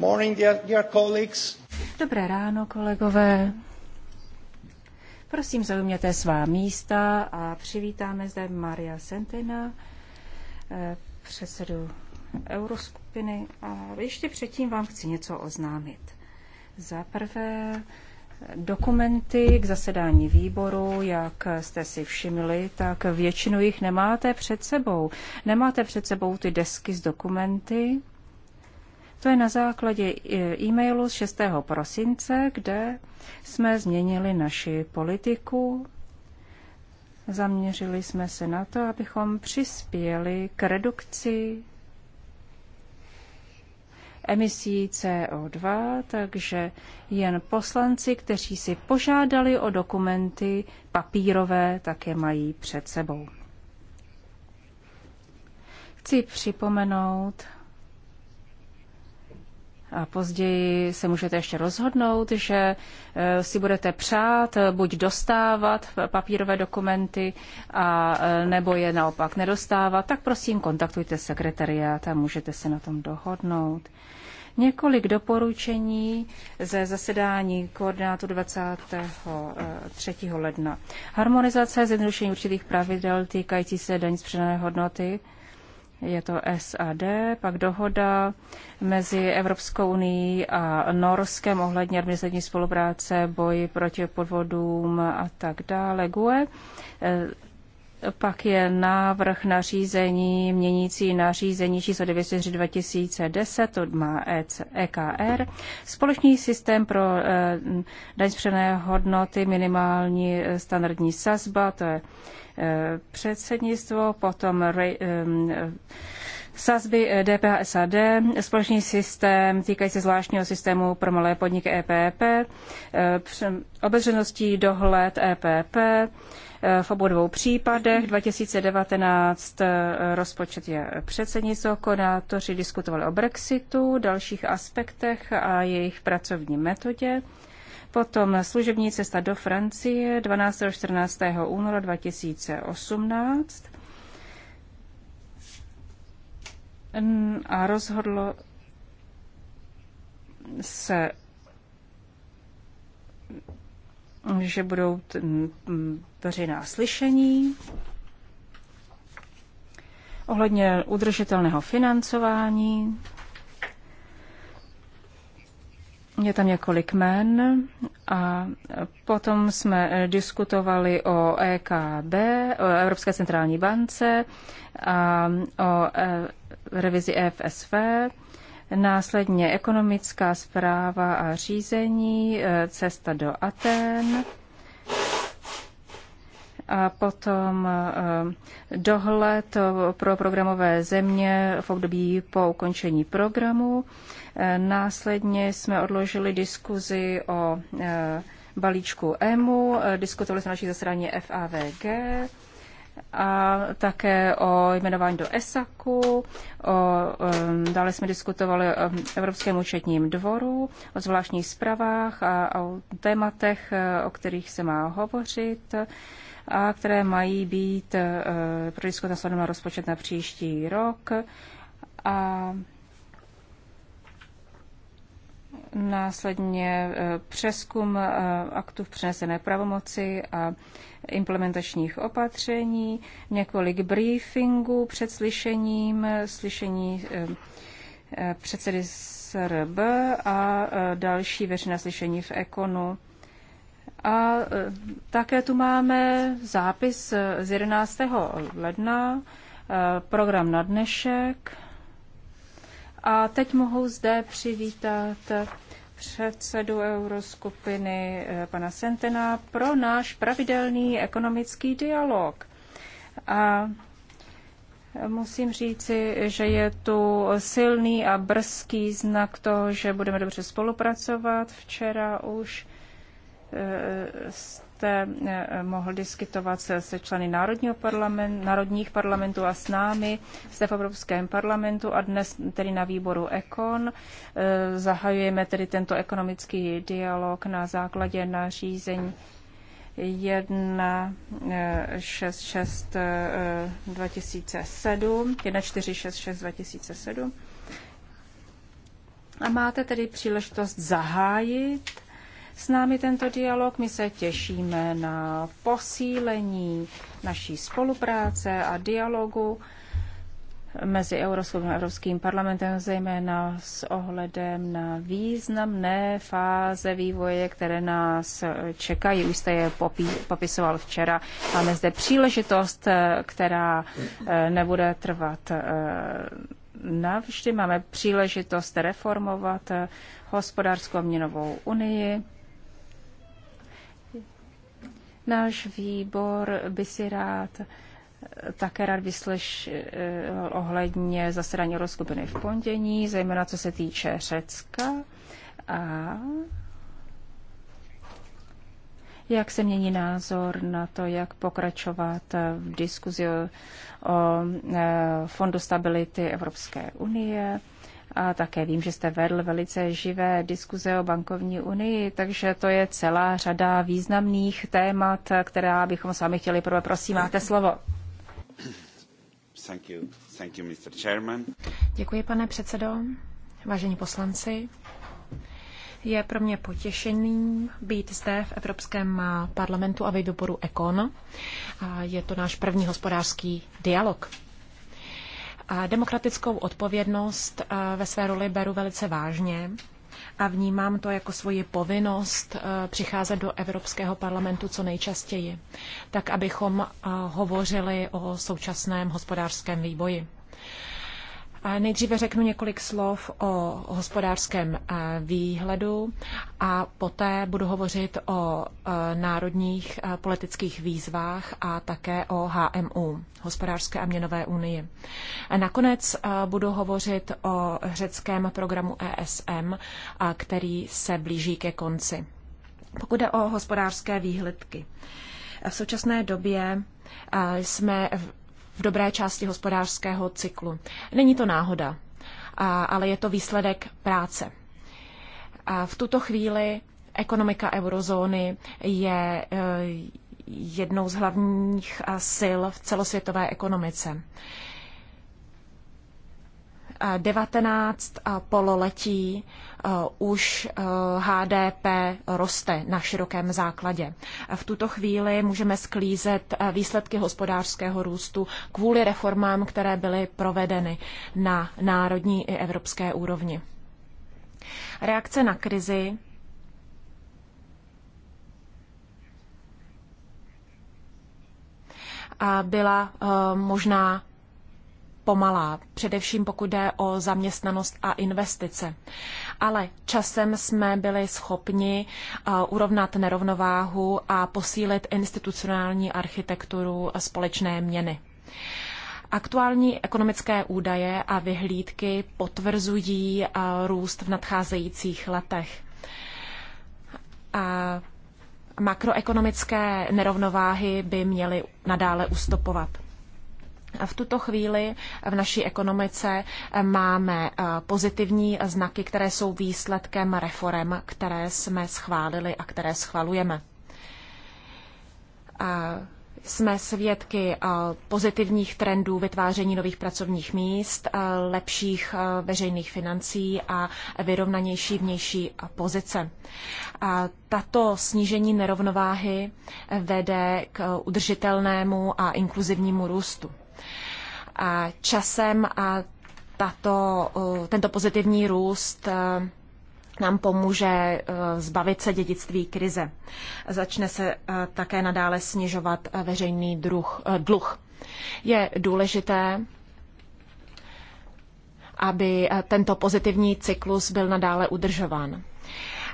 Morning, dear, dear colleagues. Dobré ráno, kolegové. Prosím, zaujměte svá místa a přivítáme zde Maria Sentina, eh, předsedu Euroskupiny. A ještě předtím vám chci něco oznámit. Za prvé, Dokumenty k zasedání výboru, jak jste si všimli, tak většinu jich nemáte před sebou. Nemáte před sebou ty desky s dokumenty, to je na základě e, e-mailu z 6. prosince, kde jsme změnili naši politiku. Zaměřili jsme se na to, abychom přispěli k redukci emisí CO2, takže jen poslanci, kteří si požádali o dokumenty papírové, také mají před sebou. Chci připomenout a později se můžete ještě rozhodnout, že eh, si budete přát eh, buď dostávat papírové dokumenty, a, eh, nebo je naopak nedostávat, tak prosím kontaktujte sekretariát a můžete se na tom dohodnout. Několik doporučení ze zasedání koordinátu 23. ledna. Harmonizace zjednodušení určitých pravidel týkající se daň z přidané hodnoty je to SAD, pak dohoda mezi Evropskou unii a Norskem ohledně administrativní spolupráce, boji proti podvodům a tak dále, GUE. Eh, pak je návrh nařízení, měnící nařízení číslo 903 2010, to má EKR, e společný systém pro eh, daň z hodnoty, minimální eh, standardní sazba, to je předsednictvo, potom re, sazby DPH SAD, společný systém týkající zvláštního systému pro malé podniky EPP, eh, obezřeností dohled EPP, eh, v obou dvou případech 2019 eh, rozpočet je předsednictvo, konátoři diskutovali o Brexitu, dalších aspektech a jejich pracovní metodě. Potom služební cesta do Francie 12. a 14. února 2018. A rozhodlo se, že budou veřejná slyšení ohledně udržitelného financování je tam několik men a potom jsme diskutovali o EKB, o Evropské centrální bance a o e, revizi EFSV, následně ekonomická zpráva a řízení, e, cesta do Aten a potom e, dohled pro programové země v období po ukončení programu Následně jsme odložili diskuzi o eh, balíčku EMU, diskutovali jsme na naší zasedání FAVG a také o jmenování do ESAKu, o, um, dále jsme diskutovali o Evropském účetním dvoru, o zvláštních zprávách a, a o tématech, eh, o kterých se má hovořit a které mají být uh, prodiskutovány na rozpočet na příští rok. A následně eh, přeskum eh, aktů v přenesené pravomoci a implementačních opatření, několik briefingů před slyšením, slyšení eh, předsedy SRB a další veřejné slyšení v Ekonu. A také tu máme zápis z 11. ledna, program na dnešek a teď mohu zde přivítat předsedu euroskupiny eh, pana Sentena pro náš pravidelný ekonomický dialog. A musím říci, že je tu silný a brzký znak toho, že budeme dobře spolupracovat. Včera už eh, jste eh, mohl diskutovat se, se členy národního parlament, národních parlamentů a s námi. Jste v Evropském parlamentu a dnes tedy na výboru ekon eh, Zahajujeme tedy tento ekonomický dialog na základě nařízení 166 2007, 1466 2007. A máte tedy příležitost zahájit s námi tento dialog. My se těšíme na posílení naší spolupráce a dialogu mezi Euroskupinou a Evropským parlamentem, zejména s ohledem na významné fáze vývoje, které nás čekají. Už jste je popisoval včera. Máme zde příležitost, která eh, nebude trvat eh, navždy. Máme příležitost reformovat eh, hospodářskou měnovou unii Náš výbor by si rád eh, také rád vyslyšel ohledně zasedání rozkupiny v pondění, zejména co se týče Řecka a jak se mění názor na to, jak pokračovat v diskuzi o, o eh, Fondu stability Evropské unie a také vím, že jste vedl velice živé diskuze o bankovní unii, takže to je celá řada významných témat, která bychom s vámi chtěli prvé. Prosím, máte slovo. Thank you. Thank you, Mr. Chairman. Děkuji, pane předsedo. Vážení poslanci, je pro mě potěšením být zde v Evropském parlamentu a výboru ECON. Je to náš první hospodářský dialog. A Demokratickou odpovědnost eh, ve své roli beru velice vážně a vnímám to jako svoji povinnost eh, přicházet do Evropského parlamentu co nejčastěji, tak abychom eh, hovořili o současném hospodářském vývoji. Nejdříve řeknu několik slov o hospodářském eh, výhledu a poté budu hovořit o eh, národních eh, politických výzvách a také o HMU, hospodářské a měnové unii. Nakonec budu hovořit o řeckém programu ESM, který se blíží ke konci. Pokud jde o hospodářské výhledky, v současné době jsme v dobré části hospodářského cyklu. Není to náhoda, ale je to výsledek práce. V tuto chvíli ekonomika eurozóny je e, jednou z hlavních sil v celosvětové ekonomice. 19 pololetí eh, už HDP eh, roste na širokém základě. V tuto chvíli můžeme sklízet eh, výsledky hospodářského růstu kvůli reformám, které byly provedeny na národní i evropské úrovni. Reakce na krizi byla možná pomalá, především pokud jde o zaměstnanost a investice. Ale časem jsme byli schopni eh, urovnat nerovnováhu a posílit institucionální architekturu společné měny. Aktuální ekonomické údaje a vyhlídky potvrzují eh, růst v nadcházejících letech. A makroekonomické nerovnováhy by měly nadále ustupovat. V tuto chvíli v naší ekonomice eh, máme eh, pozitivní znaky, které jsou výsledkem reform, které jsme schválili a které schvalujeme. Eh, jsme svědky pozitivních trendů vytváření nových pracovních míst, lepších veřejných financí a vyrovnanější vnější pozice. Tato snížení nerovnováhy vede k udržitelnému a inkluzivnímu růstu. A časem a tato, tento pozitivní růst e, nám pomůže e, zbavit se dědictví krize. Začne se e, také nadále snižovat veřejný druh, dluh. Je důležité, aby tento pozitivní cyklus byl nadále udržován.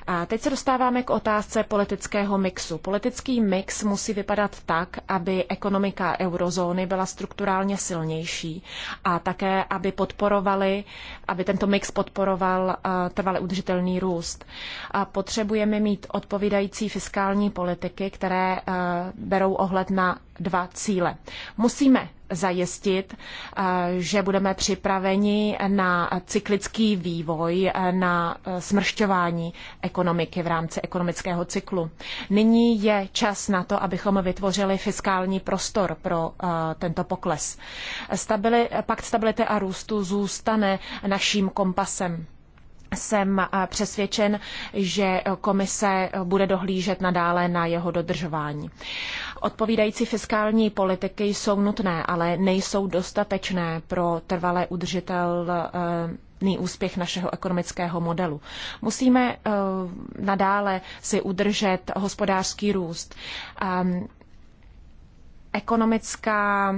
A teď se dostáváme k otázce politického mixu. Politický mix musí vypadat tak, aby ekonomika eurozóny byla strukturálně silnější a také, aby podporovali, aby tento mix podporoval eh, trvale udržitelný růst. A potřebujeme mít odpovídající fiskální politiky, které eh, berou ohled na dva cíle. Musíme zajistit, eh, že budeme připraveni na cyklický vývoj, eh, na eh, smršťování ekonomiky v rámci ekonomického cyklu. Nyní je čas na to, abychom vytvořili fiskální prostor pro tento pokles. Stabili, pakt stability a růstu zůstane naším kompasem jsem přesvědčen, že komise bude dohlížet nadále na jeho dodržování. Odpovídající fiskální politiky jsou nutné, ale nejsou dostatečné pro trvalé udržitel úspěch našeho ekonomického modelu. Musíme eh, nadále si udržet hospodářský růst. Ehm, ekonomická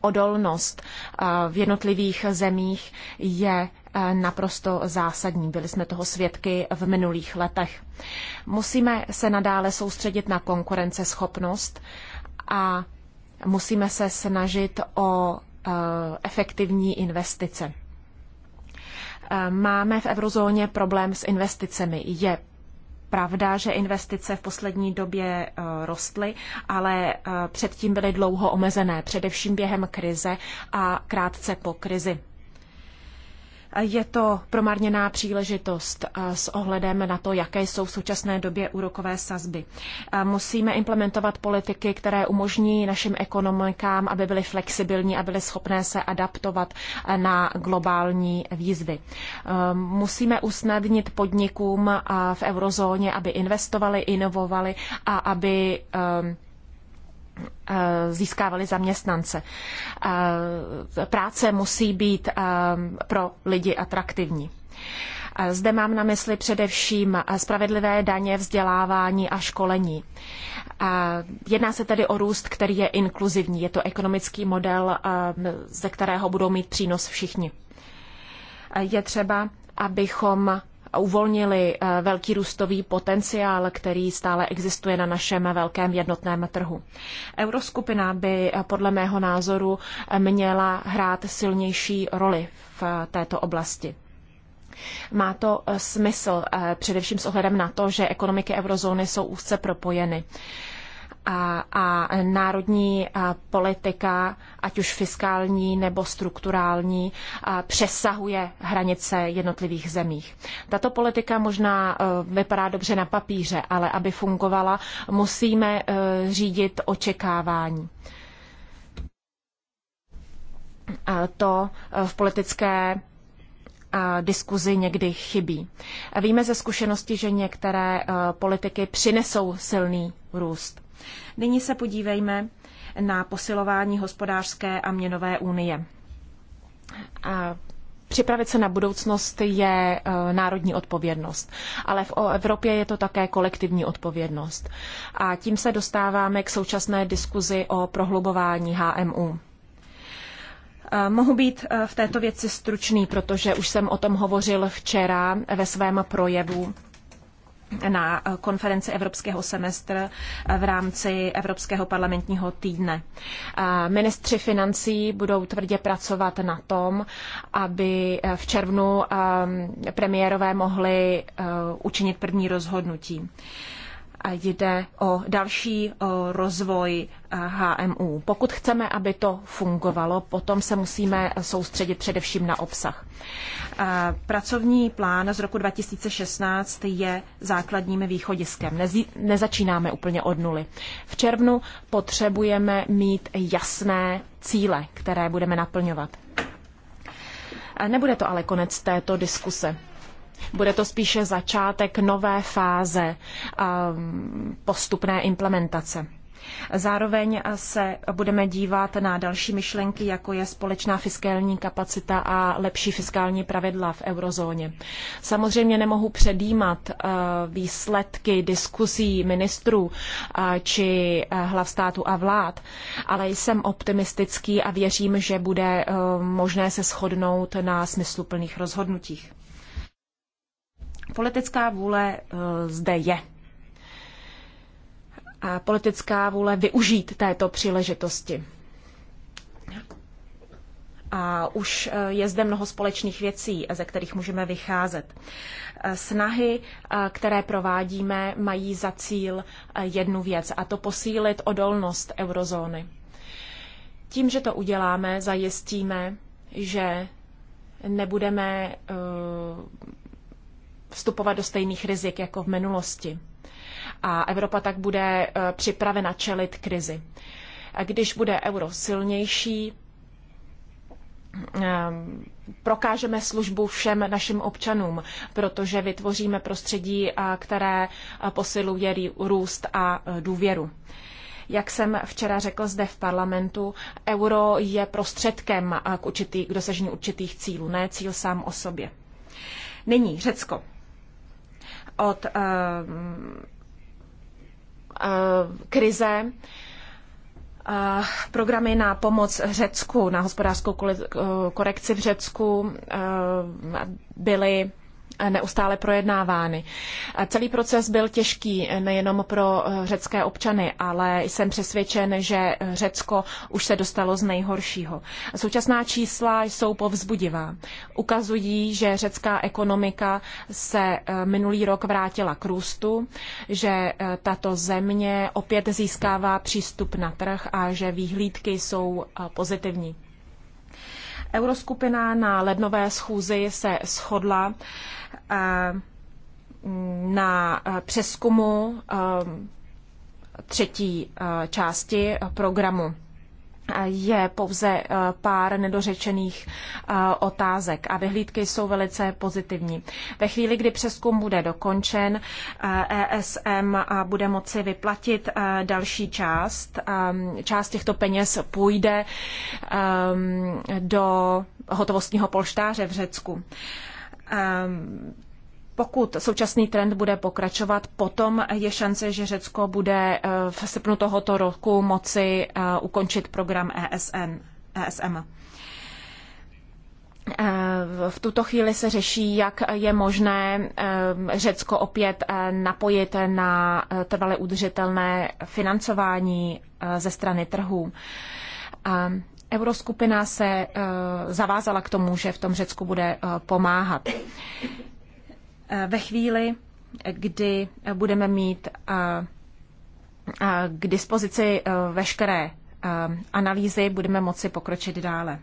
odolnost eh, v jednotlivých zemích je eh, naprosto zásadní. Byli jsme toho svědky v minulých letech. Musíme se nadále soustředit na konkurenceschopnost a musíme se snažit o eh, efektivní investice. Máme v eurozóně problém s investicemi. Je pravda, že investice v poslední době e, rostly, ale e, předtím byly dlouho omezené, především během krize a krátce po krizi. Je to promarněná příležitost s ohledem na to, jaké jsou v současné době úrokové sazby. Musíme implementovat politiky, které umožní našim ekonomikám, aby byly flexibilní a byly schopné se adaptovat na globální výzvy. Musíme usnadnit podnikům v eurozóně, aby investovali, inovovali a aby Eh, získávali zaměstnance. Eh, práce musí být eh, pro lidi atraktivní. Zde mám na mysli především spravedlivé daně, vzdělávání a školení. Jedná se tedy o růst, který je inkluzivní. Je to ekonomický model, ze kterého budou mít přínos všichni. Je třeba, abychom uvolnili eh, velký růstový potenciál, který stále existuje na našem velkém jednotném trhu. Euroskupina by eh, podle mého názoru eh, měla hrát silnější roli v této oblasti. Má to smysl především s ohledem na to, že ekonomiky eurozóny jsou úzce propojeny a, a národní politika, ať už fiskální nebo strukturální, přesahuje hranice jednotlivých zemích. Tato politika možná e, vypadá dobře na papíře, ale aby fungovala, musíme e, řídit očekávání. To e, v politické diskuzi někdy chybí. Víme ze zkušenosti, že některé politiky přinesou silný růst. Nyní se podívejme na posilování hospodářské a měnové unie. A připravit se na budoucnost je e, národní odpovědnost, ale v Evropě je to také kolektivní odpovědnost. A tím se dostáváme k současné diskuzi o prohlubování HMU. E, mohu být e, v této věci stručný, protože už jsem o tom hovořil včera ve svém projevu na konferenci Evropského semestru v rámci Evropského parlamentního týdne. Ministři financí budou tvrdě pracovat na tom, aby v červnu premiérové mohli učinit první rozhodnutí jde o další rozvoj HMU. Eh, Pokud chceme, aby to fungovalo, potom se musíme soustředit především na obsah. Eh, pracovní plán z roku 2016 je základním východiskem. nezačínáme úplně od nuly. V červnu potřebujeme mít jasné cíle, které budeme naplňovat. Eh, nebude to ale konec této diskuse. Bude to spíše začátek nové fáze ehm, postupné implementace. Zároveň se budeme dívat na další myšlenky, jako je společná fiskální kapacita a lepší fiskální pravidla v eurozóně. Samozřejmě nemohu předjímat eh, výsledky diskuzí ministrů eh, či eh, hlav státu a vlád, ale jsem optimistický a věřím, že bude možné se shodnout na smysluplných rozhodnutích politická vůle eh, zde je. A politická vůle využít této příležitosti. A už eh, je zde mnoho společných věcí, ze kterých můžeme vycházet. Eh, snahy, které provádíme, mají za cíl jednu věc, a to posílit odolnost eurozóny. Tím, že to uděláme, zajistíme, že nebudeme vstupovat do stejných rizik jako v minulosti. A Evropa tak bude e, připravena čelit krizi. A když bude euro silnější, e, prokážeme službu všem našim občanům, protože vytvoříme prostředí, e, které posiluje růst a důvěru. Jak jsem včera řekl zde v parlamentu, euro je prostředkem k, určitý, k dosažení určitých cílů, ne cíl sám o sobě. Nyní Řecko od eh, eh, krize eh, programy na pomoc Řecku, na hospodářskou korekci v Řecku byly Eh, neustále projednávány. Celý proces byl těžký eh, nejenom pro eh, řecké občany, ale jsem přesvědčen, že Řecko už se dostalo z nejhoršího. Současná čísla jsou povzbudivá. Ukazují, že řecká ekonomika se minulý rok vrátila k růstu, že tato země opět získává přístup na trh a že výhlídky jsou pozitivní. Euroskupina na lednové schůzi se shodla, na přeskumu třetí části programu je pouze pár nedořečených otázek a vyhlídky jsou velice pozitivní. Ve chvíli, kdy přeskum bude dokončen, ESM bude moci vyplatit další část. Část těchto peněz půjde do hotovostního polštáře v Řecku. Ehm, pokud současný trend bude pokračovat, potom je šance, že Řecko bude eh, v srpnu tohoto roku moci eh, ukončit program ESN, ESM. Eh, v tuto chvíli se řeší, jak je možné Řecko opět napojit na trvale udržitelné financování ze strany trhů. Ehm, Euroskupina se eh, zavázala k tomu, že v tom Řecku bude eh, pomáhat. Eh, ve chvíli, kdy budeme mít k dispozici veškeré analýzy, budeme moci pokročit dále.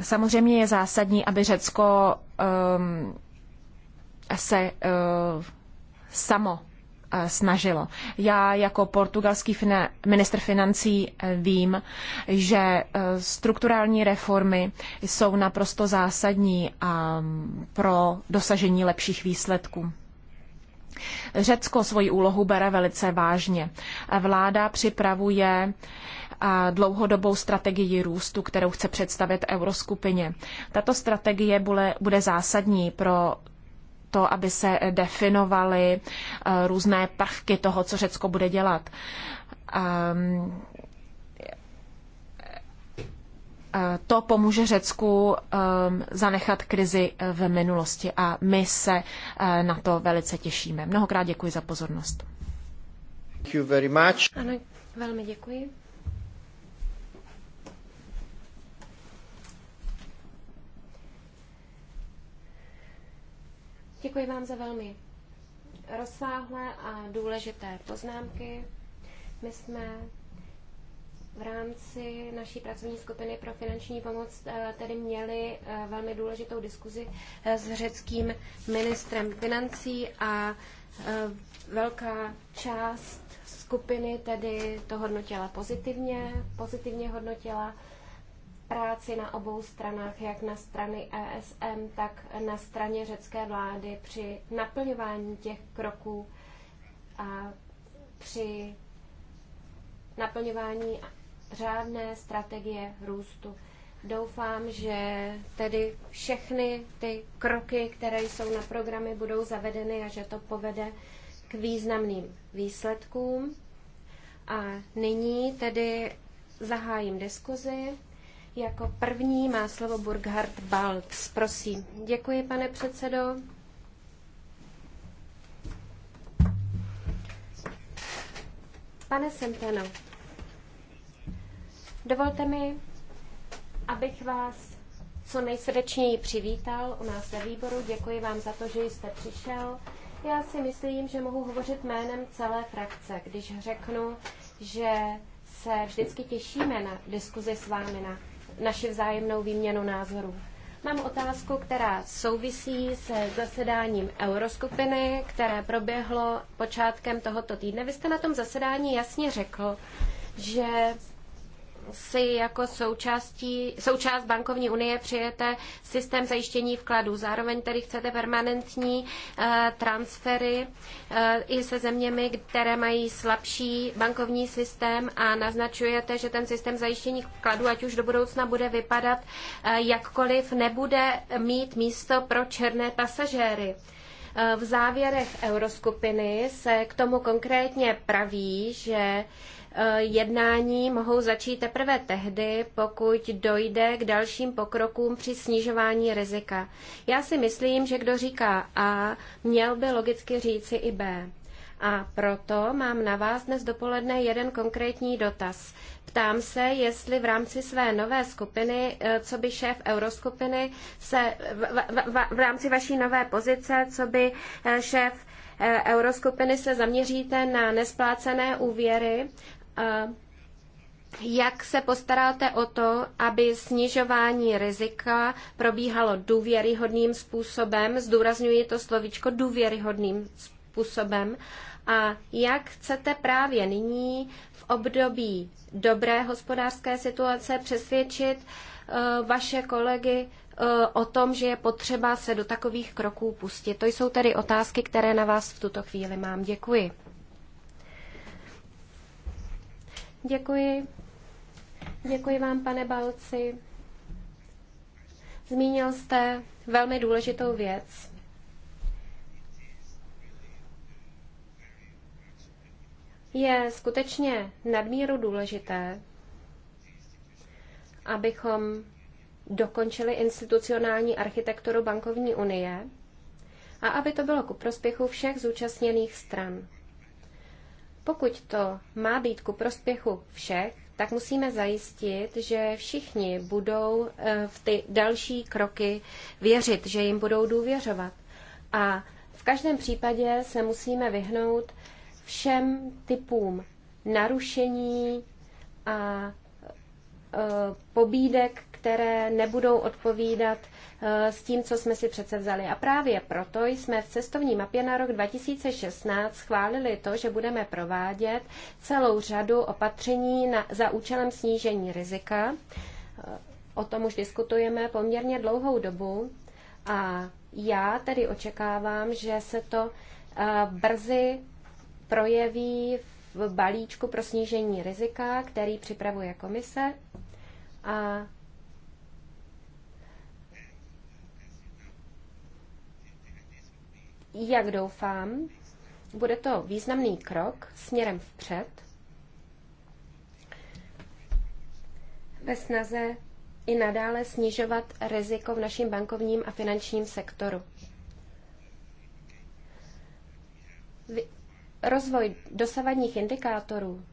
Samozřejmě je zásadní, aby Řecko ehm, se samo Eh, snažilo. Já jako portugalský minister financí eh, vím, že eh, strukturální reformy jsou naprosto zásadní ehm, pro dosažení lepších výsledků. Řecko svoji úlohu bere velice vážně. Vláda připravuje dlouhodobou strategii růstu, kterou chce představit euroskupině. Tato strategie bude, bude zásadní pro to, aby se definovaly eh, různé prvky toho, co Řecko bude dělat. Ehm, eh, to pomůže Řecku ehm, zanechat krizi eh, v minulosti a my se na to velice těšíme. Mnohokrát děkuji za pozornost. Thank you very much. Ano, velmi děkuji. Děkuji vám za velmi rozsáhlé a důležité poznámky. My jsme v rámci naší pracovní skupiny pro finanční pomoc eh, tedy měli eh, velmi důležitou diskuzi eh, s řeckým ministrem financí a velká část skupiny tedy to hodnotila pozitivně, pozitivně hodnotila práci na obou stranách, jak na strany ESM, tak na straně řecké vlády při naplňování těch kroků a při naplňování řádné strategie růstu. Doufám, že tedy všechny ty kroky, které jsou na programy, budou zavedeny a že to povede k významným výsledkům. A nyní tedy zahájím diskuzi. Jako první má slovo Burghard Balc. Prosím. Děkuji, pane předsedo. Pane Sempeno, dovolte mi, abych vás co nejsrdečněji přivítal u nás ve výboru. Děkuji vám za to, že jste přišel. Já si myslím, že mohu hovořit jménem celé frakce, když řeknu, že se vždycky těšíme na diskuzi s vámi, na naši vzájemnou výměnu názorů. Mám otázku, která souvisí se zasedáním Euroskupiny, které proběhlo počátkem tohoto týdne. Vy jste na tom zasedání jasně řekl, že si jako součástí, součást bankovní unie přijete systém zajištění vkladů. Zároveň tedy chcete permanentní eh, transfery eh, i se zeměmi, které mají slabší bankovní systém a naznačujete, že ten systém zajištění vkladů, ať už do budoucna bude vypadat eh, jakkoliv, nebude mít místo pro černé pasažéry. V závěrech euroskupiny se k tomu konkrétně praví, že Eh, jednání mohou začít teprve tehdy, pokud dojde k dalším pokrokům při snižování rizika. Já si myslím, že kdo říká A, měl by logicky říci i B. A proto mám na vás dnes dopoledne jeden konkrétní dotaz. Ptám se, jestli v rámci své nové skupiny, eh, co by šéf euroskupiny, se v, v, v, v rámci vaší nové pozice, co by eh, šéf euroskupiny se zaměříte na nesplácené úvěry jak se postaráte o to, aby snižování rizika probíhalo důvěryhodným způsobem, zdůrazňuji to slovičko důvěryhodným způsobem, a jak chcete právě nyní v období dobré hospodářské situace přesvědčit eh, vaše kolegy eh, o tom, že je potřeba se do takových kroků pustit. To jsou tedy otázky, které na vás v tuto chvíli mám. Děkuji. Děkuji. Děkuji vám, pane Balci. Zmínil jste velmi důležitou věc. Je skutečně nadmíru důležité, abychom dokončili institucionální architekturu bankovní unie a aby to bylo ku prospěchu všech zúčastněných stran. Pokud to má být ku prospěchu všech, tak musíme zajistit, že všichni budou eh, v ty další kroky věřit, že jim budou důvěřovat. A v každém případě se musíme vyhnout všem typům narušení a eh, pobídek, které nebudou odpovídat Eh, s tím, co jsme si přece vzali. A právě proto jsme v cestovní mapě na rok 2016 schválili to, že budeme provádět celou řadu opatření na, za účelem snížení rizika. Eh, o tom už diskutujeme poměrně dlouhou dobu a já tedy očekávám, že se to eh, brzy projeví v balíčku pro snížení rizika, který připravuje komise. A jak doufám, bude to významný krok směrem vpřed ve snaze i nadále snižovat riziko v našem bankovním a finančním sektoru. Rozvoj dosavadních indikátorů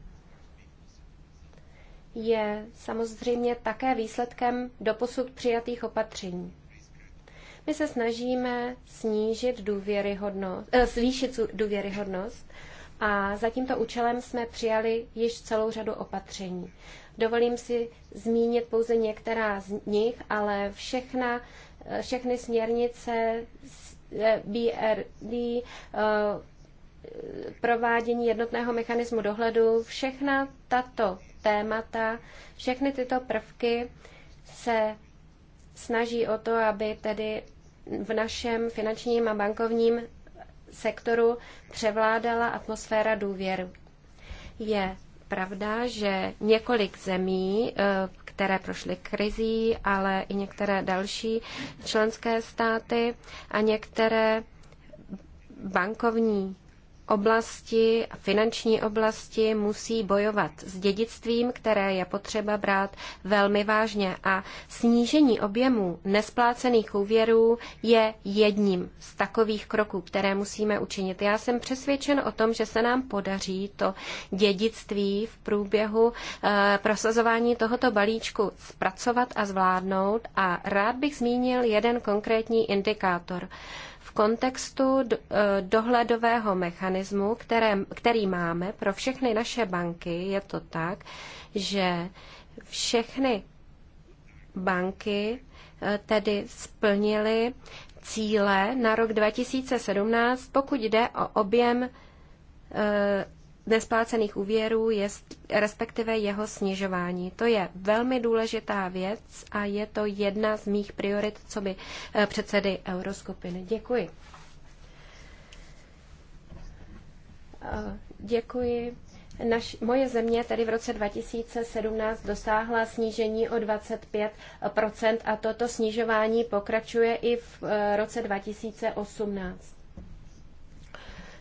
je samozřejmě také výsledkem doposud přijatých opatření. My se snažíme snížit důvěryhodnost, eh, zvýšit důvěryhodnost a za tímto účelem jsme přijali již celou řadu opatření. Dovolím si zmínit pouze některá z nich, ale všechna, eh, všechny směrnice eh, BRD, eh, provádění jednotného mechanismu dohledu, všechna tato témata, všechny tyto prvky se snaží o to, aby tedy v našem finančním a bankovním sektoru převládala atmosféra důvěry. Je pravda, že několik zemí, eh, které prošly krizí, ale i některé další členské státy a některé bankovní oblasti, finanční oblasti musí bojovat s dědictvím, které je potřeba brát velmi vážně a snížení objemu nesplácených úvěrů je jedním z takových kroků, které musíme učinit. Já jsem přesvědčen o tom, že se nám podaří to dědictví v průběhu e, prosazování tohoto balíčku zpracovat a zvládnout a rád bych zmínil jeden konkrétní indikátor kontextu e, dohledového mechanismu, které, který máme pro všechny naše banky, je to tak, že všechny banky e, tedy splnily cíle na rok 2017, pokud jde o objem e, nesplácených úvěrů, je, respektive jeho snižování. To je velmi důležitá věc a je to jedna z mých priorit, co by eh, předsedy Euroskupiny. Děkuji. Eh, děkuji. Naš, moje země tedy v roce 2017 dosáhla snížení o 25 a toto snižování pokračuje i v eh, roce 2018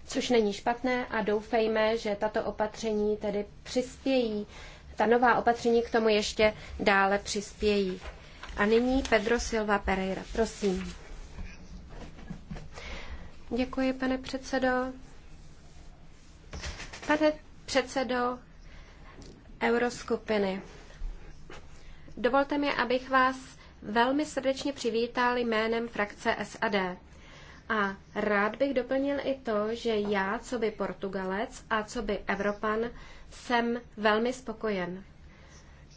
což není špatné a doufejme, že tato opatření tedy přispějí, ta nová opatření k tomu ještě dále přispějí. A nyní Pedro Silva Pereira, prosím. Děkuji, pane předsedo. Pane předsedo Euroskupiny, dovolte mi, abych vás velmi srdečně přivítal jménem frakce SAD. A rád bych doplnil i to, že já, co by Portugalec a co by Evropan, jsem velmi spokojen.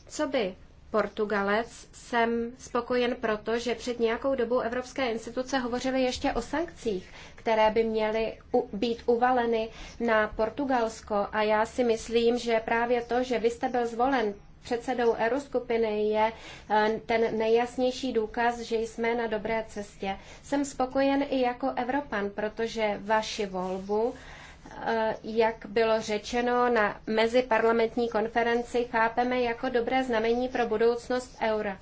Co by Portugalec jsem spokojen proto, že před nějakou dobou evropské instituce hovořily ještě o sankcích, které by měly u, být uvaleny na Portugalsko. A já si myslím, že právě to, že vy jste byl zvolen předsedou Euroskupiny je eh, ten nejjasnější důkaz, že jsme na dobré cestě. Jsem spokojen i jako Evropan, protože vaši volbu eh, jak bylo řečeno na meziparlamentní konferenci, chápeme jako dobré znamení pro budoucnost eura.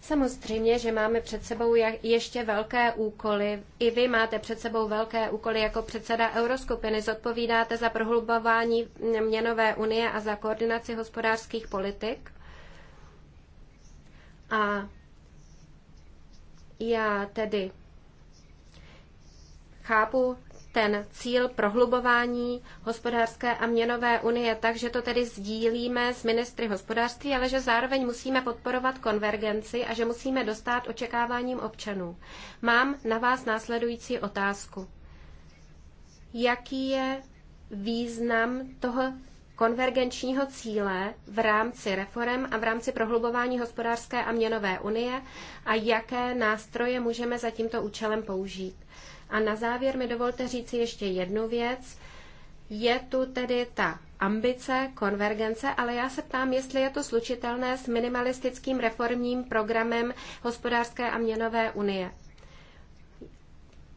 Samozřejmě, že máme před sebou ještě velké úkoly. I vy máte před sebou velké úkoly jako předseda Euroskupiny. Zodpovídáte za prohlubování měnové unie a za koordinaci hospodářských politik. A já tedy chápu ten cíl prohlubování hospodářské a měnové unie tak, že to tedy sdílíme s ministry hospodářství, ale že zároveň musíme podporovat konvergenci a že musíme dostat očekáváním občanů. Mám na vás následující otázku. Jaký je význam toho konvergenčního cíle v rámci reform a v rámci prohlubování hospodářské a měnové unie a jaké nástroje můžeme za tímto účelem použít. A na závěr mi dovolte říci ještě jednu věc. Je tu tedy ta ambice, konvergence, ale já se ptám, jestli je to slučitelné s minimalistickým reformním programem hospodářské a měnové unie.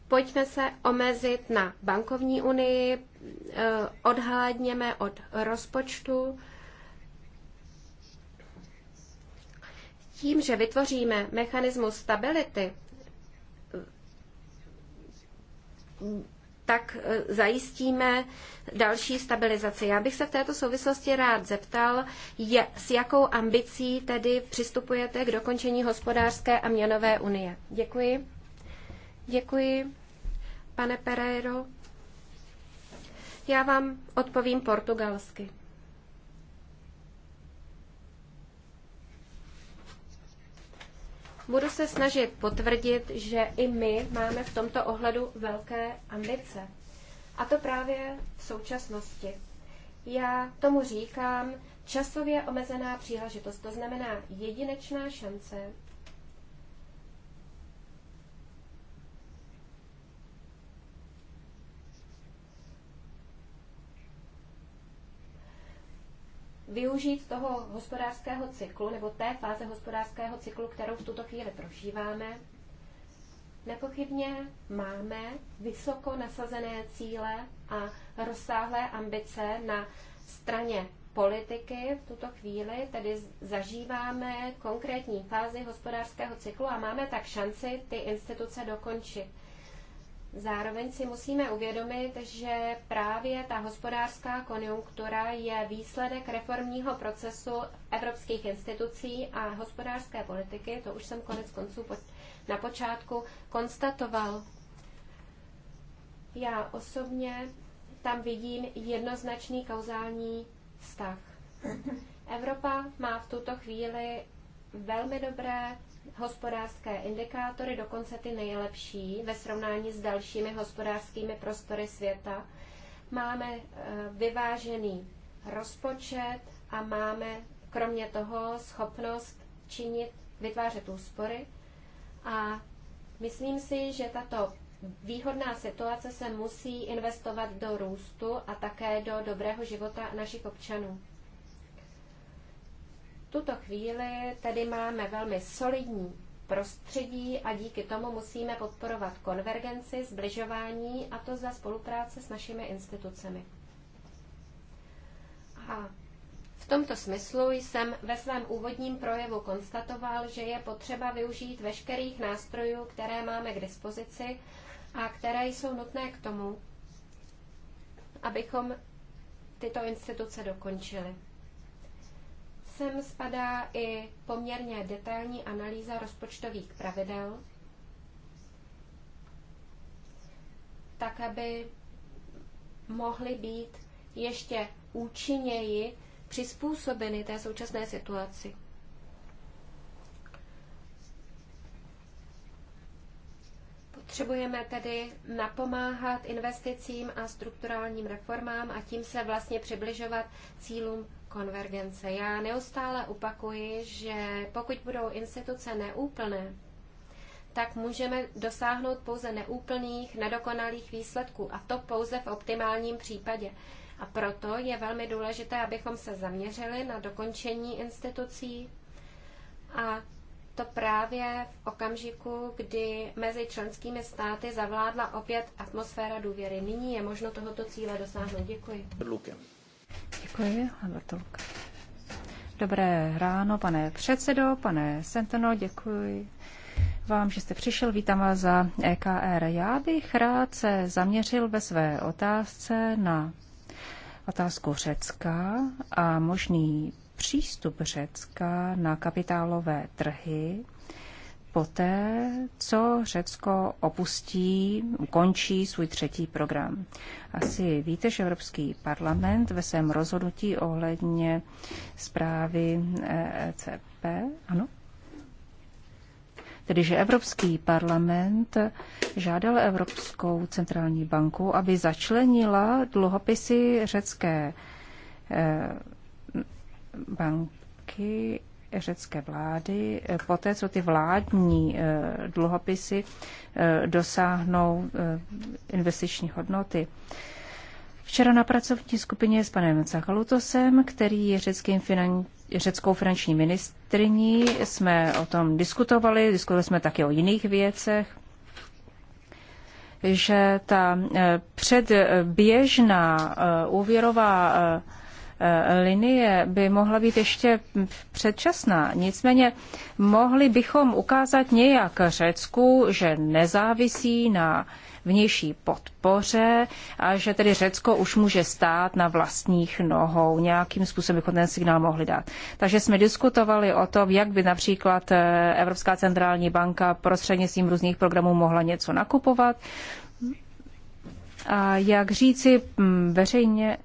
Pojďme se omezit na bankovní unii, eh, odhlédněme od rozpočtu. Tím, že vytvoříme mechanismus stability, tak e, zajistíme další stabilizaci. Já bych se v této souvislosti rád zeptal, je, s jakou ambicí tedy přistupujete k dokončení hospodářské a měnové unie. Děkuji. Děkuji, pane Pereiro. Já vám odpovím portugalsky. Budu se snažit potvrdit, že i my máme v tomto ohledu velké ambice. A to právě v současnosti. Já tomu říkám časově omezená příležitost, to znamená jedinečná šance využít toho hospodářského cyklu nebo té fáze hospodářského cyklu, kterou v tuto chvíli prožíváme. Nepochybně máme vysoko nasazené cíle a rozsáhlé ambice na straně politiky v tuto chvíli, tedy zažíváme konkrétní fázi hospodářského cyklu a máme tak šanci ty instituce dokončit. Zároveň si musíme uvědomit, že právě ta hospodářská konjunktura je výsledek reformního procesu evropských institucí a hospodářské politiky. To už jsem konec konců na počátku konstatoval. Já osobně tam vidím jednoznačný kauzální vztah. Evropa má v tuto chvíli velmi dobré hospodářské indikátory, dokonce ty nejlepší ve srovnání s dalšími hospodářskými prostory světa. Máme eh, vyvážený rozpočet a máme kromě toho schopnost činit, vytvářet úspory. A myslím si, že tato výhodná situace se musí investovat do růstu a také do dobrého života našich občanů tuto chvíli tedy máme velmi solidní prostředí a díky tomu musíme podporovat konvergenci, zbližování a to za spolupráce s našimi institucemi. A v tomto smyslu jsem ve svém úvodním projevu konstatoval, že je potřeba využít veškerých nástrojů, které máme k dispozici a které jsou nutné k tomu, abychom tyto instituce dokončili sem spadá i poměrně detailní analýza rozpočtových pravidel, tak aby mohly být ještě účinněji přizpůsobeny té současné situaci. Potřebujeme tedy napomáhat investicím a strukturálním reformám a tím se vlastně přibližovat cílům konvergence. Já neustále opakuji, že pokud budou instituce neúplné, tak můžeme dosáhnout pouze neúplných, nedokonalých výsledků, a to pouze v optimálním případě. A proto je velmi důležité, abychom se zaměřili na dokončení institucí a to právě v okamžiku, kdy mezi členskými státy zavládla opět atmosféra důvěry. Nyní je možno tohoto cíle dosáhnout. Děkuji. Lukem. Děkuji, Lambertovk. Dobré ráno, pane předsedo, pane Senteno, děkuji vám, že jste přišel. Vítám vás za EKR. Já bych rád se zaměřil ve své otázce na otázku Řecka a možný přístup Řecka na kapitálové trhy poté, co Řecko opustí, končí svůj třetí program. Asi víte, že Evropský parlament ve svém rozhodnutí ohledně zprávy ECP, eh, e ano, tedy že Evropský parlament žádal Evropskou centrální banku, aby začlenila dluhopisy řecké eh, banky řecké vlády, eh, poté co ty vládní eh, dluhopisy eh, dosáhnou investiční hodnoty. Včera na pracovní skupině s panem Zachalutosem, který je řeckým finan... řeckou finanční ministriní, jsme o tom diskutovali, diskutovali jsme také o jiných věcech, že ta předběžná úvěrová Eh, linie by mohla být ještě předčasná. Nicméně mohli bychom ukázat nějak Řecku, že nezávisí na vnější podpoře a že tedy Řecko už může stát na vlastních nohou. Nějakým způsobem bychom ten signál mohli dát. Takže jsme diskutovali o tom, jak by například eh, Evropská centrální banka prostřednictvím různých programů mohla něco nakupovat. A jak říci mm, veřejně,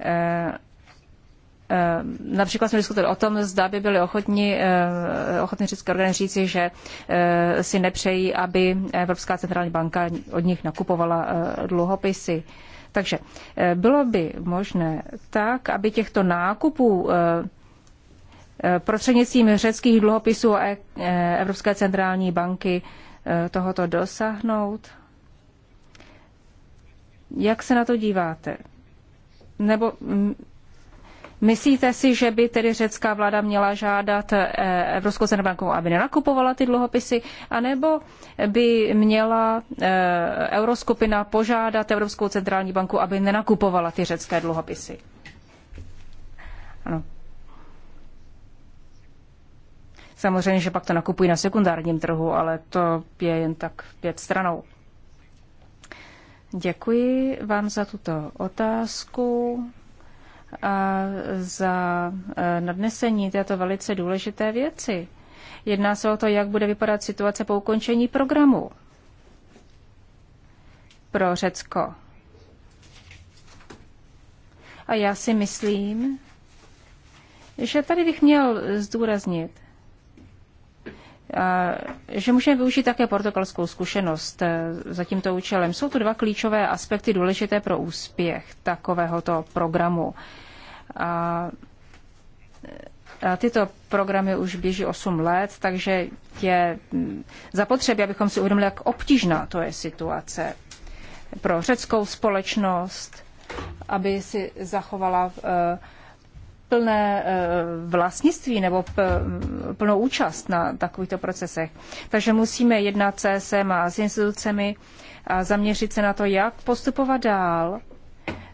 Eh, eh, například jsme diskutovali o tom, zda by byli ochotní, eh, ochotní řecké orgány říci, že si nepřejí, aby Evropská centrální banka od nich nakupovala dluhopisy. Takže bylo by možné tak, aby těchto nákupů prostřednictvím řeckých dluhopisů a Evropské centrální banky tohoto dosáhnout? Jak se na to díváte? nebo mm, myslíte si, že by tedy řecká vláda měla žádat eh, Evropskou centrální banku, aby nenakupovala ty dluhopisy, anebo by měla eh, euroskupina požádat Evropskou centrální banku, aby nenakupovala ty řecké dluhopisy? Ano. Samozřejmě, že pak to nakupují na sekundárním trhu, ale to je jen tak pět stranou. Děkuji vám za tuto otázku a za e, nadnesení této velice důležité věci. Jedná se o to, jak bude vypadat situace po ukončení programu pro Řecko. A já si myslím, že tady bych měl zdůraznit, že můžeme využít také portugalskou zkušenost e, za tímto účelem. Jsou tu dva klíčové aspekty důležité pro úspěch takovéhoto programu. A tyto programy už běží 8 let, takže je zapotřebí, abychom si uvědomili, jak obtížná to je situace pro řeckou společnost, aby si zachovala uh, plné eh, vlastnictví nebo plnou účast na takovýchto procesech. Takže musíme jednat se SM a s institucemi a zaměřit se na to, jak postupovat dál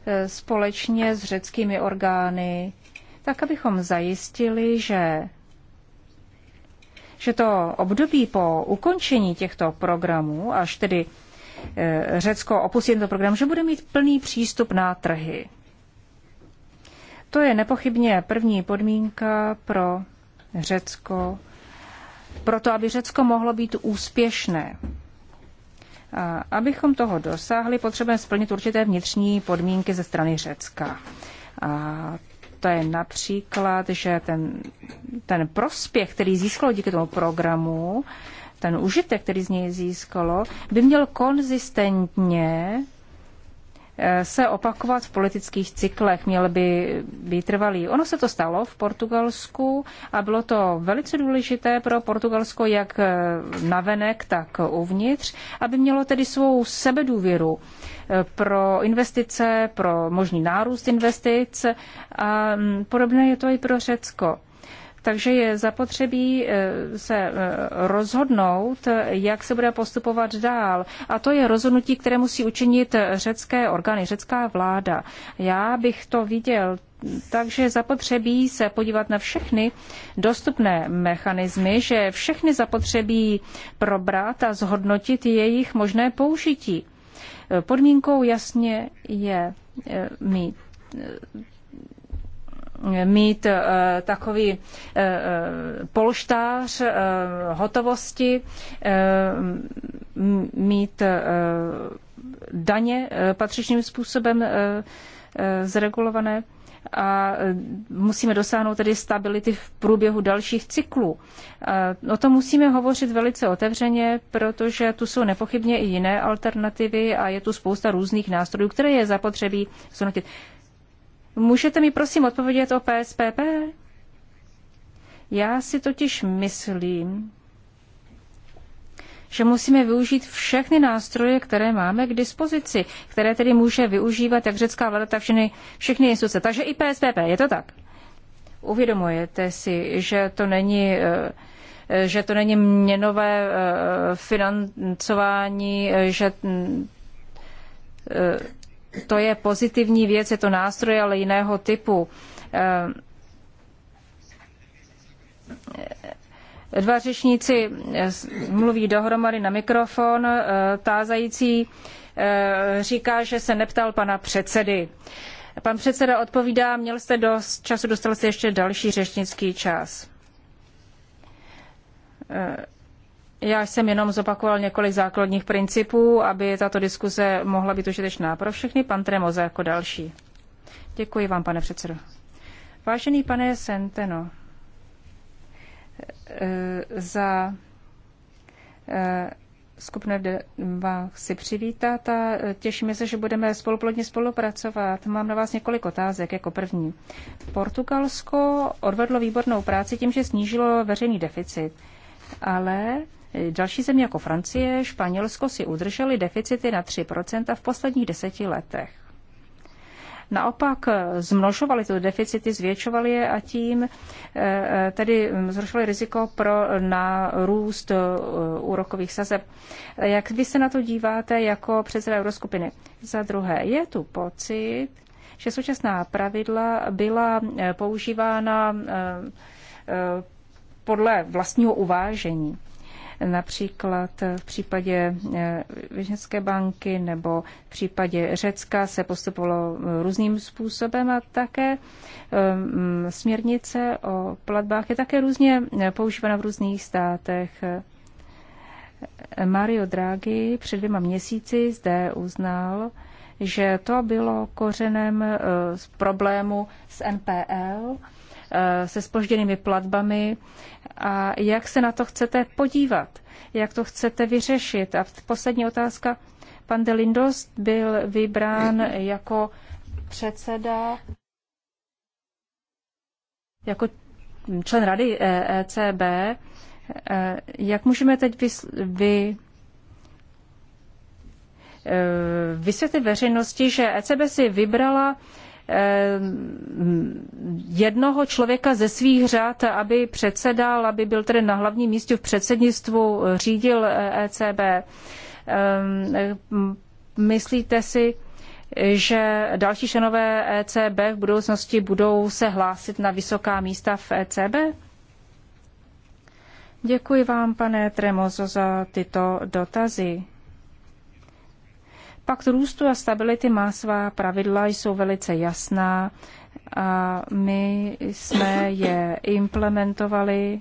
eh, společně s řeckými orgány, tak abychom zajistili, že že to období po ukončení těchto programů, až tedy eh, Řecko opustí tento program, že bude mít plný přístup na trhy. To je nepochybně první podmínka pro Řecko, pro to, aby Řecko mohlo být úspěšné. A abychom toho dosáhli, potřebujeme splnit určité vnitřní podmínky ze strany Řecka. A to je například, že ten, ten prospěch, který získalo díky tomu programu, ten užitek, který z něj získalo, by měl konzistentně se opakovat v politických cyklech, měl by být trvalý. Ono se to stalo v Portugalsku a bylo to velice důležité pro Portugalsko jak navenek, tak uvnitř, aby mělo tedy svou sebedůvěru pro investice, pro možný nárůst investic a podobné je to i pro Řecko. Takže je zapotřebí eh, se eh, rozhodnout, jak se bude postupovat dál. A to je rozhodnutí, které musí učinit řecké orgány, řecká vláda. Já bych to viděl takže zapotřebí se podívat na všechny dostupné mechanismy, že všechny zapotřebí probrat a zhodnotit jejich možné použití. Podmínkou jasně je eh, mít mít eh, takový eh, eh, polštář hotovosti, mít daně patřičným způsobem zregulované a musíme dosáhnout tedy stability v průběhu dalších cyklů. O tom musíme hovořit velice otevřeně, protože tu jsou nepochybně i jiné alternativy a je tu spousta různých nástrojů, které je zapotřebí zhodnotit. Můžete mi prosím odpovědět o PSPP? Já si totiž myslím, že musíme využít všechny nástroje, které máme k dispozici, které tedy může využívat jak řecká vláda, tak všechny, všechny instituce. Takže i PSPP, je to tak? Uvědomujete si, že to není eh, že to není měnové eh, financování, eh, že mm, to je pozitivní věc, je to nástroj, ale jiného typu. Eh, dva řečníci eh, mluví dohromady na mikrofon, eh, tázající říká, že se neptal pana předsedy. Pan předseda odpovídá, měl jste dost času, dostal jste ještě další řečnický čas. Já jsem jenom zopakoval několik základních principů, aby tato diskuze mohla být užitečná pro všechny. Pan Tremoza jako další. Děkuji vám, pane předsedo. Vážený pane Senteno, eh, za eh, skupinu vás si přivítat a těšíme se, že budeme spoluplodně spolupracovat. Mám na vás několik otázek jako první. Portugalsko odvedlo výbornou práci tím, že snížilo veřejný deficit, ale Další země jako Francie, Španělsko si udrželi deficity na 3% v posledních deseti letech. Naopak eh, zmnožovali to deficity, zvětšovali je a tím eh, eh, tedy mm, zrušovali riziko pro nárůst úrokových sazeb. Jak vy se na to díváte jako předseda Euroskupiny? Za druhé, je tu pocit, že současná pravidla byla používána podle vlastního uvážení. Například v případě eh, Věžnické banky nebo v případě Řecka se postupovalo eh, různým způsobem a také eh, mm, směrnice o platbách je také různě používána v různých státech. Mario Draghi před dvěma měsíci zde uznal, že to bylo kořenem problému s NPL, se spožděnými platbami a jak se na to chcete podívat, jak to chcete vyřešit. A poslední otázka. Pan de Lindos byl vybrán jako předseda, jako člen rady ECB. Eh, e eh, jak můžeme teď vysl- vy, eh, vysvětlit veřejnosti, že ECB si vybrala Eh, jednoho člověka ze svých řad, aby předsedal, aby byl tedy na hlavním místě v předsednictvu, eh, řídil ECB. Eh, e ehm, myslíte si, že další členové ECB v budoucnosti budou se hlásit na vysoká místa v ECB? Děkuji vám, pane Tremozo, za tyto dotazy. Pakt růstu a stability má svá pravidla, jsou velice jasná a my jsme je implementovali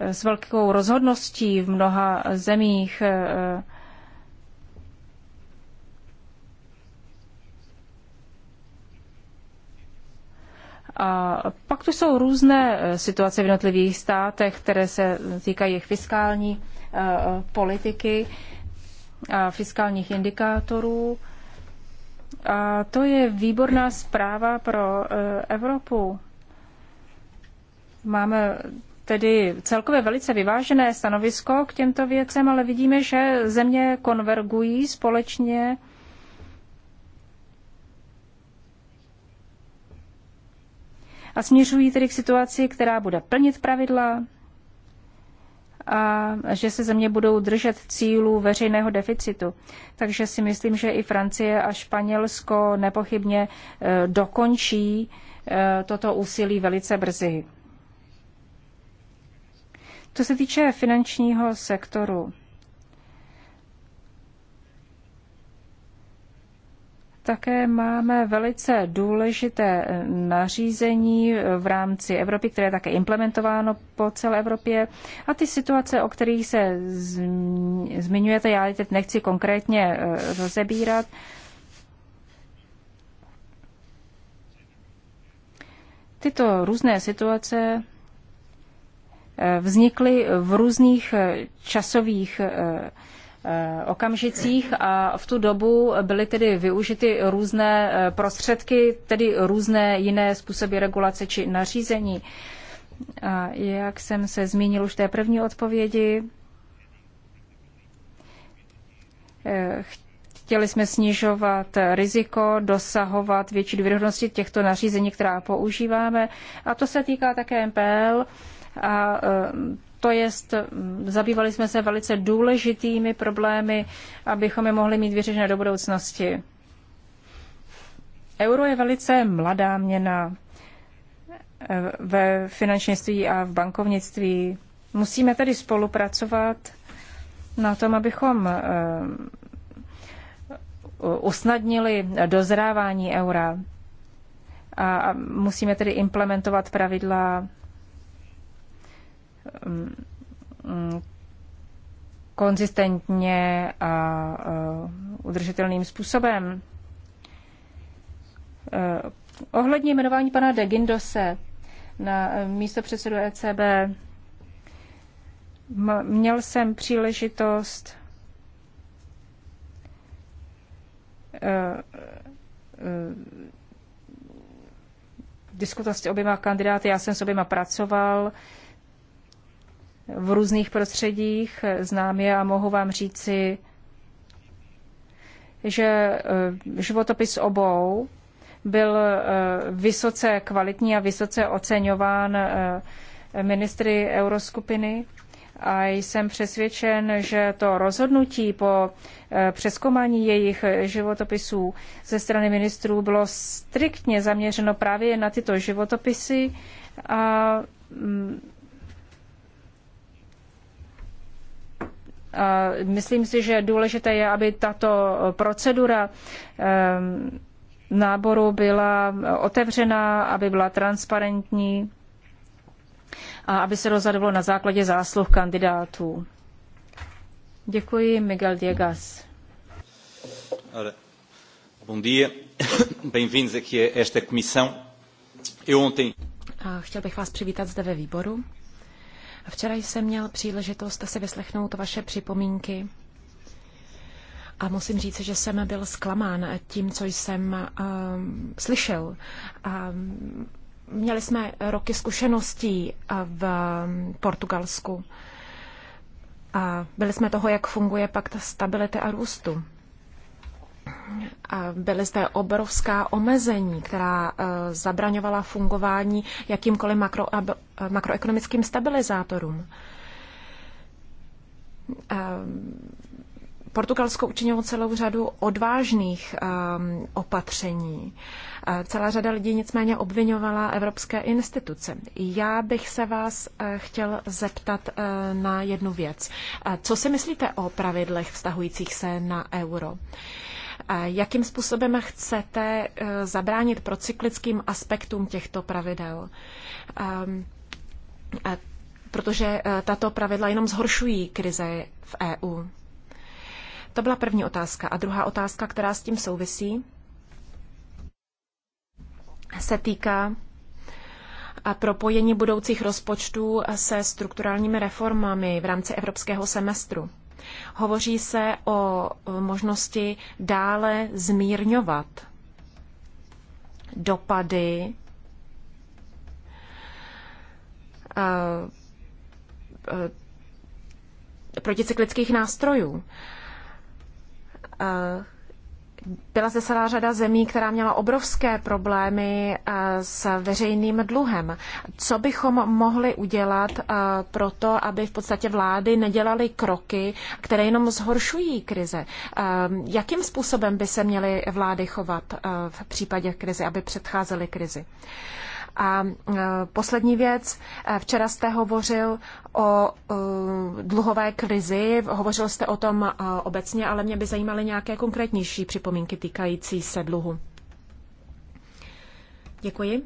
s velkou rozhodností v mnoha zemích eh, A pak tu jsou různé e, situace v jednotlivých státech, které se týkají jejich fiskální e, politiky a fiskálních indikátorů. A to je výborná zpráva pro e, Evropu. Máme tedy celkově velice vyvážené stanovisko k těmto věcem, ale vidíme, že země konvergují společně a směřují tedy k situaci, která bude plnit pravidla a že se země budou držet cílů veřejného deficitu. Takže si myslím, že i Francie a Španělsko nepochybně e, dokončí e, toto úsilí velice brzy. Co se týče finančního sektoru, Také máme velice důležité eh, nařízení eh, v rámci Evropy, které je také implementováno po celé Evropě. A ty situace, o kterých se zmiňujete, já teď nechci konkrétně eh, rozebírat. Tyto různé situace vznikly v různých časových Eh, okamžicích a v tu dobu byly tedy využity různé eh, prostředky, tedy různé jiné způsoby regulace či nařízení. A jak jsem se zmínil už v té první odpovědi, eh, chtěli jsme snižovat riziko, dosahovat větší důvěryhodnosti těchto nařízení, která používáme. A to se týká také MPL a to jest, zabývali jsme se velice důležitými problémy, abychom je mohli mít vyřešené do budoucnosti. Euro je velice mladá měna eh, ve finančnictví a v bankovnictví. Musíme tedy spolupracovat na tom, abychom eh, usnadnili dozrávání eura. A musíme tedy implementovat pravidla konzistentně a udržitelným způsobem. E, ohledně jmenování pana de Gindose na e, místo předsedu ECB měl jsem příležitost e, diskutovat s oběma kandidáty. Já jsem s oběma pracoval v různých prostředích, znám je a mohu vám říci, že eh, životopis obou byl eh, vysoce kvalitní a vysoce oceňován eh, ministry euroskupiny a jsem přesvědčen, že to rozhodnutí po přeskomání jejich životopisů ze strany ministrů bylo striktně zaměřeno právě na tyto životopisy a mm, myslím si, že důležité je, aby tato procedura ehm, náboru byla otevřená, aby byla transparentní a aby se rozhodlo na základě zásluh kandidátů. Děkuji, Miguel Diegas. bom dia, bem-vindos aqui a esta comissão. Eu ontem... Chtěl bych vás přivítat zde ve výboru. Včera jsem měl příležitost si vyslechnout vaše připomínky a musím říct, že jsem byl zklamán tím, co jsem um, slyšel. Um, měli jsme roky zkušeností eh, v mm, Portugalsku. A byli jsme toho, jak funguje pakt stability a růstu byly zde obrovská omezení, která e, zabraňovala fungování jakýmkoliv makro, makroekonomickým stabilizátorům. E, Portugalsko učinilo celou řadu odvážných e, opatření. Celá řada lidí nicméně obvinovala evropské instituce. Já bych se vás chtěl zeptat na jednu věc. Co si myslíte o pravidlech vztahujících se na euro? Jakým způsobem chcete eh, zabránit procyklickým aspektům těchto pravidel? Ehm, protože eh, tato pravidla jenom zhoršují krize v EU. To byla první otázka. A druhá otázka, která s tím souvisí, se týká a eh, propojení budoucích rozpočtů se strukturálními reformami v rámci evropského semestru. Hovoří se o možnosti dále zmírňovat dopady eh, eh, proticyklických nástrojů. Eh, byla zde celá řada zemí, která měla obrovské problémy eh, s veřejným dluhem. Co bychom mohli udělat eh, pro to, aby v podstatě vlády nedělaly kroky, které jenom zhoršují krize? Eh, jakým způsobem by se měly vlády chovat v případě krize, aby předcházely krizi? A e, poslední věc, e, včera jste hovořil o e, dluhové krizi, hovořil jste o tom obecně, ale mě by zajímaly nějaké konkrétnější připomínky týkající se dluhu. Děkuji.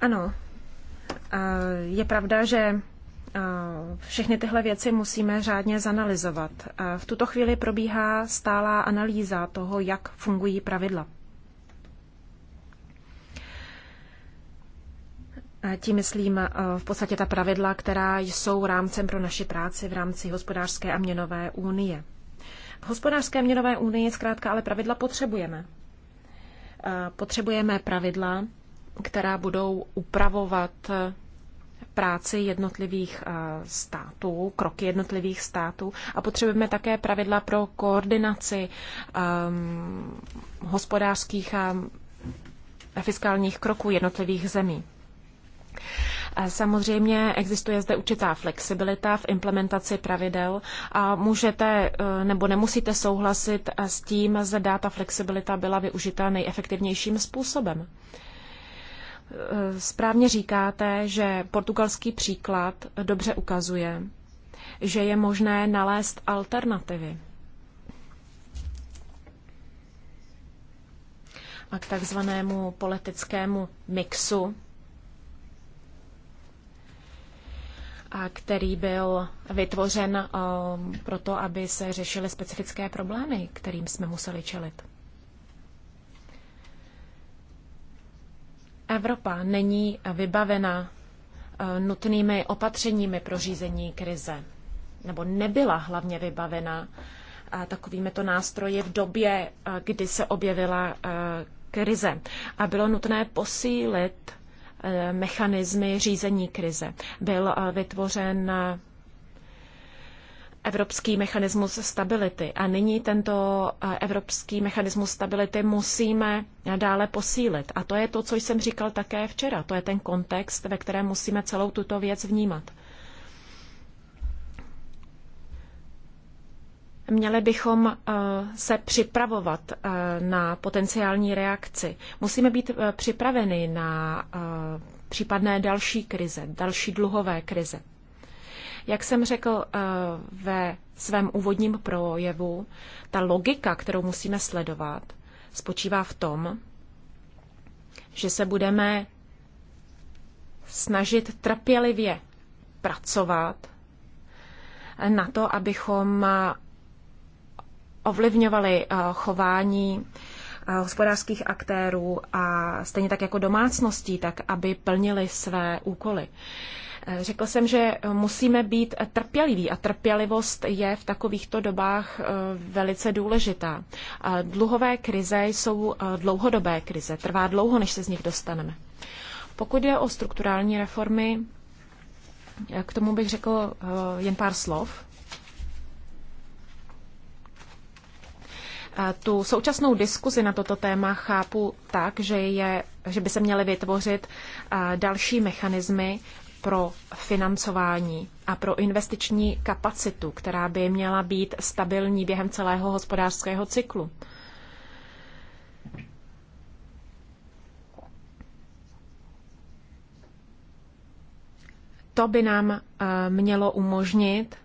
Ano, je pravda, že všechny tyhle věci musíme řádně zanalizovat. V tuto chvíli probíhá stálá analýza toho, jak fungují pravidla. Tím myslím e, v podstatě ta pravidla, která jsou rámcem pro naši práci v rámci hospodářské a měnové unie. V hospodářské a měnové unii zkrátka ale pravidla potřebujeme. E, potřebujeme pravidla, která budou upravovat práci jednotlivých eh, států, kroky jednotlivých států a potřebujeme také pravidla pro koordinaci um, hospodářských a fiskálních kroků jednotlivých zemí. Samozřejmě existuje zde určitá flexibilita v implementaci pravidel a můžete eh, nebo nemusíte souhlasit s tím, zda ta flexibilita byla využita nejefektivnějším způsobem. Eh, správně říkáte, že portugalský příklad dobře ukazuje, že je možné nalézt alternativy. A k takzvanému politickému mixu, a který byl vytvořen eh, proto, aby se řešily specifické problémy, kterým jsme museli čelit. Evropa není vybavena eh, nutnými opatřeními pro řízení krize, nebo nebyla hlavně vybavena eh, takovými to nástroji v době, eh, kdy se objevila krize. A bylo nutné posílit mechanismy řízení krize. Byl vytvořen evropský mechanismus stability. A nyní tento eh, evropský mechanismus stability musíme dále posílit. A to je to, co jsem říkal také včera. To je ten kontext, ve kterém musíme celou tuto věc vnímat. Měli bychom eh, se připravovat eh, na potenciální reakci. Musíme být připraveni na případné další krize, další dluhové krize. Jak jsem řekl eh, ve svém úvodním projevu, ta logika, kterou musíme sledovat, spočívá v tom, že se budeme snažit trpělivě pracovat na to, abychom ovlivňovali eh, chování eh, hospodářských aktérů a stejně tak jako domácností, tak aby plnili své úkoly. Řekl jsem, že musíme být trpěliví a trpělivost je v takovýchto dobách eh, velice důležitá. Dluhové krize jsou eh, dlouhodobé krize, trvá dlouho, než se z nich dostaneme. Pokud jde o strukturální reformy, eh, k tomu bych řekl jen pár slov. Tu současnou diskuzi na toto téma chápu tak, že, je, že by se měly vytvořit další mechanismy pro financování a pro investiční kapacitu, která by měla být stabilní během celého hospodářského cyklu. To by nám eh, mělo umožnit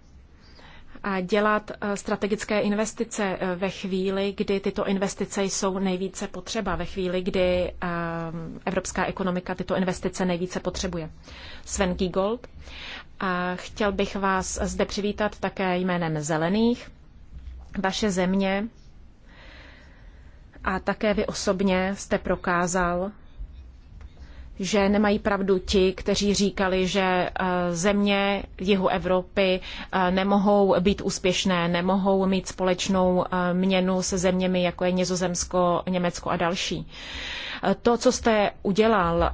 dělat eh, strategické investice eh, ve chvíli, kdy tyto investice jsou nejvíce potřeba, ve chvíli, kdy eh, evropská ekonomika tyto investice nejvíce potřebuje. Sven Giegold, chtěl bych vás zde přivítat také jménem Zelených. Vaše země a také vy osobně jste prokázal, že nemají pravdu ti, kteří říkali, že eh, země jihu Evropy eh, nemohou být úspěšné, nemohou mít společnou eh, měnu se zeměmi, jako je Nizozemsko, Německo a další. To, co jste udělal,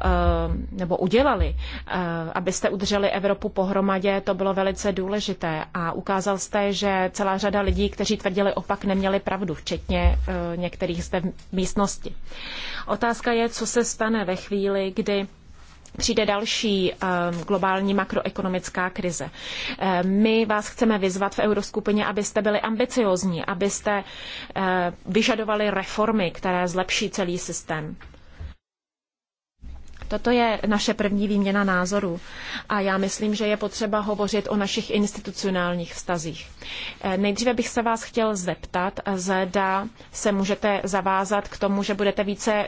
nebo udělali, abyste udrželi Evropu pohromadě, to bylo velice důležité a ukázal jste, že celá řada lidí, kteří tvrdili opak, neměli pravdu, včetně některých zde v místnosti. Otázka je, co se stane ve chvíli, kdy kdy přijde další ehm, globální makroekonomická krize. Ehm, my vás chceme vyzvat v Euroskupině, abyste byli ambiciozní, abyste eh, vyžadovali reformy, které zlepší celý systém. Toto je naše první výměna názorů a já myslím, že je potřeba hovořit o našich institucionálních vztazích. Eh, nejdříve bych se vás chtěl zeptat, zda se můžete zavázat k tomu, že budete více ehm,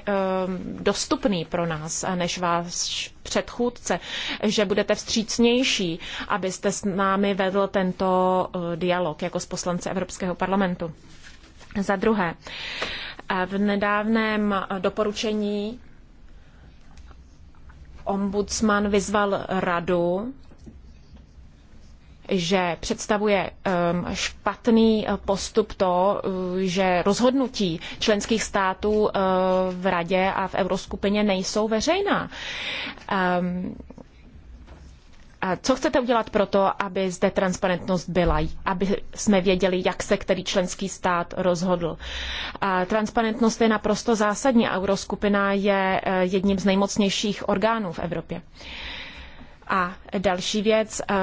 dostupný pro nás eh, než váš předchůdce, že budete vstřícnější, abyste s námi vedl tento eh, dialog jako s poslance Evropského parlamentu. Za druhé, v nedávném doporučení ombudsman vyzval radu, že představuje um, špatný uh, postup to, uh, že rozhodnutí členských států uh, v radě a v euroskupině nejsou veřejná. Um, co chcete udělat pro to, aby zde transparentnost byla, aby jsme věděli, jak se který členský stát rozhodl? Transparentnost je naprosto zásadní a Euroskupina je eh, jedním z nejmocnějších orgánů v Evropě. A další věc, eh,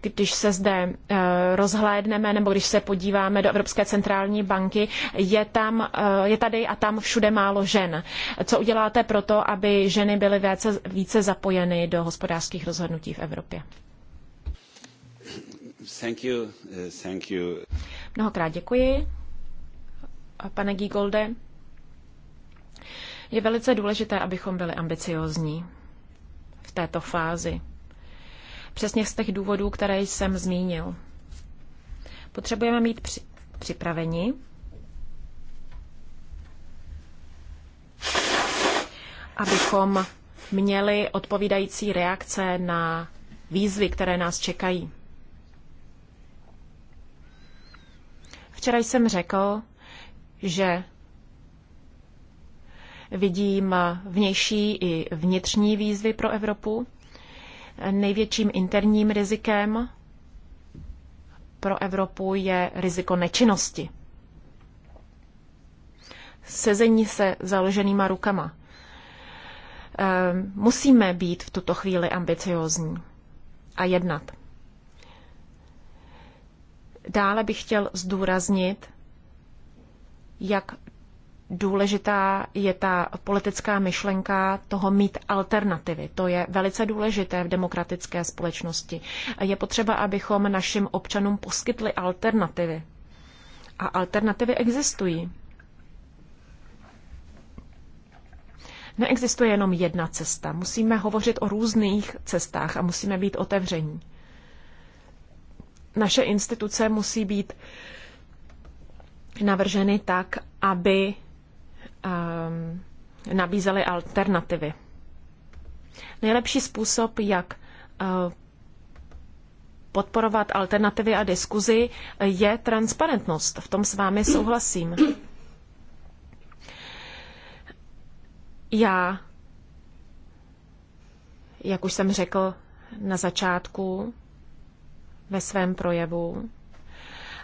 když se zde eh, rozhlédneme nebo když se podíváme do Evropské centrální banky, je, tam, eh, je tady a tam všude málo žen. Co uděláte pro to, aby ženy byly více, více zapojeny do hospodářských rozhodnutí v Evropě? Thank you. Eh, thank you. Mnohokrát děkuji, pane Gigolde. Je velice důležité, abychom byli ambiciozní v této fázi přesně z těch důvodů, které jsem zmínil. Potřebujeme mít při- připraveni. abychom měli odpovídající reakce na výzvy, které nás čekají. Včera jsem řekl, že vidím vnější i vnitřní výzvy pro Evropu. Největším interním rizikem pro Evropu je riziko nečinnosti. Sezení se založenýma rukama. Eh, musíme být v tuto chvíli ambiciozní a jednat. Dále bych chtěl zdůraznit, jak důležitá je ta politická myšlenka toho mít alternativy. To je velice důležité v demokratické společnosti. Je potřeba, abychom našim občanům poskytli alternativy. A alternativy existují. Neexistuje jenom jedna cesta. Musíme hovořit o různých cestách a musíme být otevření. Naše instituce musí být navrženy tak, aby Ehm, nabízely alternativy. Nejlepší způsob, jak eh, podporovat alternativy a diskuzi, je transparentnost. V tom s vámi souhlasím. Já, jak už jsem řekl na začátku ve svém projevu,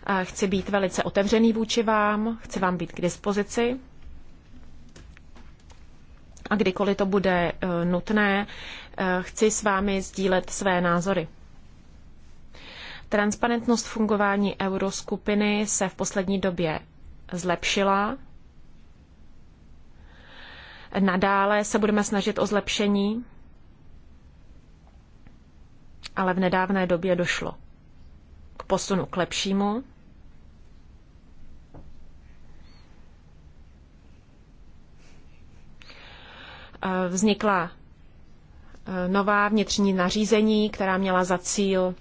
eh, chci být velice otevřený vůči vám, chci vám být k dispozici a kdykoliv to bude eh, nutné, eh, chci s vámi sdílet své názory. Transparentnost fungování euroskupiny se v poslední době zlepšila. Nadále se budeme snažit o zlepšení, ale v nedávné době došlo k posunu k lepšímu. Eh, vznikla eh, nová vnitřní nařízení, která měla za cíl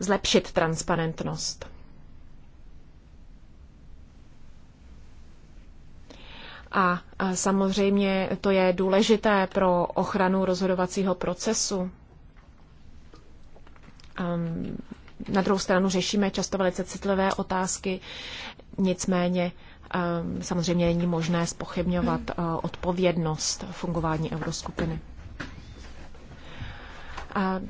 zlepšit transparentnost. A eh, samozřejmě to je důležité pro ochranu rozhodovacího procesu. Ehm, na druhou stranu řešíme často velice citlivé otázky, nicméně samozřejmě není možné spochybňovat eh, odpovědnost fungování euroskupiny. A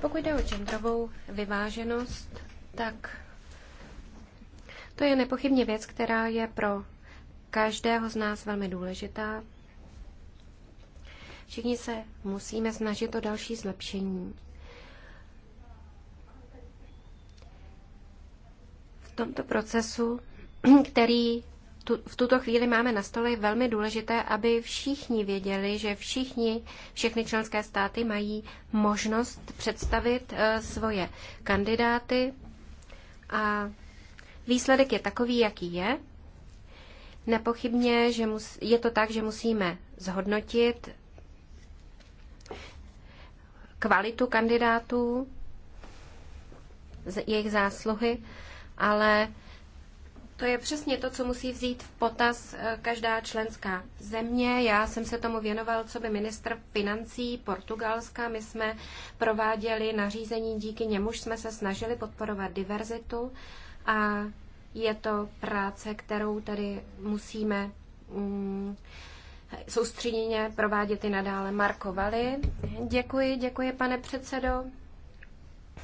pokud jde o čendrovou vyváženost, tak to je nepochybně věc, která je pro každého z nás velmi důležitá. Všichni se musíme snažit o další zlepšení. V tomto procesu který tu, v tuto chvíli máme na stole, je velmi důležité, aby všichni věděli, že všichni, všechny členské státy mají možnost představit uh, svoje kandidáty a výsledek je takový, jaký je. Nepochybně, že mus, je to tak, že musíme zhodnotit kvalitu kandidátů, jejich zásluhy, ale to je přesně to, co musí vzít v potaz eh, každá členská země. Já jsem se tomu věnoval, co by ministr financí Portugalska. My jsme prováděli nařízení, díky němuž jsme se snažili podporovat diverzitu a je to práce, kterou tady musíme mm, soustředěně provádět i nadále. Markovali. Děkuji, děkuji, pane předsedo.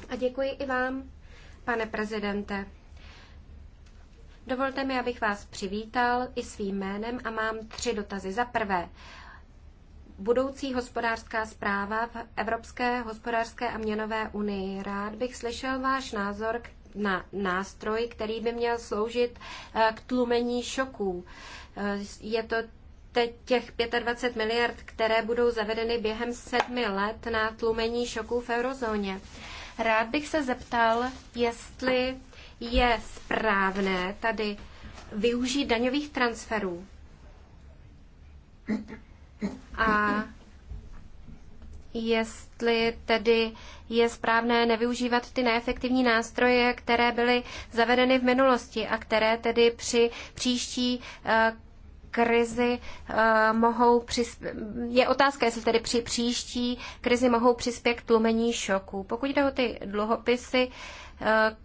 A děkuji i vám, pane prezidente. Dovolte mi, abych vás přivítal i svým jménem a mám tři dotazy. Za prvé, budoucí hospodářská zpráva v Evropské hospodářské a měnové unii. Rád bych slyšel váš názor na nástroj, který by měl sloužit eh, k tlumení šoků. Eh, je to těch 25 miliard, které budou zavedeny během sedmi let na tlumení šoků v eurozóně. Rád bych se zeptal, jestli je správné tady využít daňových transferů. A jestli tedy je správné nevyužívat ty neefektivní nástroje, které byly zavedeny v minulosti a které tedy při příští eh, krizi eh, mohou přispět, je otázka, jestli tedy při příští krizi mohou přispět k tlumení šoku. Pokud jde o ty dluhopisy, Eh,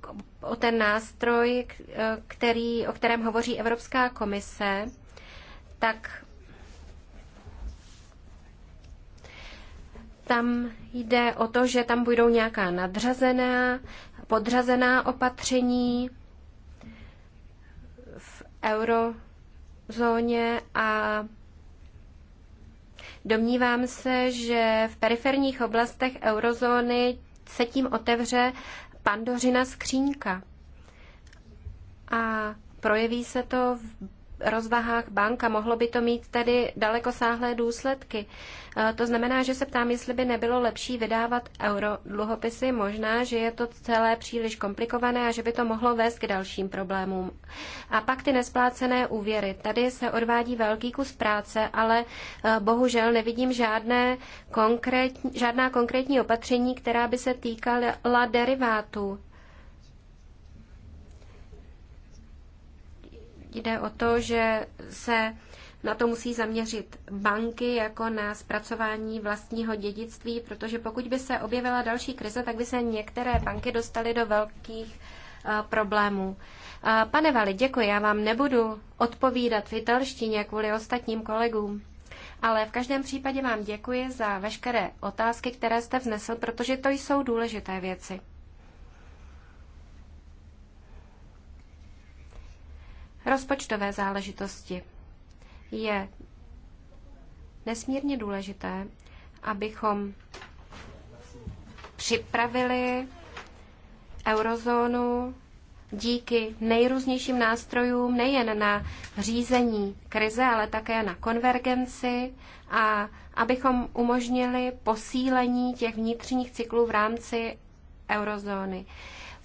o ten nástroj, eh, který, o kterém hovoří Evropská komise, tak tam jde o to, že tam budou nějaká nadřazená, podřazená opatření v eurozóně a domnívám se, že v periferních oblastech eurozóny se tím otevře pandořina skřínka. A projeví se to v rozvahách banka. Mohlo by to mít tedy dalekosáhlé důsledky. E, to znamená, že se ptám, jestli by nebylo lepší vydávat euro dluhopisy. Možná, že je to celé příliš komplikované a že by to mohlo vést k dalším problémům. A pak ty nesplácené úvěry. Tady se odvádí velký kus práce, ale e, bohužel nevidím žádné konkrétní, žádná konkrétní opatření, která by se týkala derivátů. jde o to, že se na to musí zaměřit banky jako na zpracování vlastního dědictví, protože pokud by se objevila další krize, tak by se některé banky dostaly do velkých eh, problémů. Eh, pane Vali, děkuji, já vám nebudu odpovídat v italštině kvůli ostatním kolegům. Ale v každém případě vám děkuji za veškeré otázky, které jste vznesl, protože to jsou důležité věci. Rozpočtové záležitosti. Je nesmírně důležité, abychom připravili eurozónu díky nejrůznějším nástrojům nejen na řízení krize, ale také na konvergenci a abychom umožnili posílení těch vnitřních cyklů v rámci eurozóny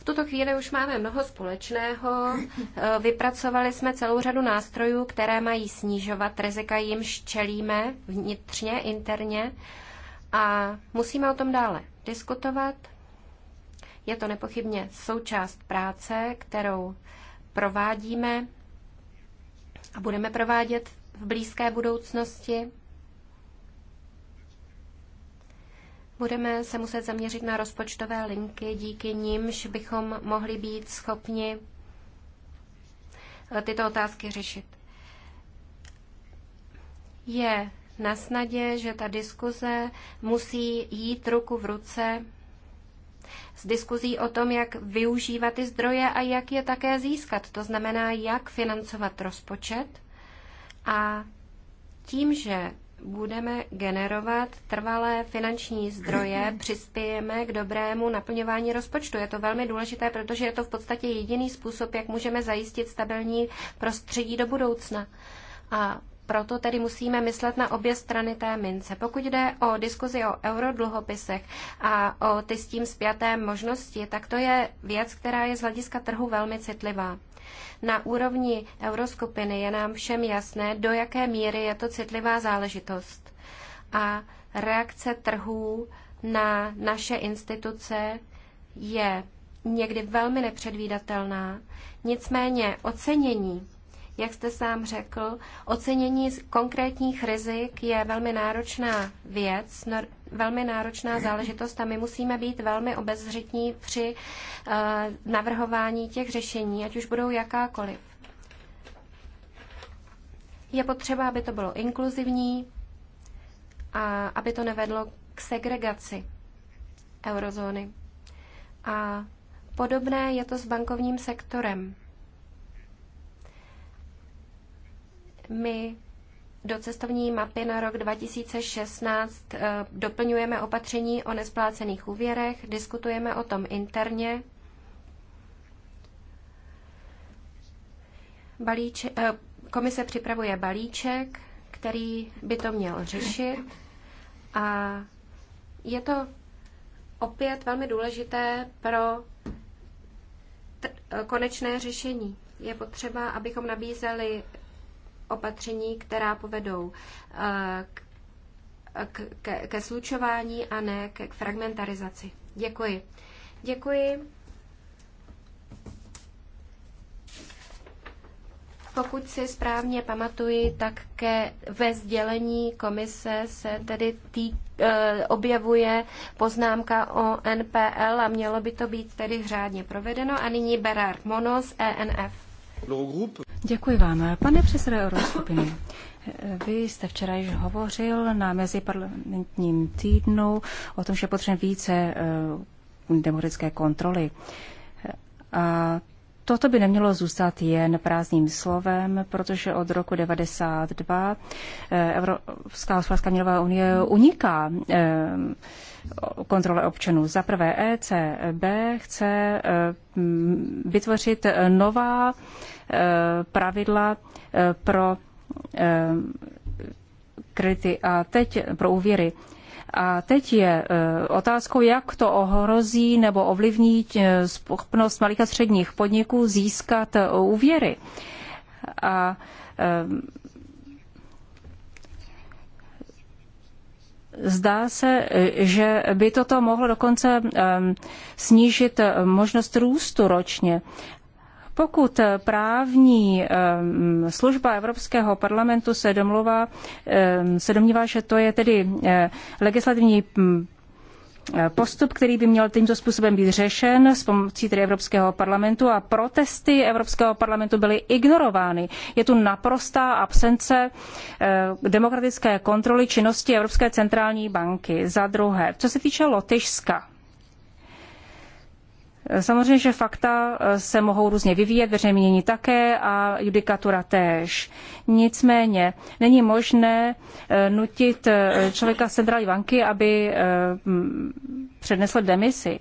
tuto chvíli už máme mnoho společného. Eh, vypracovali jsme celou řadu nástrojů, které mají snižovat rizika, jim čelíme vnitřně, interně a musíme o tom dále diskutovat. Je to nepochybně součást práce, kterou provádíme a budeme provádět v blízké budoucnosti. Budeme se muset zaměřit na rozpočtové linky, díky nímž bychom mohli být schopni eh, tyto otázky řešit. Je na snadě, že ta diskuze musí jít ruku v ruce s diskuzí o tom, jak využívat ty zdroje a jak je také získat. To znamená, jak financovat rozpočet. A tím, že budeme generovat trvalé finanční zdroje, přispějeme k dobrému naplňování rozpočtu. Je to velmi důležité, protože je to v podstatě jediný způsob, jak můžeme zajistit stabilní prostředí do budoucna. A proto tedy musíme myslet na obě strany té mince. Pokud jde o diskuzi o eurodluhopisech a o ty s tím zpěté možnosti, tak to je věc, která je z hlediska trhu velmi citlivá. Na úrovni euroskupiny je nám všem jasné, do jaké míry je to citlivá záležitost. A reakce trhů na naše instituce je někdy velmi nepředvídatelná, nicméně ocenění jak jste sám řekl, ocenění konkrétních rizik je velmi náročná věc, no, velmi náročná záležitost a my musíme být velmi obezřetní při uh, navrhování těch řešení, ať už budou jakákoliv. Je potřeba, aby to bylo inkluzivní a aby to nevedlo k segregaci eurozóny. A podobné je to s bankovním sektorem. My do cestovní mapy na rok 2016 eh, doplňujeme opatření o nesplácených úvěrech, diskutujeme o tom interně. Balíče, eh, komise připravuje balíček, který by to měl řešit a je to opět velmi důležité pro eh, konečné řešení. Je potřeba, abychom nabízeli opatření, která povedou eh, k, k, ke, ke slučování a ne ke, k fragmentarizaci. Děkuji. Děkuji. Pokud si správně pamatuji, tak ke, ve sdělení komise se tedy tý, e, objevuje poznámka o NPL a mělo by to být tedy řádně provedeno. A nyní Berard Monos, ENF. Děkuji vám. Pane předsedo Euroskupiny, vy jste včera již hovořil na meziparlamentním týdnu o tom, že potřebujeme více eh, demokratické kontroly. A toto by nemělo zůstat jen prázdným slovem, protože od roku 1992 eh, Evropská hospodářská měnová unie uniká eh, kontrole občanů. Za prvé ECB chce eh, vytvořit nová eh, pravidla eh, pro kredity a teď pro úvěry. A teď je otázkou, jak to ohrozí nebo ovlivní schopnost malých a středních podniků získat úvěry. A Zdá se, že by toto mohlo dokonce snížit možnost růstu ročně. Pokud právní služba Evropského parlamentu se, domluvá, se domnívá, že to je tedy eh, legislativní Eh, postup, který by měl tímto způsobem být řešen s pomocí tedy Evropského parlamentu a protesty Evropského parlamentu byly ignorovány. Je tu naprostá absence eh, demokratické kontroly činnosti Evropské centrální banky. Za druhé, co se týče Lotyšska, Samozřejmě, že fakta eh, se mohou různě vyvíjet, veřejné mínění také a judikatura též. Nicméně není možné eh, nutit eh, člověka z centrální banky, aby přednesl demisi.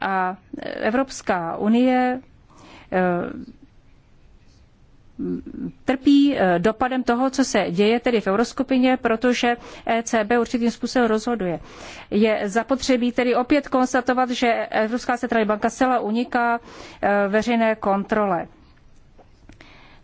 A Evropská unie trpí eh, dopadem toho, co se děje tedy v euroskupině, protože ECB určitým způsobem rozhoduje. Je zapotřebí tedy opět konstatovat, že Evropská centrální banka zcela uniká eh, veřejné kontrole.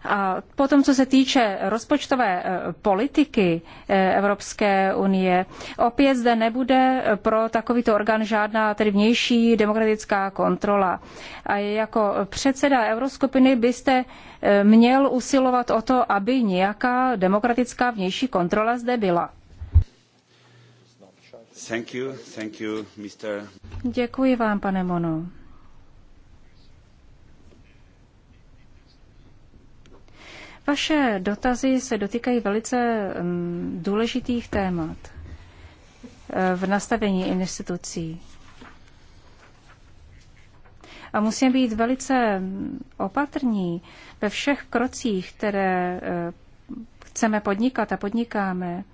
A potom, co se týče rozpočtové e, politiky e, Evropské unie, opět zde nebude pro takovýto orgán žádná tedy vnější demokratická kontrola. A jako předseda Euroskupiny byste e, měl usilovat o to, aby nějaká demokratická vnější kontrola zde byla. Thank you, thank you, Děkuji vám, pane Mono. Vaše dotazy se dotýkají velice mm, důležitých témat eh, v nastavení institucí. A musíme být velice mm, opatrní ve všech krocích, které eh, chceme podnikat a podnikáme.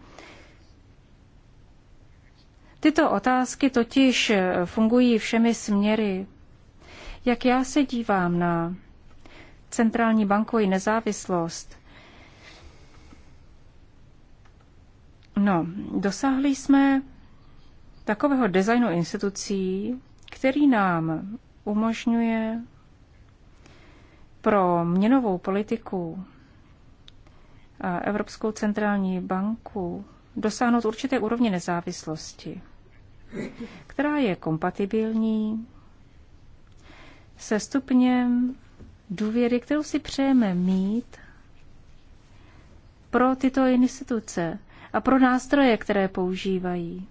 Tyto otázky totiž eh, fungují všemi směry. Jak já se dívám na centrální bankou i nezávislost. No, dosáhli jsme takového designu institucí, který nám umožňuje pro měnovou politiku a Evropskou centrální banku dosáhnout určité úrovně nezávislosti, která je kompatibilní se stupněm důvěry, kterou si přejeme mít pro tyto instituce a pro nástroje, které používají.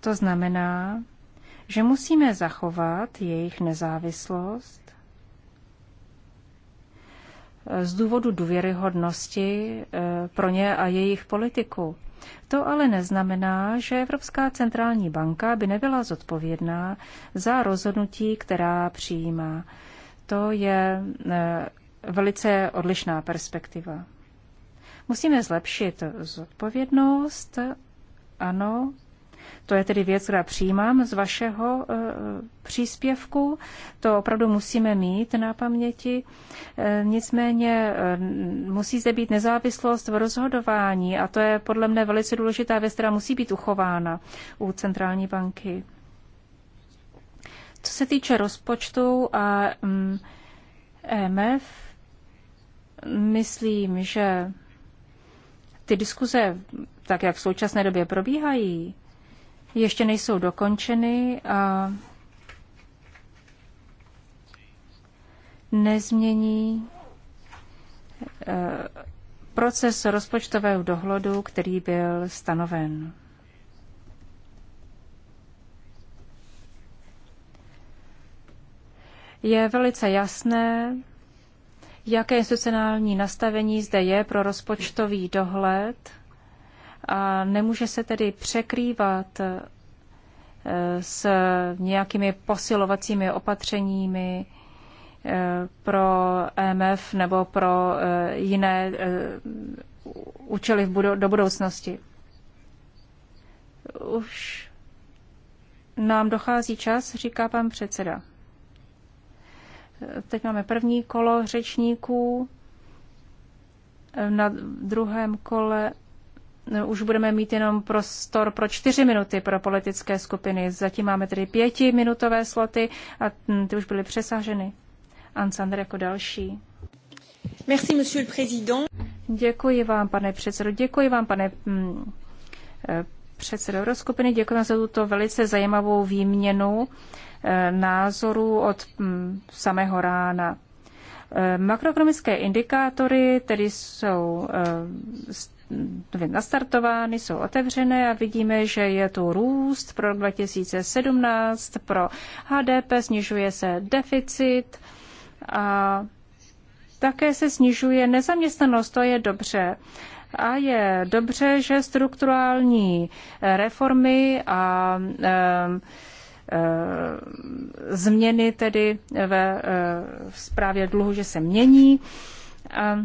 To znamená, že musíme zachovat jejich nezávislost z důvodu důvěryhodnosti eh, pro ně a jejich politiku. To ale neznamená, že Evropská centrální banka by nebyla zodpovědná za rozhodnutí, která přijímá. To je e, velice odlišná perspektiva. Musíme zlepšit zodpovědnost, ano, to je tedy věc, která přijímám z vašeho eh, příspěvku. To opravdu musíme mít na paměti. Eh, nicméně eh, musí zde být nezávislost v rozhodování a to je podle mne velice důležitá věc, která musí být uchována u centrální banky. Co se týče rozpočtu a mm, EMF, myslím, že ty diskuze, tak jak v současné době probíhají, ještě nejsou dokončeny a nezmění eh, proces rozpočtového dohledu, který byl stanoven. Je velice jasné, jaké institucionální nastavení zde je pro rozpočtový dohled a nemůže se tedy překrývat eh, s nějakými posilovacími opatřeními eh, pro EMF nebo pro eh, jiné účely do budoucnosti. Už nám dochází čas, říká pan předseda. Teď máme první kolo řečníků. Na druhém kole už budeme mít jenom prostor pro čtyři minuty pro politické skupiny. Zatím máme tedy pětiminutové sloty a hm, ty už byly přesaženy. Ansander jako další. Merci, monsieur le président. Děkuji vám, pane předsedo. Děkuji vám, pane mm, předsedo Euroskupiny. Děkuji vám za tuto velice zajímavou výměnu eh, názorů od hm, samého rána. Eh, makroekonomické indikátory tedy jsou nastartovány, jsou otevřené a vidíme, že je tu růst pro 2017, pro HDP snižuje se deficit a také se snižuje nezaměstnanost, to je dobře. A je dobře, že strukturální reformy a e, e, změny tedy ve e, zprávě dluhu, že se mění. E,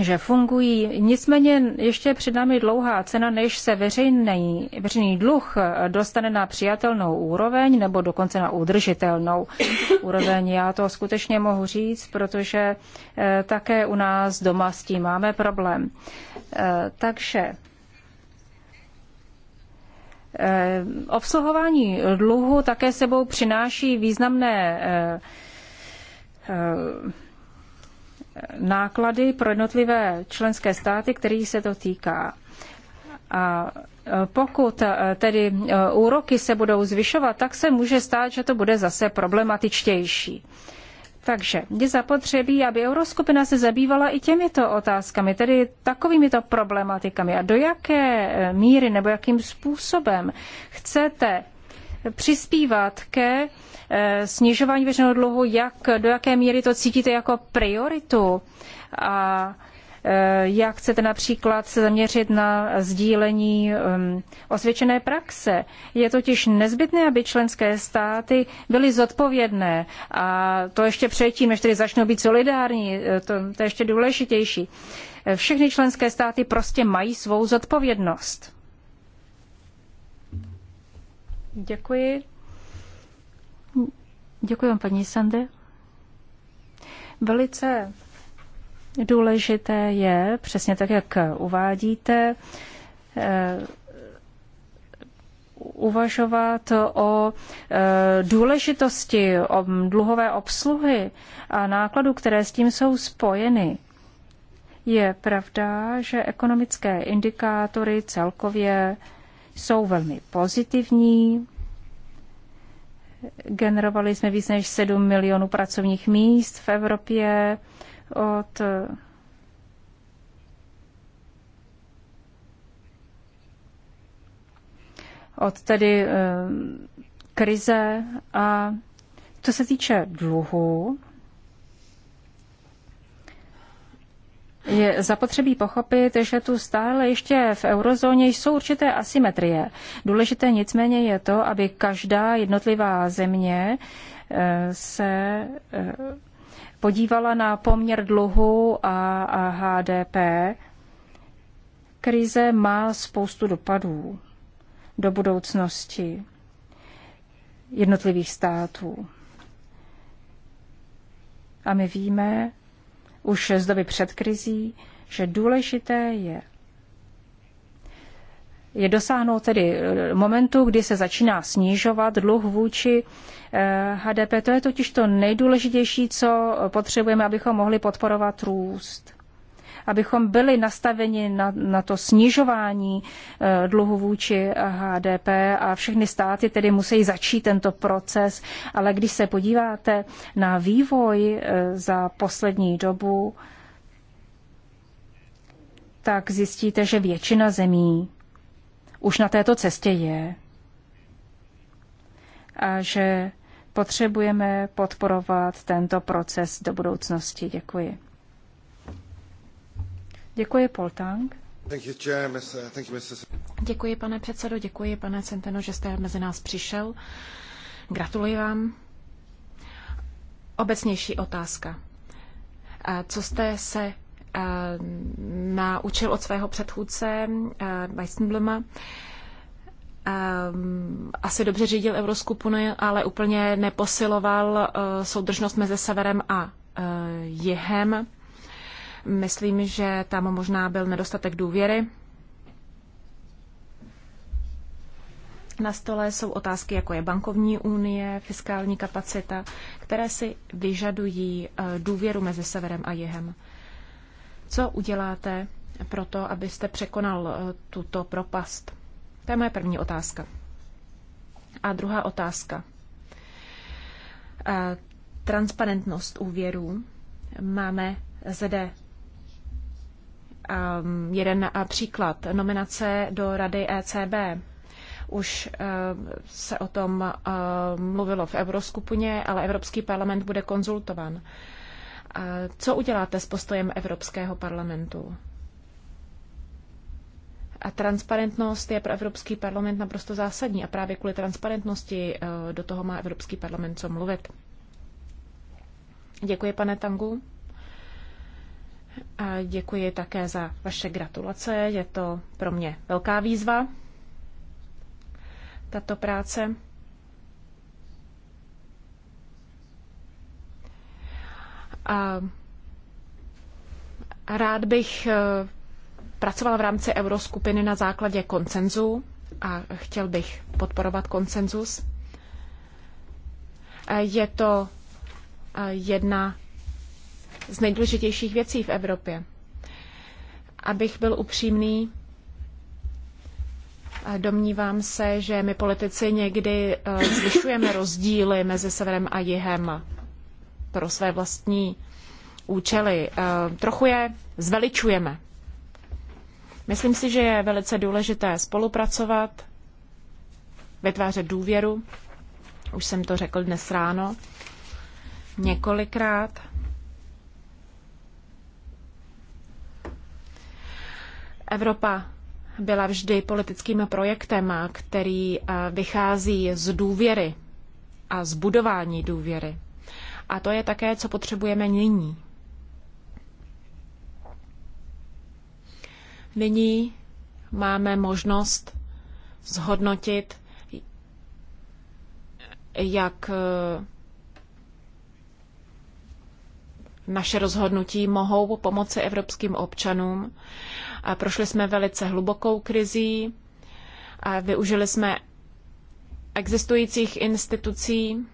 že fungují. Nicméně ještě před námi dlouhá cena, než se veřejný, veřejný dluh dostane na přijatelnou úroveň nebo dokonce na udržitelnou úroveň. Já to skutečně mohu říct, protože eh, také u nás doma s tím máme problém. Eh, takže eh, obsluhování dluhu také sebou přináší významné náklady pro jednotlivé členské státy, který se to týká. A e, pokud e, tedy e, úroky se budou zvyšovat, tak se může stát, že to bude zase problematičtější. Takže je zapotřebí, aby Euroskupina se zabývala i těmito otázkami, tedy takovýmito problematikami. A do jaké míry nebo jakým způsobem chcete přispívat ke Eh, snižování veřejného dluhu, jak, do jaké míry to cítíte jako prioritu a eh, jak chcete například se zaměřit na sdílení ehm, osvědčené praxe. Je totiž nezbytné, aby členské státy byly zodpovědné a to ještě předtím, než tedy začnou být solidární, eh, to, to je ještě důležitější. Všechny členské státy prostě mají svou zodpovědnost. Děkuji. Děkuji vám, paní Sandy. Velice důležité je, přesně tak, jak uvádíte, eh, uvažovat o eh, důležitosti o dluhové obsluhy a nákladů, které s tím jsou spojeny. Je pravda, že ekonomické indikátory celkově jsou velmi pozitivní, Generovali jsme víc než 7 milionů pracovních míst v Evropě od od tedy eh, krize. A co se týče dluhu, je zapotřebí pochopit, že tu stále ještě v eurozóně jsou určité asymetrie. Důležité nicméně je to, aby každá jednotlivá země eh, se eh, podívala na poměr dluhu a, HDP. Krize má spoustu dopadů do budoucnosti jednotlivých států. A my víme, už z doby před krizí, že důležité je je dosáhnout tedy eh, momentu, kdy se začíná snižovat dluh vůči HDP. Eh, to je totiž to nejdůležitější, co potřebujeme, abychom mohli podporovat růst abychom byli nastaveni na, na to snižování eh, dluhu vůči HDP a všechny státy tedy musí začít tento proces, ale když se podíváte na vývoj eh, za poslední dobu, tak zjistíte, že většina zemí už na této cestě je a že potřebujeme podporovat tento proces do budoucnosti. Děkuji. Děkuji, Poltang. Uh, děkuji, pane předsedo, děkuji, pane Centeno, že jste mezi nás přišel. Gratuluji vám. Obecnější otázka. Eh, co jste se eh, naučil od svého předchůdce eh, Weissenbluma? asi dobře řídil Euroskupiny, ale úplně neposiloval soudržnost mezi severem a jihem Myslím, že tam možná byl nedostatek důvěry. Na stole jsou otázky, jako je bankovní unie, fiskální kapacita, které si vyžadují eh, důvěru mezi severem a jihem. Co uděláte pro to, abyste překonal eh, tuto propast? To je moje první otázka. A druhá otázka. Eh, transparentnost úvěrů. Máme zde Um, jeden uh, příklad. Nominace do Rady ECB. Už uh, se o tom uh, mluvilo v Euroskupině, ale Evropský parlament bude konzultovan. Co uděláte s postojem Evropského parlamentu? A transparentnost je pro Evropský parlament naprosto zásadní a právě kvůli transparentnosti do toho má Evropský parlament co mluvit. Děkuji, pane Tangu. A děkuji také za vaše gratulace. Je to pro mě velká výzva, tato práce. A rád bych eh, pracoval v rámci euroskupiny na základě koncenzu a chtěl bych podporovat koncenzus. Eh, je to eh, jedna z nejdůležitějších věcí v Evropě. Abych byl upřímný, domnívám se, že my politici někdy eh, zvyšujeme rozdíly mezi severem a jihem pro své vlastní účely. Eh, trochu je zveličujeme. Myslím si, že je velice důležité spolupracovat, vytvářet důvěru. Už jsem to řekl dnes ráno několikrát. Evropa byla vždy politickým projektem, který eh, vychází z důvěry a z budování důvěry. A to je také, co potřebujeme nyní. Nyní máme možnost zhodnotit, jak eh, naše rozhodnutí mohou pomoci evropským občanům a prošli jsme velice hlubokou krizí, a využili jsme existujících institucí,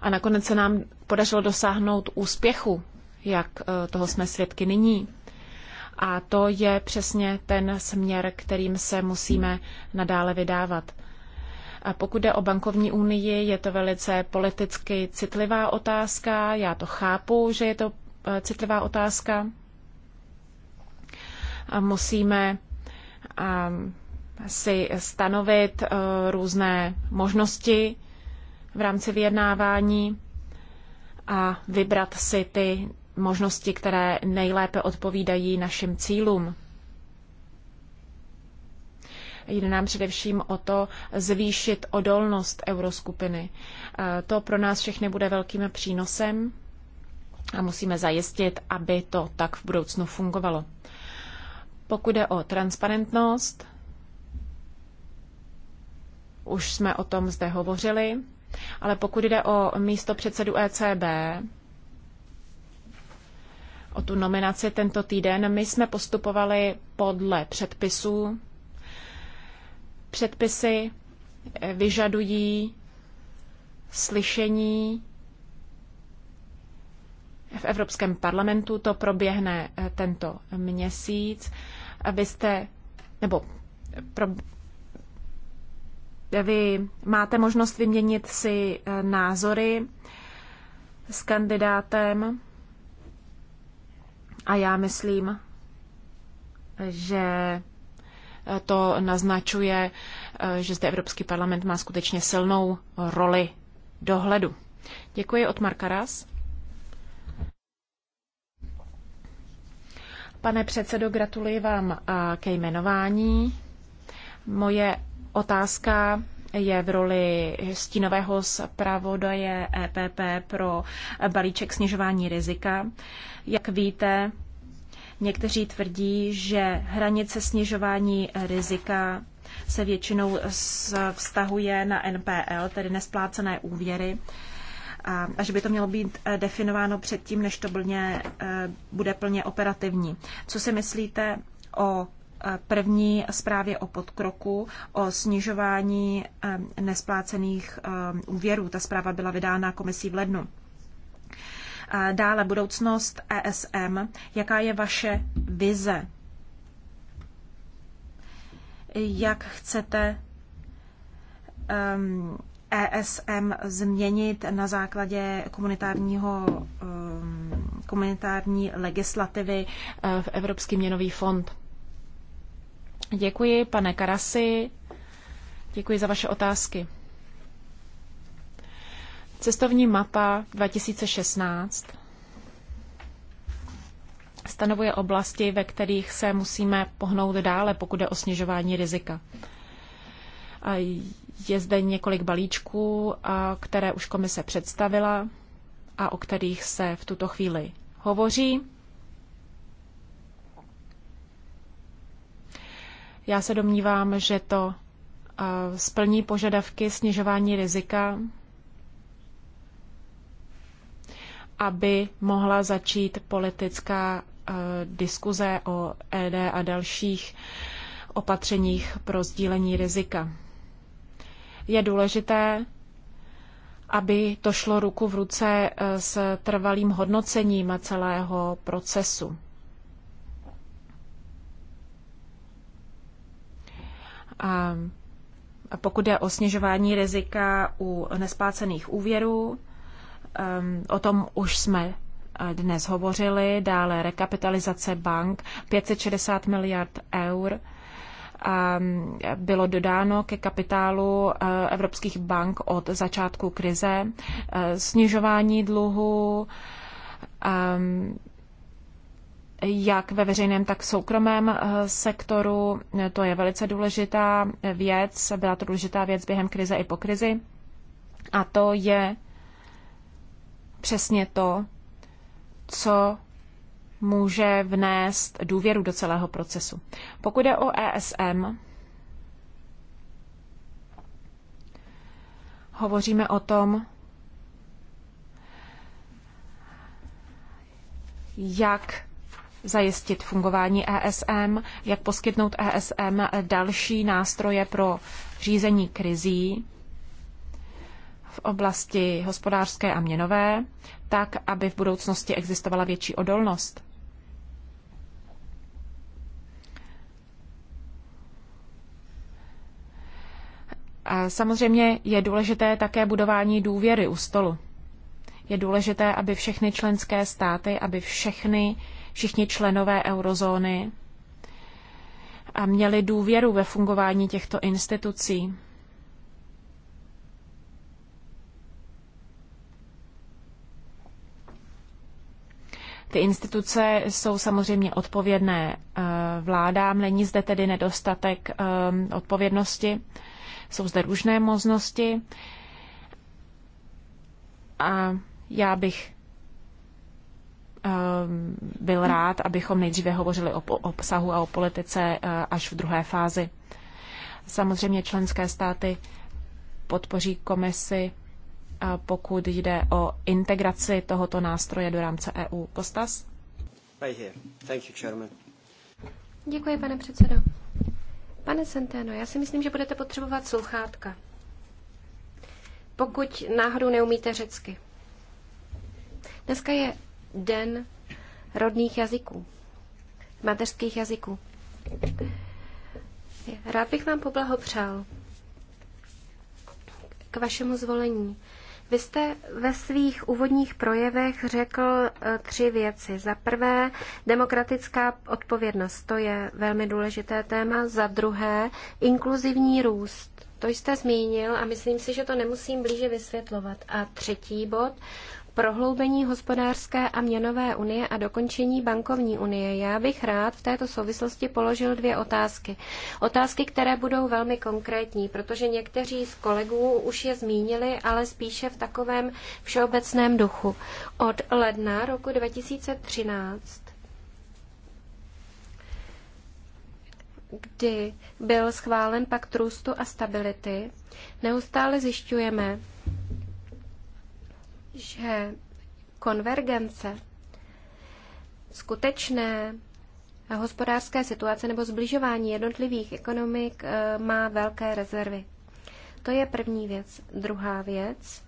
a nakonec se nám podařilo dosáhnout úspěchu, jak eh, toho jsme svědky nyní. A to je přesně ten směr, kterým se musíme nadále vydávat pokud jde o bankovní unii, je to velice politicky citlivá otázka. Já to chápu, že je to eh, citlivá otázka. A musíme ehm, si stanovit eh, různé možnosti v rámci vyjednávání a vybrat si ty možnosti, které nejlépe odpovídají našim cílům. Jde nám především o to zvýšit odolnost euroskupiny. E, to pro nás všechny bude velkým přínosem a musíme zajistit, aby to tak v budoucnu fungovalo. Pokud jde o transparentnost, už jsme o tom zde hovořili, ale pokud jde o místo předsedu ECB, o tu nominaci tento týden, my jsme postupovali podle předpisů, předpisy eh, vyžadují slyšení v Evropském parlamentu. To proběhne eh, tento měsíc. Vy jste, nebo pro, vy máte možnost vyměnit si eh, názory s kandidátem a já myslím, že to naznačuje, eh, že zde Evropský parlament má skutečně silnou roli dohledu. Děkuji od Marka Ras. Pane předsedo, gratuluji vám eh, ke jmenování. Moje otázka je v roli stínového zpravodaje EPP pro balíček snižování rizika. Jak víte, Někteří tvrdí, že hranice snižování rizika se většinou vztahuje na NPL, tedy nesplácené úvěry, a, a že by to mělo být eh, definováno předtím, než to plně, eh, bude plně operativní. Co si myslíte o eh, první zprávě o podkroku o snižování nesplácených úvěrů. Ta zpráva byla vydána komisí v lednu. Dále budoucnost ESM. Jaká je vaše vize? Jak chcete um, ESM změnit na základě komunitárního, um, komunitární legislativy uh, v Evropský měnový fond? Děkuji, pane Karasi. Děkuji za vaše otázky. Cestovní mapa 2016 stanovuje oblasti, ve kterých se musíme pohnout dále, pokud je o snižování rizika. Je zde několik balíčků, které už komise představila a o kterých se v tuto chvíli hovoří. Já se domnívám, že to splní požadavky snižování rizika aby mohla začít politická eh, diskuze o ED a dalších opatřeních pro sdílení rizika. Je důležité, aby to šlo ruku v ruce eh, s trvalým hodnocením celého procesu. A pokud je o snižování rizika u nesplácených úvěrů, Ehm, o tom už jsme eh, dnes hovořili, dále rekapitalizace bank 560 miliard eur ehm, bylo dodáno ke kapitálu eh, evropských bank od začátku krize, eh, snižování dluhu, ehm, jak ve veřejném, tak v soukromém sektoru. To je velice důležitá věc, byla to důležitá věc během krize i po krizi. A to je přesně to, co může vnést důvěru do celého procesu. Pokud je o ESM, hovoříme o tom, jak zajistit fungování ESM, jak poskytnout ESM další nástroje pro řízení krizí, v oblasti hospodářské a měnové, tak aby v budoucnosti existovala větší odolnost. A samozřejmě je důležité také budování důvěry u stolu. Je důležité, aby všechny členské státy, aby všechny, všichni členové eurozóny a měli důvěru ve fungování těchto institucí. Ty instituce jsou samozřejmě odpovědné eh, vládám, není zde tedy nedostatek eh, odpovědnosti, jsou zde různé možnosti. A já bych eh, byl rád, abychom nejdříve hovořili o obsahu a o politice až v druhé fázi. Samozřejmě členské státy podpoří komisi pokud jde o integraci tohoto nástroje do rámce EU. Kostas? Děkuji, pane předsedo. Pane Centeno, já si myslím, že budete potřebovat sluchátka, pokud náhodou neumíte řecky. Dneska je den rodných jazyků, mateřských jazyků. Rád bych vám poblahopřál k vašemu zvolení. Vy jste ve svých úvodních projevech řekl eh, tři věci. Za prvé, demokratická odpovědnost, to je velmi důležité téma. Za druhé, inkluzivní růst. To jste zmínil a myslím si, že to nemusím blíže vysvětlovat. A třetí bod, prohloubení hospodářské a měnové unie a dokončení bankovní unie. Já bych rád v této souvislosti položil dvě otázky. Otázky, které budou velmi konkrétní, protože někteří z kolegů už je zmínili, ale spíše v takovém všeobecném duchu. Od ledna roku 2013 kdy byl schválen pakt růstu a stability, neustále zjišťujeme, že konvergence skutečné hospodářské situace nebo zbližování jednotlivých ekonomik eh, má velké rezervy. To je první věc. Druhá věc.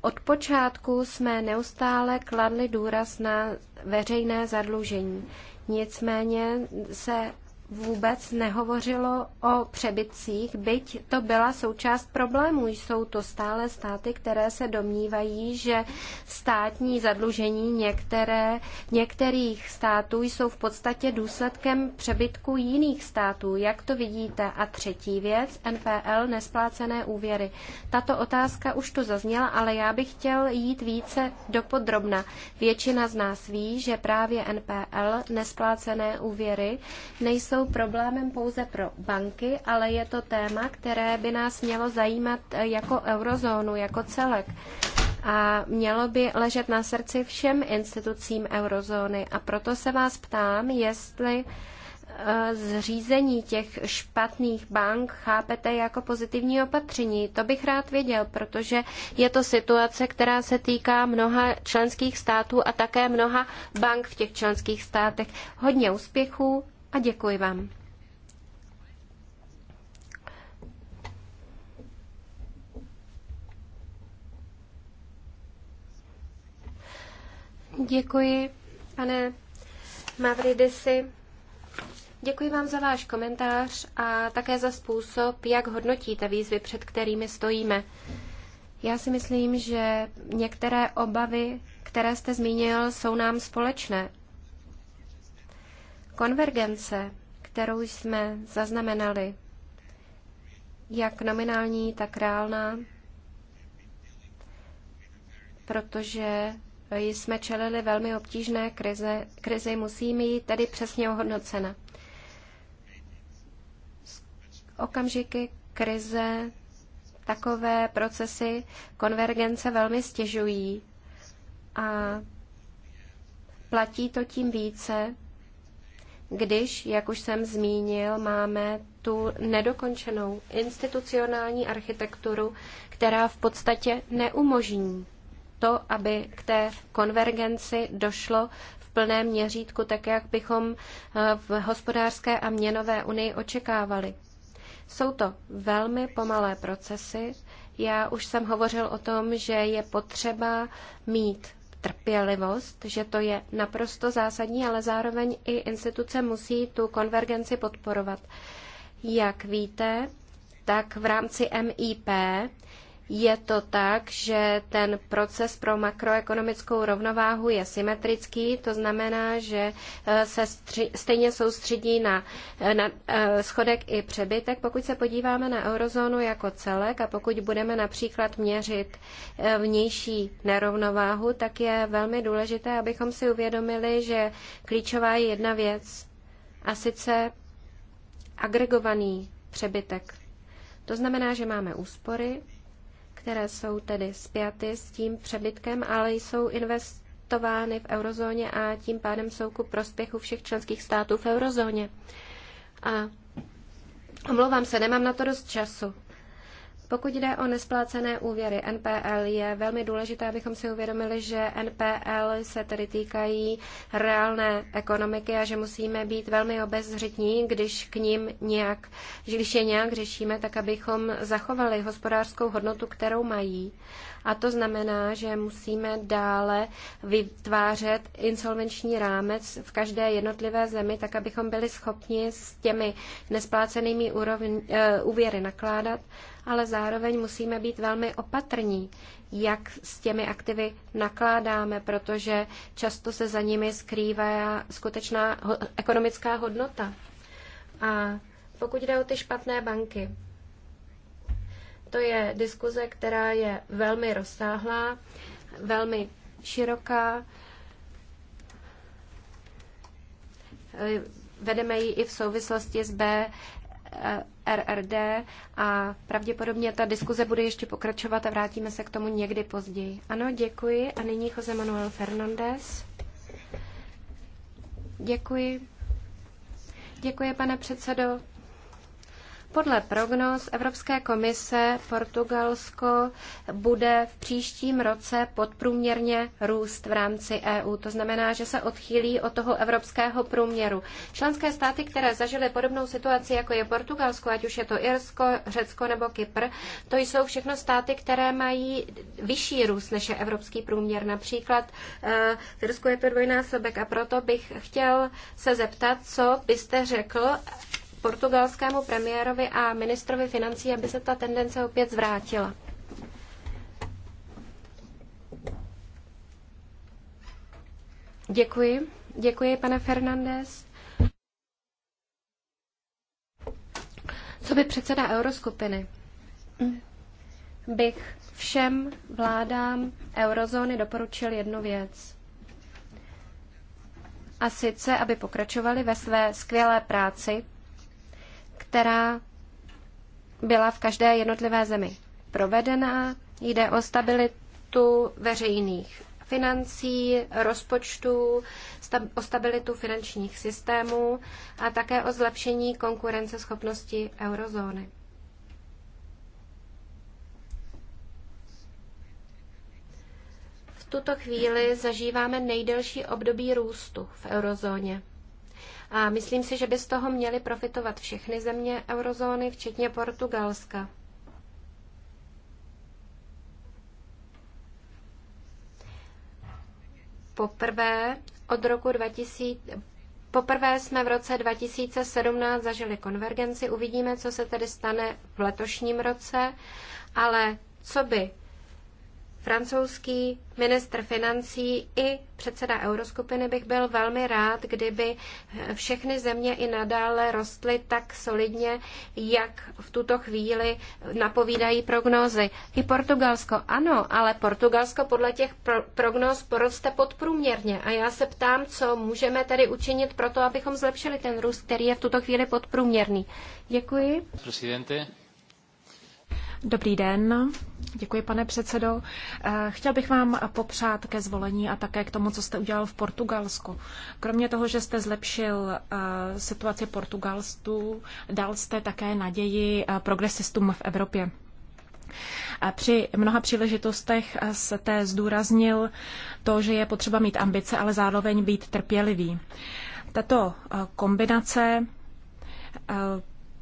Od počátku jsme neustále kladli důraz na veřejné zadlužení. Nicméně se vůbec nehovořilo o přebytcích, byť to byla součást problémů. Jsou to stále státy, které se domnívají, že státní zadlužení některé, některých států jsou v podstatě důsledkem přebytku jiných států. Jak to vidíte? A třetí věc, NPL, nesplácené úvěry. Tato otázka už tu zazněla, ale já bych chtěl jít více do podrobna. Většina z nás ví, že právě NPL, nesplácené úvěry, nejsou jsou problémem pouze pro banky, ale je to téma, které by nás mělo zajímat eh, jako eurozónu, jako celek. A mělo by ležet na srdci všem institucím eurozóny. A proto se vás ptám, jestli eh, zřízení těch špatných bank chápete jako pozitivní opatření. To bych rád věděl, protože je to situace, která se týká mnoha členských států a také mnoha bank v těch členských státech. Hodně úspěchů, a děkuji vám. Děkuji, pane Mavridisi. Děkuji vám za váš komentář a také za způsob, jak hodnotíte výzvy, před kterými stojíme. Já si myslím, že některé obavy, které jste zmínil, jsou nám společné. Konvergence, kterou jsme zaznamenali, jak nominální, tak reálná, protože jsme čelili velmi obtížné krize, krizi musí mít tedy přesně ohodnocena. okamžiky krize takové procesy konvergence velmi stěžují a platí to tím více, když, jak už jsem zmínil, máme tu nedokončenou institucionální architekturu, která v podstatě neumožní to, aby k té konvergenci došlo v plném měřítku, tak jak bychom eh, v hospodářské a měnové unii očekávali. Jsou to velmi pomalé procesy. Já už jsem hovořil o tom, že je potřeba mít trpělivost, že to je naprosto zásadní, ale zároveň i instituce musí tu konvergenci podporovat. Jak víte, tak v rámci MIP je to tak, že ten proces pro makroekonomickou rovnováhu je symetrický, to znamená, že eh, se stři, stejně soustředí na, eh, na eh, schodek i přebytek. Pokud se podíváme na eurozónu jako celek a pokud budeme například měřit vnější nerovnováhu, tak je velmi důležité, abychom si uvědomili, že klíčová je jedna věc, a sice agregovaný přebytek. To znamená, že máme úspory, které jsou tedy spjaty s tím přebytkem, ale jsou investovány v eurozóně a tím pádem jsou ku prospěchu všech členských států v eurozóně. A omlouvám se, nemám na to dost času. Pokud jde o nesplácené úvěry NPL, je velmi důležité, abychom si uvědomili, že NPL se tedy týkají reálné ekonomiky a že musíme být velmi obezřetní, když k ním nějak, když je nějak řešíme, tak abychom zachovali hospodářskou hodnotu, kterou mají. A to znamená, že musíme dále vytvářet insolvenční rámec v každé jednotlivé zemi, tak abychom byli schopni s těmi nesplácenými úrovň, eh, úvěry nakládat ale zároveň musíme být velmi opatrní, jak s těmi aktivy nakládáme, protože často se za nimi skrývá skutečná ekonomická hodnota. A pokud jde o ty špatné banky, to je diskuze, která je velmi rozsáhlá, velmi široká. Eh, vedeme ji i v souvislosti s B eh, RRD a pravděpodobně ta diskuze bude ještě pokračovat a vrátíme se k tomu někdy později. Ano, děkuji. A nyní Jose Manuel Fernández. Děkuji. Děkuji, pane předsedo. Podle prognóz Evropské komise Portugalsko bude v příštím roce podprůměrně růst v rámci EU. To znamená, že se odchýlí od toho evropského průměru. Členské státy, které zažily podobnou situaci, jako je Portugalsko, ať už je to Irsko, Řecko nebo Kypr, to jsou všechno státy, které mají vyšší růst než je evropský průměr. Například v eh, Irsku je to dvojnásobek a proto bych chtěl se zeptat, co byste řekl portugalskému premiérovi a ministrovi financí, aby se ta tendence opět zvrátila. Děkuji. Děkuji, pane Fernandez. Co by předseda Euroskupiny? Bych všem vládám eurozóny doporučil jednu věc. A sice, aby pokračovali ve své skvělé práci, která byla v každé jednotlivé zemi provedena. Jde o stabilitu veřejných financí, rozpočtu, o stabilitu finančních systémů a také o zlepšení konkurenceschopnosti eurozóny. V tuto chvíli zažíváme nejdelší období růstu v eurozóně. A myslím si, že by z toho měly profitovat všechny země eurozóny, včetně Portugalska. Poprvé od roku 2000, Poprvé jsme v roce 2017 zažili konvergenci, uvidíme, co se tedy stane v letošním roce, ale co by francouzský ministr financí i předseda Euroskupiny bych byl velmi rád, kdyby všechny země i nadále rostly tak solidně, jak v tuto chvíli napovídají prognózy. I Portugalsko, ano, ale Portugalsko podle těch pro- prognóz poroste podprůměrně. A já se ptám, co můžeme tedy učinit pro to, abychom zlepšili ten růst, který je v tuto chvíli podprůměrný. Děkuji. Presidente. Dobrý den, děkuji pane předsedo. Eh, chtěl bych vám popřát ke zvolení a také k tomu, co jste udělal v Portugalsku. Kromě toho, že jste zlepšil eh, situaci Portugalstů, dal jste také naději eh, progresistům v Evropě. Při mnoha příležitostech jste zdůraznil to, že je potřeba mít ambice, ale zároveň být trpělivý. Tato kombinace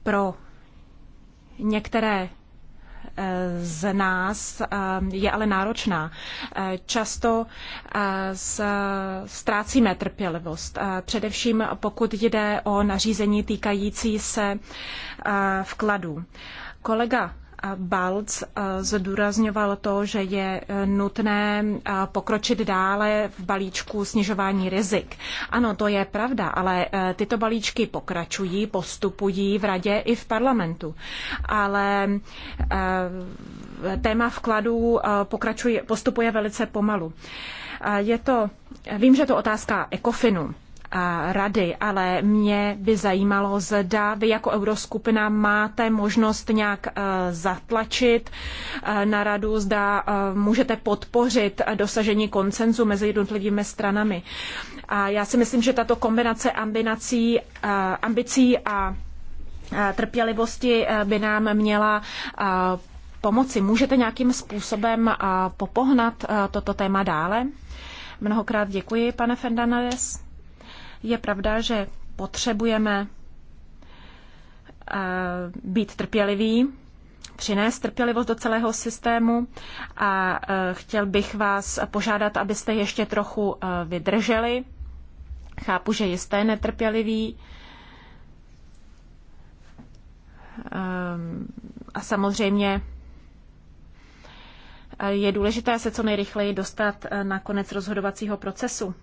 pro některé z nás eh, je ale náročná. Eh, často eh, ztrácíme trpělivost, především pokud jde o nařízení týkající se vkladů. Kolega Balc eh, zdůrazňoval to, že je eh, nutné eh, pokročit dále v balíčku snižování rizik. Ano, to je pravda, ale tyto balíčky pokračují, postupují v radě i v parlamentu. Ale téma vkladů pokračuje, postupuje velice pomalu. Je to, vím, že to otázka ECOFINu rady, ale mě by zajímalo, zda vy jako euroskupina máte možnost nějak eh, zatlačit eh, na radu, zda eh, můžete podpořit dosažení koncenzu mezi jednotlivými stranami. A já si myslím, že tato kombinace ambinací, ambicí a trpělivosti by nám měla pomoci. Můžete nějakým způsobem popohnat toto téma dále? Mnohokrát děkuji, pane Fernandez. Je pravda, že potřebujeme eh, být trpěliví, přinést trpělivost do celého systému a eh, chtěl bych vás požádat, abyste ještě trochu eh, vydrželi. Chápu, že jste netrpěliví. Ehm, a samozřejmě je důležité se co nejrychleji dostat na konec rozhodovacího procesu.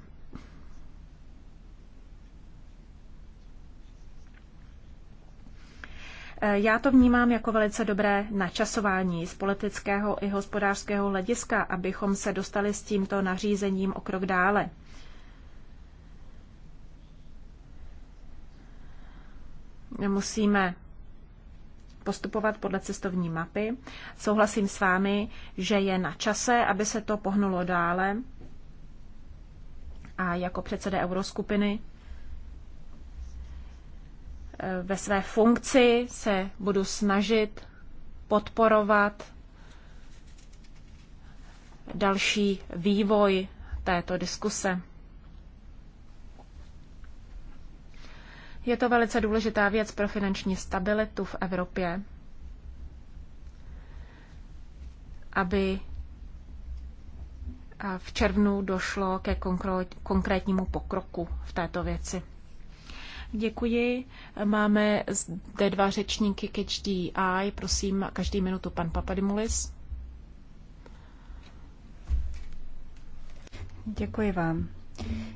Eh, já to vnímám jako velice dobré načasování z politického i hospodářského hlediska, abychom se dostali s tímto nařízením o krok dále. Musíme postupovat podle cestovní mapy. Souhlasím s vámi, že je na čase, aby se to pohnulo dále. A jako předseda euroskupiny Eh, ve své funkci se budu snažit podporovat další vývoj této diskuse. Je to velice důležitá věc pro finanční stabilitu v Evropě, aby v červnu došlo ke konkrétnímu pokroku v této věci. Děkuji. Máme zde dva řečníky k HDI. Prosím, každý minutu pan Papadimulis. Děkuji vám.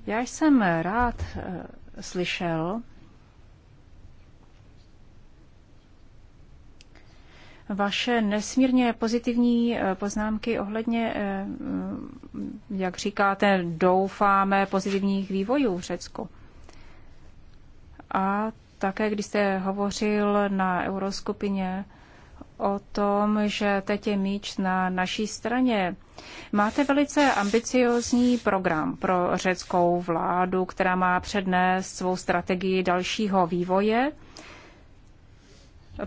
Já jsem rád eh, slyšel vaše nesmírně pozitivní eh, poznámky ohledně, eh, jak říkáte, doufáme pozitivních vývojů v Řecku. A také, když jste hovořil na euroskupině o tom, že teď je míč na naší straně. Máte velice ambiciozní program pro řeckou vládu, která má přednést svou strategii dalšího vývoje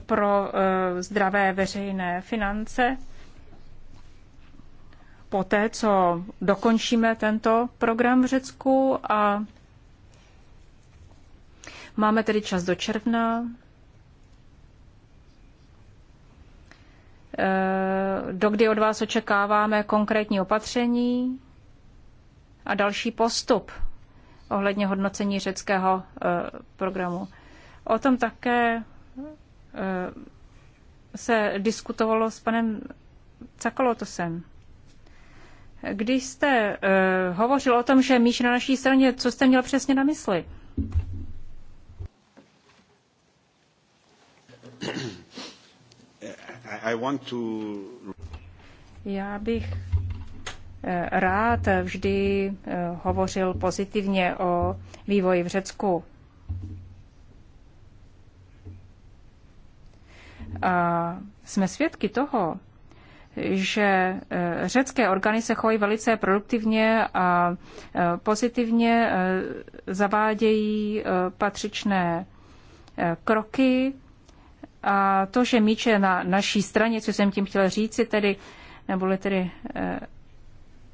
pro e, zdravé veřejné finance. Poté, co dokončíme tento program v Řecku a Máme tedy čas do června. Eh, Dokdy od vás očekáváme konkrétní opatření a další postup ohledně hodnocení řeckého eh, programu. O tom také eh, se diskutovalo s panem Cakolotosem. Když jste hovořil o tom, že míš na naší straně, co jste měl přesně na mysli? Já bych eh, rád vždy eh, hovořil pozitivně o vývoji v Řecku. A jsme svědky toho, že eh, řecké orgány se chovají velice produktivně a pozitivně zavádějí patřičné kroky a to, že míč je na naší straně, co jsem tím chtěla říci, tedy, neboli tedy eh,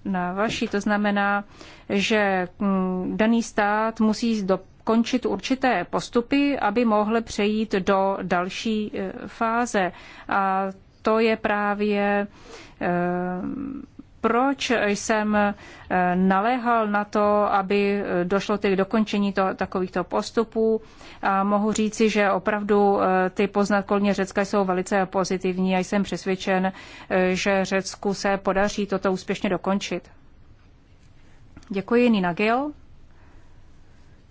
na vaší, to znamená, že mm, daný stát musí dokončit určité postupy, aby mohl přejít do další eh, fáze. A to je právě eh, proč jsem eh, naléhal na to, aby eh, došlo k dokončení to, takovýchto postupů. A mohu říci, že opravdu eh, ty poznatkolně Řecka jsou velice pozitivní a jsem přesvědčen, že Řecku se podaří toto úspěšně dokončit. Děkuji, Nina Gil.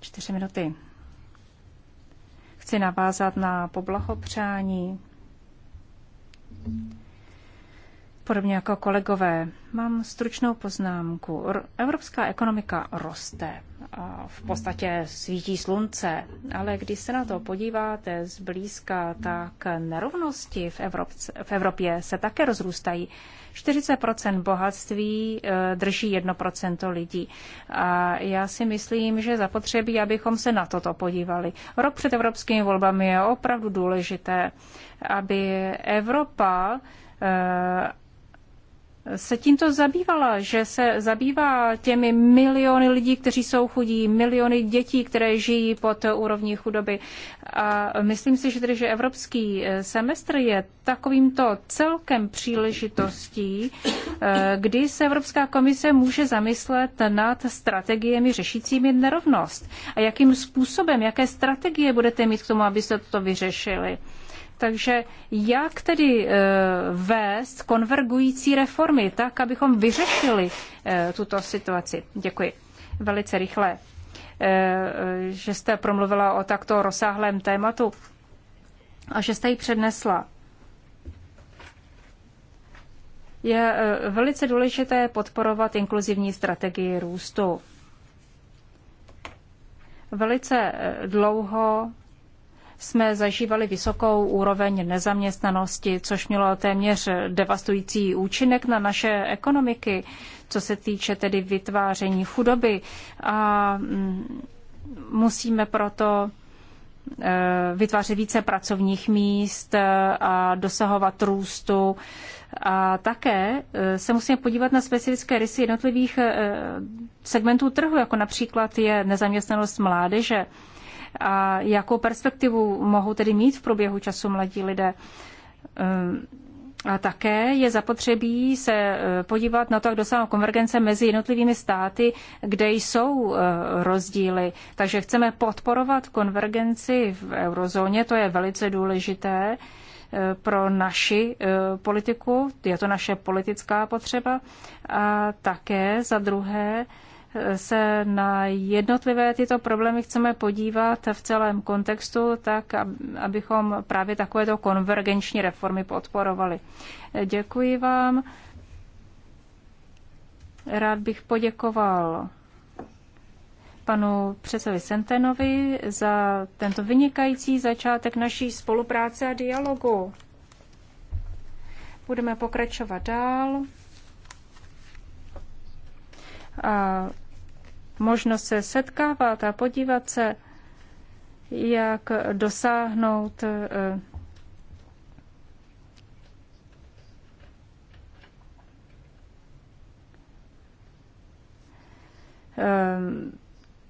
Čtyři minuty. Chci navázat na poblahopřání podobně jako kolegové. Mám stručnou poznámku. Evropská ekonomika roste. A v podstatě svítí slunce, ale když se na to podíváte zblízka, tak nerovnosti v, v Evropě se také rozrůstají. 40 bohatství e, drží 1 lidí. A já si myslím, že zapotřebí, abychom se na toto podívali. Rok před evropskými volbami je opravdu důležité, aby Evropa e, se tímto zabývala, že se zabývá těmi miliony lidí, kteří jsou chudí, miliony dětí, které žijí pod úrovní chudoby. A myslím si, že tedy, že evropský eh, semestr je takovýmto celkem příležitostí, eh, kdy se Evropská komise může zamyslet nad strategiemi řešícími nerovnost. A jakým způsobem, jaké strategie budete mít k tomu, abyste toto vyřešili. Takže jak tedy eh, vést konvergující reformy tak, abychom vyřešili eh, tuto situaci? Děkuji. Velice rychle, eh, že jste promluvila o takto rozsáhlém tématu a že jste ji přednesla. Je velice důležité podporovat inkluzivní strategii růstu. Velice dlouho jsme zažívali vysokou úroveň nezaměstnanosti, což mělo téměř devastující účinek na naše ekonomiky, co se týče tedy vytváření chudoby. A mm, musíme proto eh, vytvářet více pracovních míst eh, a dosahovat růstu. A také eh, se musíme podívat na specifické rysy jednotlivých segmentů trhu, jako například je nezaměstnanost mládeže a jakou perspektivu mohou tedy mít v průběhu času mladí lidé. Ehm, a také je zapotřebí se eh, podívat na to, jak dosáhnout konvergence mezi jednotlivými státy, kde jsou eh, rozdíly. Takže chceme podporovat konvergenci v eurozóně, to je velice důležité eh, pro naši politiku, je to naše politická potřeba. A také za druhé, se na jednotlivé tyto problémy chceme podívat v celém kontextu, tak abychom právě takovéto konvergenční reformy podporovali. Děkuji vám. Rád bych poděkoval panu předsedovi Sentenovi za tento vynikající začátek naší spolupráce a dialogu. Budeme pokračovat dál. A možnost se setkávat a podívat se, jak dosáhnout eh, eh,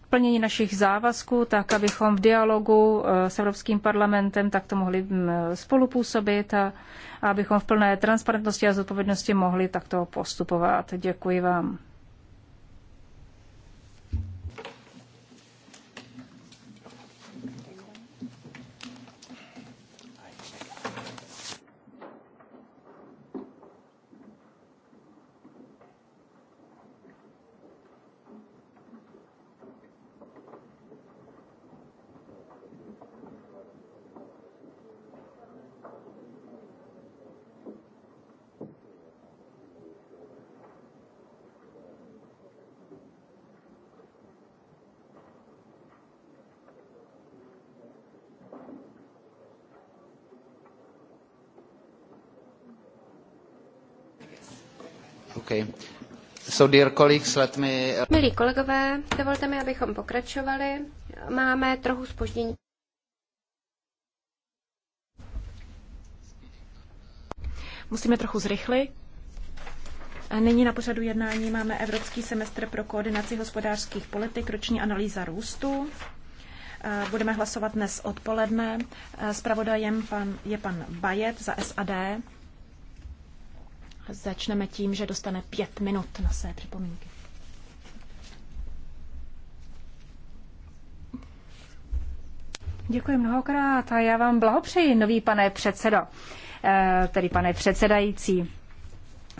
plnění našich závazků, tak abychom v dialogu eh, s Evropským parlamentem takto mohli mm, spolupůsobit a, a abychom v plné transparentnosti a zodpovědnosti mohli takto postupovat. Děkuji vám. Okay. So dear colleagues, let me... Uh, Milí kolegové, dovolte mi, abychom pokračovali. Máme trochu spoždění. Musíme trochu zrychlit. Nyní na pořadu jednání máme Evropský semestr pro koordinaci hospodářských politik, roční analýza růstu. Budeme hlasovat dnes odpoledne. Spravodajem pan, je pan Bajet za SAD. Začneme tím, že dostane pět minut na své připomínky. Děkuji mnohokrát a já vám blahopřeji, nový pane předsedo, eh, tedy pane předsedající.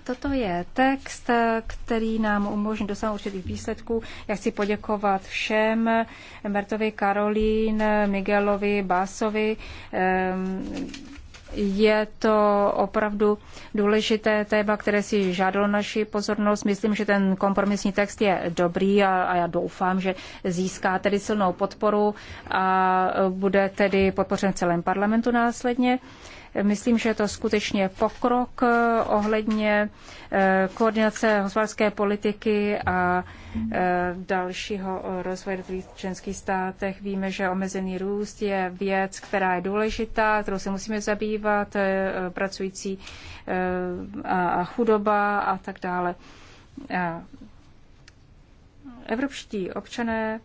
Toto je text, který nám umožní dosáhnout určitých výsledků. Já chci poděkovat všem, Mertovi, Karolín, Miguelovi, Básovi, eh, je to opravdu důležité téma, které si žádalo naši pozornost. Myslím, že ten kompromisní text je dobrý a, a já doufám, že získá tedy silnou podporu a bude tedy podpořen v celém parlamentu následně. Uh, Myslím, že je to skutečně pokrok eh, ohledně eh, koordinace hospodářské politiky a eh, dalšího rozvoje v členských státech. Víme, že omezený růst je věc, která je důležitá, kterou se musíme zabývat, pracující a chudoba a tak dále. Evropští občané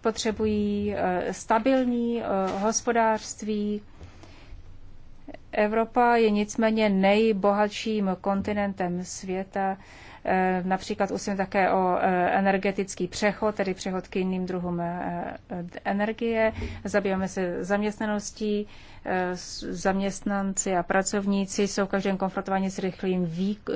potřebují stabilní hospodářství, Evropa je nicméně nejbohatším kontinentem světa Eh, například usilujeme také o eh, energetický přechod, tedy přechod k jiným druhům eh, energie. Zabýváme se zaměstnaností. Zaměstnanci a pracovníci jsou v každém konfrontováni s, rychlým výk-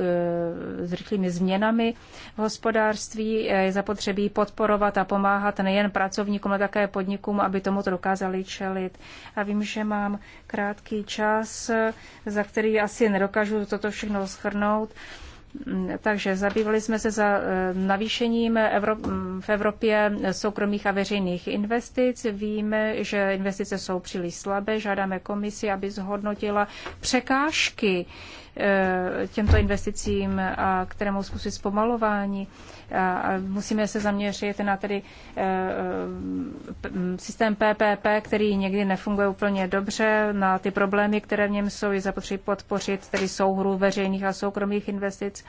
s rychlými změnami v hospodářství. Je zapotřebí podporovat a pomáhat nejen pracovníkům, ale také podnikům, aby to dokázali čelit. A vím, že mám krátký čas, za který asi nedokážu toto všechno schrnout. Takže zabývali jsme se za eh, navýšením mm, v Evropě soukromých a veřejných investic. Víme, že investice jsou příliš slabé. Žádáme komisi, aby zhodnotila překážky Eh, těmto investicím, a které mohou způsobit zpomalování. musíme se zaměřit na tedy eh, systém PPP, který někdy nefunguje úplně dobře, na ty problémy, které v něm jsou, je zapotřebí podpořit tedy souhru veřejných a soukromých investic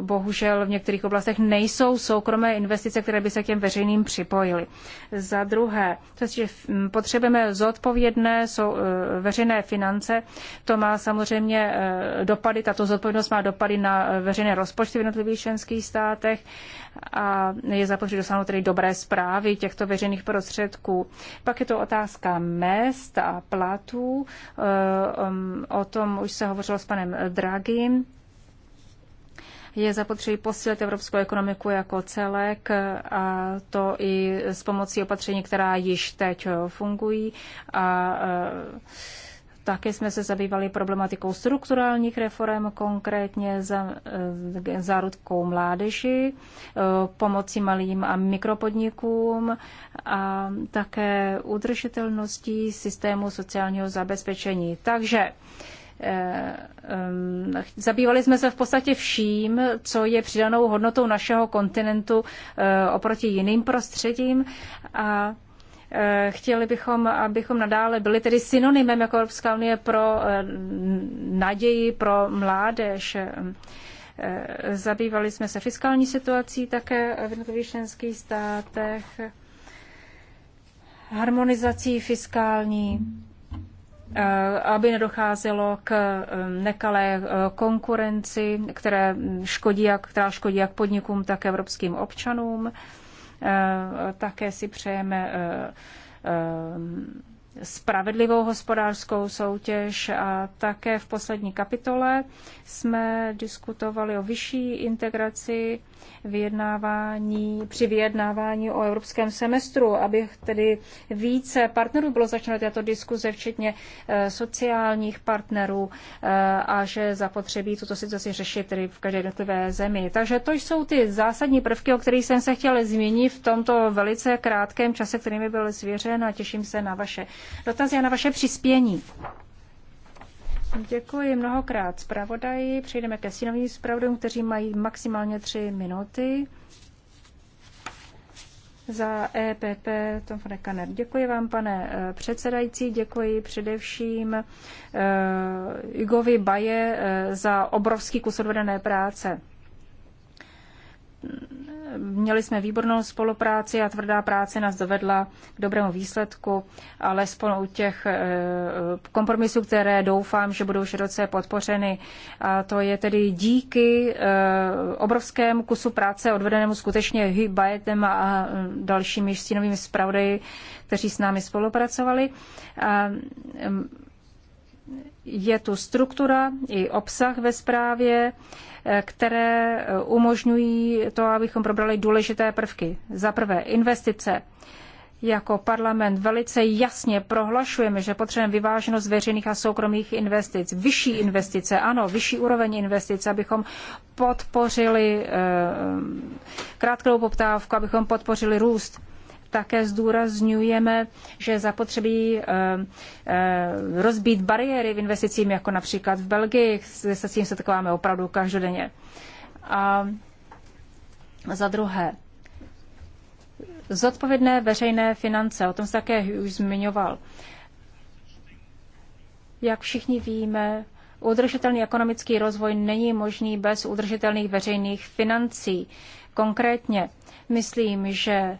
bohužel v některých oblastech nejsou soukromé investice, které by se k těm veřejným připojily. Za druhé, to že potřebujeme zodpovědné e, veřejné finance. To má samozřejmě e, dopady, tato zodpovědnost má dopady na e, veřejné rozpočty v jednotlivých členských státech a je zapotřebí dosáhnout tedy dobré zprávy těchto veřejných prostředků. Pak je to otázka mest a platů. O tom už se hovořilo s panem Dragim je zapotřebí posílit evropskou ekonomiku jako celek a to i s pomocí opatření, která již teď eh, fungují. A eh, také jsme se zabývali problematikou strukturálních reform, konkrétně za eh, zárudkou mládeži, pomocí malým a mikropodnikům a také udržitelností systému sociálního zabezpečení. Takže Eh, zabývali jsme se v podstatě vším, co je přidanou hodnotou našeho kontinentu eh, oproti jiným prostředím a eh, chtěli bychom, abychom nadále byli tedy synonymem jako Evropská unie pro naději pro mládež. Zabývali jsme se fiskální situací také v jednotlivých členských státech, harmonizací fiskální Eh, aby nedocházelo k eh, nekalé eh, konkurenci, které škodí jak, která škodí jak podnikům, tak evropským občanům. Také si přejeme spravedlivou hospodářskou soutěž a také v poslední kapitole jsme diskutovali o vyšší integraci vyjednávání, při vyjednávání o evropském semestru, aby tedy více partnerů bylo začleno této diskuze, včetně eh, sociálních partnerů eh, a že zapotřebí tuto situaci řešit tedy v každé jednotlivé zemi. Takže to jsou ty zásadní prvky, o kterých jsem se chtěla zmínit v tomto velice krátkém čase, který mi byl svěřen a těším se na vaše dotazy a na vaše přispění. Děkuji mnohokrát zpravodaji. Přejdeme ke sínovým zpravodům, kteří mají maximálně tři minuty. Za EPP Tom von Kaner. Děkuji vám, pane eh, předsedající, děkuji především eh, Igovi Baje eh, za obrovský kus odvedené práce. Měli jsme výbornou spolupráci a tvrdá práce nás dovedla k dobrému výsledku, spolu u těch eh, kompromisů, které doufám, že budou široce podpořeny. A to je tedy díky eh, obrovskému kusu práce odvedenému skutečně Hybajetem a dalšími stínovými zpravodaji, kteří s námi spolupracovali. A je tu struktura i obsah ve zprávě, eh, které umožňují to, abychom probrali důležité prvky. Za prvé investice. Jako parlament velice jasně prohlašujeme, že potřebujeme vyváženost veřejných a soukromých investic. Vyšší investice, ano, vyšší úroveň investic, abychom podpořili eh, krátkou poptávku, abychom podpořili růst. Také zdůrazňujeme, že zapotřebí eh, eh, rozbít bariéry v investicím, jako například v Belgii, se s tím setkáváme opravdu každodenně. A za druhé, zodpovědné veřejné finance, o tom se také už zmiňoval. Jak všichni víme, udržitelný ekonomický rozvoj není možný bez udržitelných veřejných financí. Konkrétně myslím, že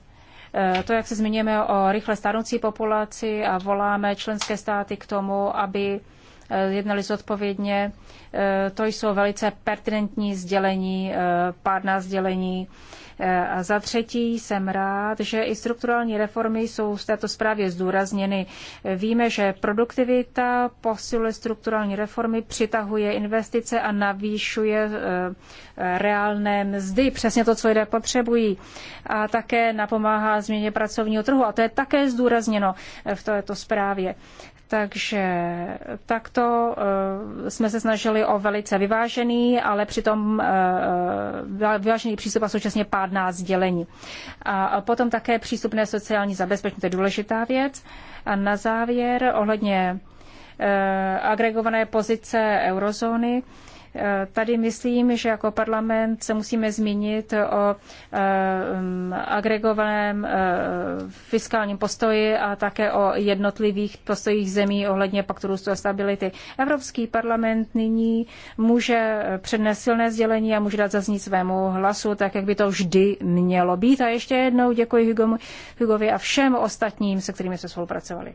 Eh, to, jak se zmiňujeme o rychle stárnoucí populaci a voláme členské státy k tomu, aby eh, jednali zodpovědně, eh, to jsou velice pertinentní sdělení, pádná sdělení Eh, a za třetí jsem rád, že i strukturální reformy jsou v této zprávě zdůrazněny. Víme, že produktivita posiluje strukturální reformy, přitahuje investice a navýšuje eh, eh, reálné mzdy, přesně to, co lidé potřebují. A také napomáhá změně pracovního trhu. A to je také zdůrazněno v této zprávě. Takže takto eh, jsme se snažili o velice vyvážený, ale přitom eh, eh, vyvážený přístup a současně pádná sdělení. A potom také přístupné sociální zabezpečení, to je důležitá věc. A na závěr ohledně agregované pozice eurozóny. Tady myslím, že jako parlament se musíme zmínit o agregovaném eh, fiskálním postoji a také o jednotlivých postojích zemí ohledně paktu růstu a stability. Evropský parlament nyní může přednést silné sdělení a může dát zaznít svému hlasu, tak jak by to vždy mělo být. A ještě jednou děkuji Hugovi a všem ostatním, se kterými jsme spolupracovali.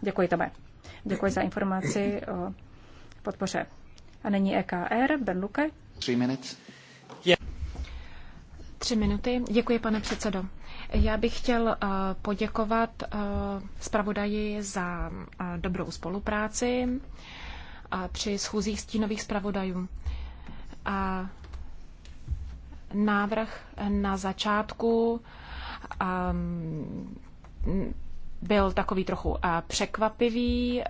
Děkuji tobě. Děkuji za informaci o podpoře. A není EKR, Berluke. Tři minuty. Děkuji, pane předsedo. Já bych chtěl eh, poděkovat eh, zpravodaji za eh, dobrou spolupráci při schůzích stínových zpravodajů. A návrh na začátku ehm, byl takový trochu eh, překvapivý. Eh,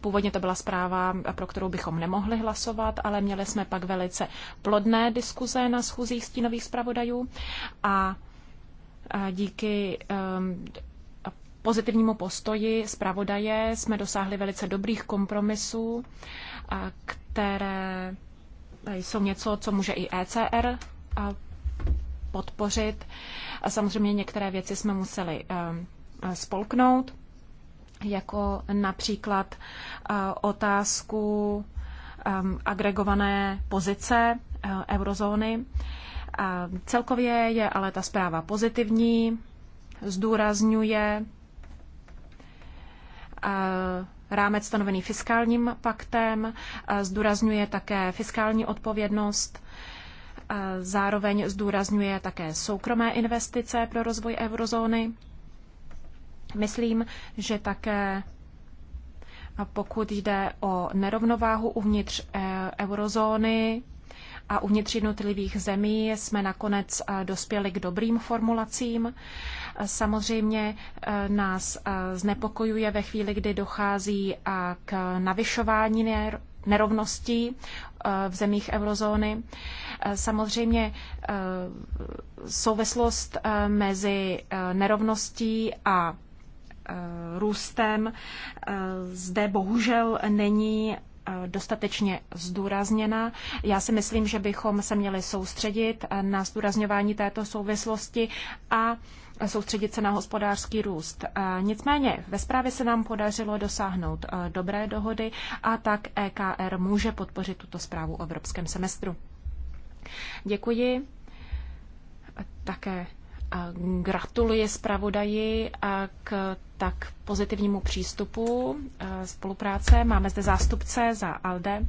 původně to byla zpráva, eh, pro kterou bychom nemohli hlasovat, ale měli jsme pak velice plodné diskuze na schůzích stínových zpravodajů a díky pozitivnímu postoji zpravodaje jsme dosáhli velice dobrých kompromisů, které jsou něco, co může i ECR podpořit. A samozřejmě některé věci jsme museli Eh, spolknout, jako například eh, otázku ehm, agregované pozice eh, eurozóny. Ehm, celkově je ale ta zpráva pozitivní, zdůrazňuje rámec stanovený fiskálním paktem, zdůrazňuje také fiskální odpovědnost, zároveň zdůrazňuje také soukromé investice pro rozvoj eurozóny Myslím, že také pokud jde o nerovnováhu uvnitř eh, eurozóny a uvnitř jednotlivých zemí, jsme nakonec eh, dospěli k dobrým formulacím. Samozřejmě eh, nás znepokojuje ve chvíli, kdy dochází k navyšování nerovností v zemích eurozóny. Samozřejmě souvislost mezi nerovností a Eh, růstem. Eh, zde bohužel není eh, dostatečně zdůrazněna. Já si myslím, že bychom se měli soustředit na zdůrazňování této souvislosti a soustředit se na hospodářský růst. Nicméně ve zprávě se nám podařilo dosáhnout dobré dohody a tak EKR může podpořit tuto zprávu o evropském semestru. Děkuji. Také Gratuluji zpravodaji k tak pozitivnímu přístupu e, spolupráce. Máme zde zástupce za ALDE.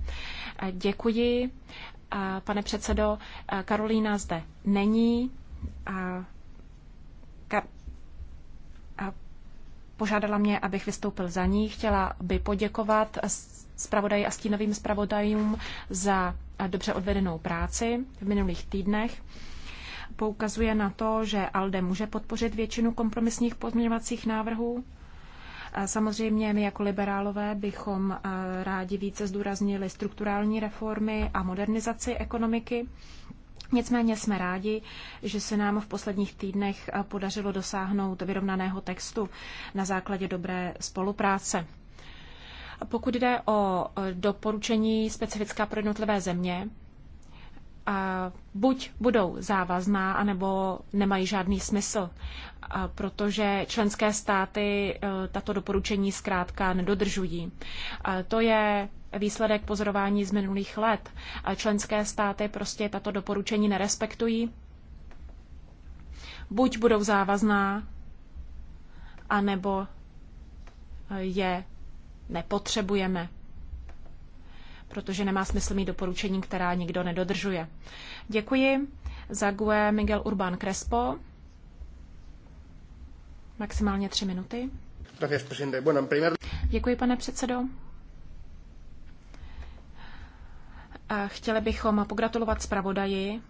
E, děkuji, e, pane předsedo. Karolína zde není. Požádala mě, abych vystoupil za ní. Chtěla by poděkovat zpravodaji a stínovým zpravodajům za dobře odvedenou práci v minulých týdnech poukazuje na to, že ALDE může podpořit většinu kompromisních pozměňovacích návrhů. Samozřejmě my jako liberálové bychom rádi více zdůraznili strukturální reformy a modernizaci ekonomiky. Nicméně jsme rádi, že se nám v posledních týdnech podařilo dosáhnout vyrovnaného textu na základě dobré spolupráce. Pokud jde o doporučení specifická pro jednotlivé země, buď budou závazná, anebo nemají žádný smysl, protože členské státy e, tato doporučení zkrátka nedodržují. To je výsledek pozorování z minulých let. Členské státy prostě tato doporučení nerespektují. Buď budou závazná, anebo e, je nepotřebujeme protože nemá smysl mít doporučení, která nikdo nedodržuje. Děkuji. Zague Miguel Urbán Crespo. Maximálně tři minuty. Děkuji, pane předsedo. Chtěli bychom pogratulovat zpravodaji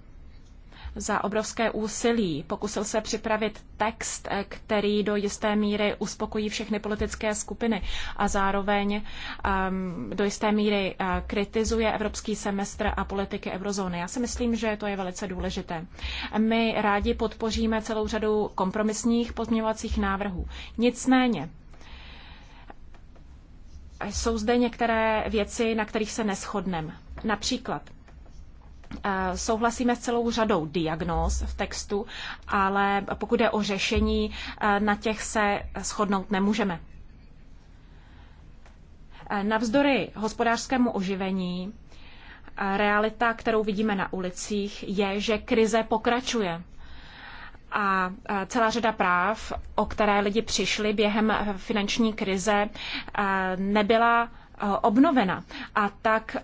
za obrovské úsilí. Pokusil se připravit text, eh, který do jisté míry uspokojí všechny politické skupiny a zároveň um, do jisté míry eh, kritizuje evropský semestr a politiky eurozóny. Já si myslím, že to je velice důležité. My rádi podpoříme celou řadu kompromisních pozměňovacích návrhů. Nicméně, jsou zde některé věci, na kterých se neschodneme. Například Eh, souhlasíme s celou řadou diagnóz v textu, ale pokud je o řešení, eh, na těch se shodnout nemůžeme. Eh, navzdory hospodářskému oživení, realita, kterou vidíme na ulicích, je, že krize pokračuje. A celá řada práv, o které lidi přišli během finanční krize, nebyla Eh, obnovena. A tak eh,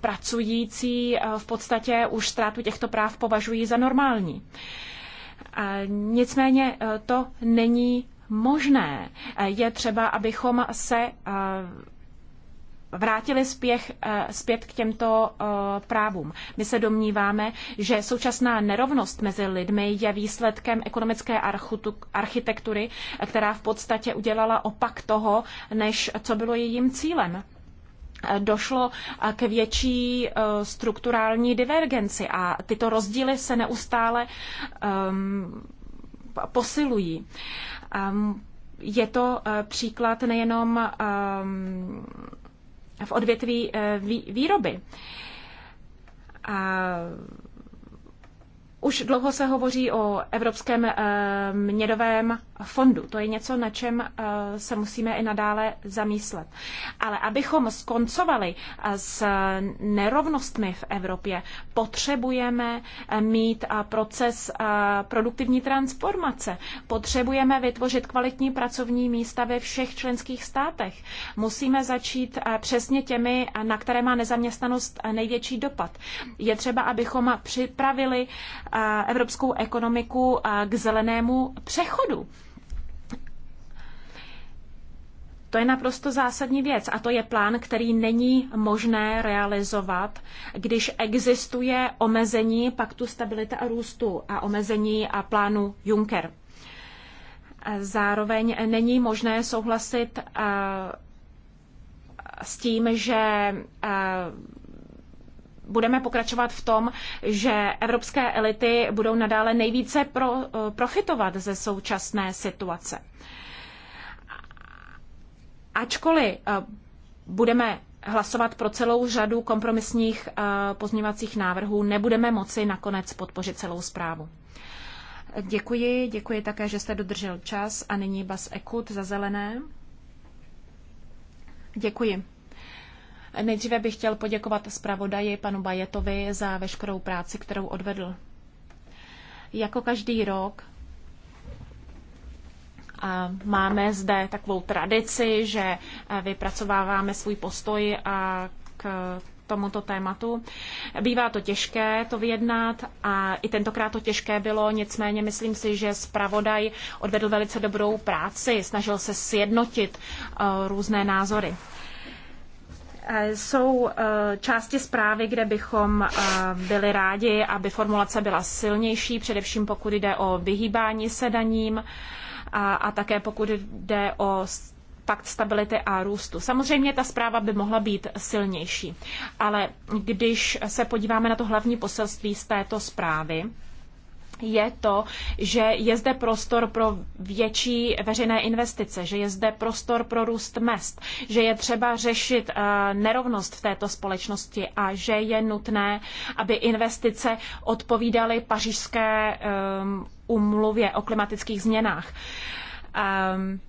pracující eh, v podstatě už ztrátu těchto práv považují za normální. Nicméně to není možné. Je třeba, abychom se vrátili zpěch, zpět k těmto právům. My se domníváme, že současná nerovnost mezi lidmi je výsledkem ekonomické architektury, která v podstatě udělala opak toho, než co bylo jejím cílem došlo k větší eh, strukturální divergenci a tyto rozdíly se neustále um, posilují. Um, je to eh, příklad nejenom um, v odvětví eh, výroby. A už dlouho se hovoří o Evropském eh, měnovém fondu. To je něco, na čem eh, se musíme i nadále zamýšlet. Ale abychom skoncovali eh, s nerovnostmi v Evropě, potřebujeme mít proces produktivní transformace. Potřebujeme vytvořit kvalitní pracovní místa ve všech členských státech. Musíme začít přesně těmi, na které má nezaměstnanost největší dopad. Je třeba, abychom připravili evropskou ekonomiku k zelenému přechodu. To je naprosto zásadní věc a to je plán, který není možné realizovat, když existuje omezení paktu stability a růstu a omezení a plánu Juncker. Zároveň není možné souhlasit eh, s tím, že eh, budeme pokračovat v tom, že evropské elity budou nadále nejvíce pro, eh, profitovat ze současné situace. Ačkoliv eh, budeme hlasovat pro celou řadu kompromisních eh, pozměvacích návrhů, nebudeme moci nakonec podpořit celou zprávu. Děkuji, děkuji také, že jste dodržel čas a nyní Bas Ekut za zelené. Děkuji. Nejdříve bych chtěl poděkovat zpravodaji panu Bajetovi za veškerou práci, kterou odvedl. Jako každý rok a máme zde takovou tradici, že eh, vypracováváme svůj postoj a k tomuto tématu. Bývá to těžké to vyjednat a i tentokrát to těžké bylo, nicméně myslím si, že zpravodaj odvedl velice dobrou práci, snažil se sjednotit eh, různé názory. Eh, jsou eh, části zprávy, kde bychom eh, byli rádi, aby formulace byla silnější, především pokud jde o vyhýbání se daním a, a také pokud jde o pakt stability a růstu. Samozřejmě ta zpráva by mohla být silnější, ale když se podíváme na to hlavní poselství z této zprávy, je to, že je zde prostor pro větší veřejné investice, že je zde prostor pro růst mest, že je třeba řešit eh, nerovnost v této společnosti a že je nutné, aby investice odpovídaly pařížské umluvě eh, o klimatických změnách. Ehm,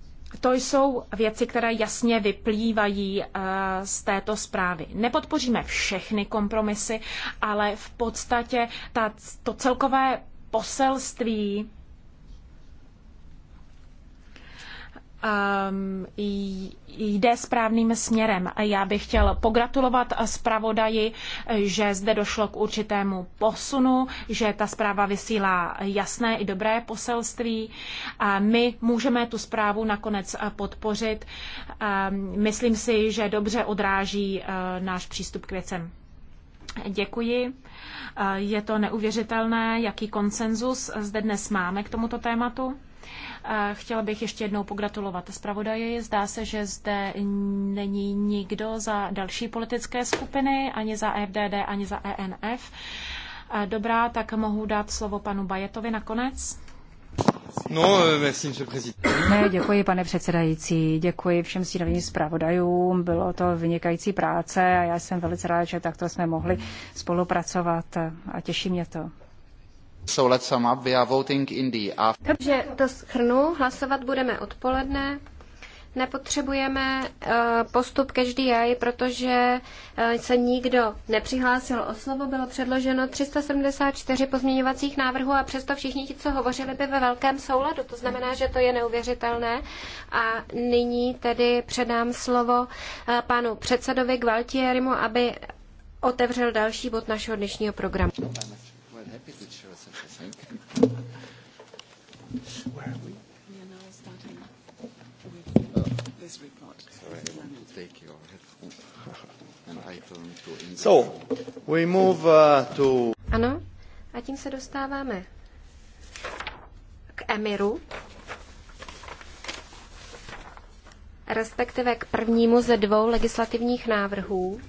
to jsou věci, které jasně vyplývají eh, z této zprávy. Nepodpoříme všechny kompromisy, ale v podstatě ta, to celkové poselství um, jde správným směrem. Já bych chtěl pogratulovat zpravodaji, že zde došlo k určitému posunu, že ta zpráva vysílá jasné i dobré poselství. A my můžeme tu zprávu nakonec podpořit. Um, myslím si, že dobře odráží uh, náš přístup k věcem. Děkuji. Eh, je to neuvěřitelné, jaký konsenzus zde dnes máme k tomuto tématu. Eh, chtěla bych ještě jednou pogratulovat zpravodaji. Zdá se, že zde není nikdo za další politické skupiny, ani za FDD, ani za ENF. Eh, dobrá, tak mohu dát slovo panu Bajetovi nakonec. No, eh, děkuji, pane předsedající. Děkuji všem stínovým zpravodajům. Bylo to vynikající práce a já jsem velice rád, že takto jsme mohli spolupracovat a těší mě to. So let's sum up. We are voting in the after. Takže to schrnu. Hlasovat budeme odpoledne. Nepotřebujeme eh, postup každý jaj, protože eh, se nikdo nepřihlásil o slovo. Bylo předloženo 374 pozměňovacích návrhů a přesto všichni ti, co hovořili, by ve velkém souladu. To znamená, že to je neuvěřitelné. A nyní tedy předám slovo eh, panu předsedovi Gvaltierimu, aby otevřel další bod našeho dnešního programu. So, we move uh, to... Ano, a tím se dostáváme k Emiru, respektive k prvnímu ze dvou legislativních návrhů,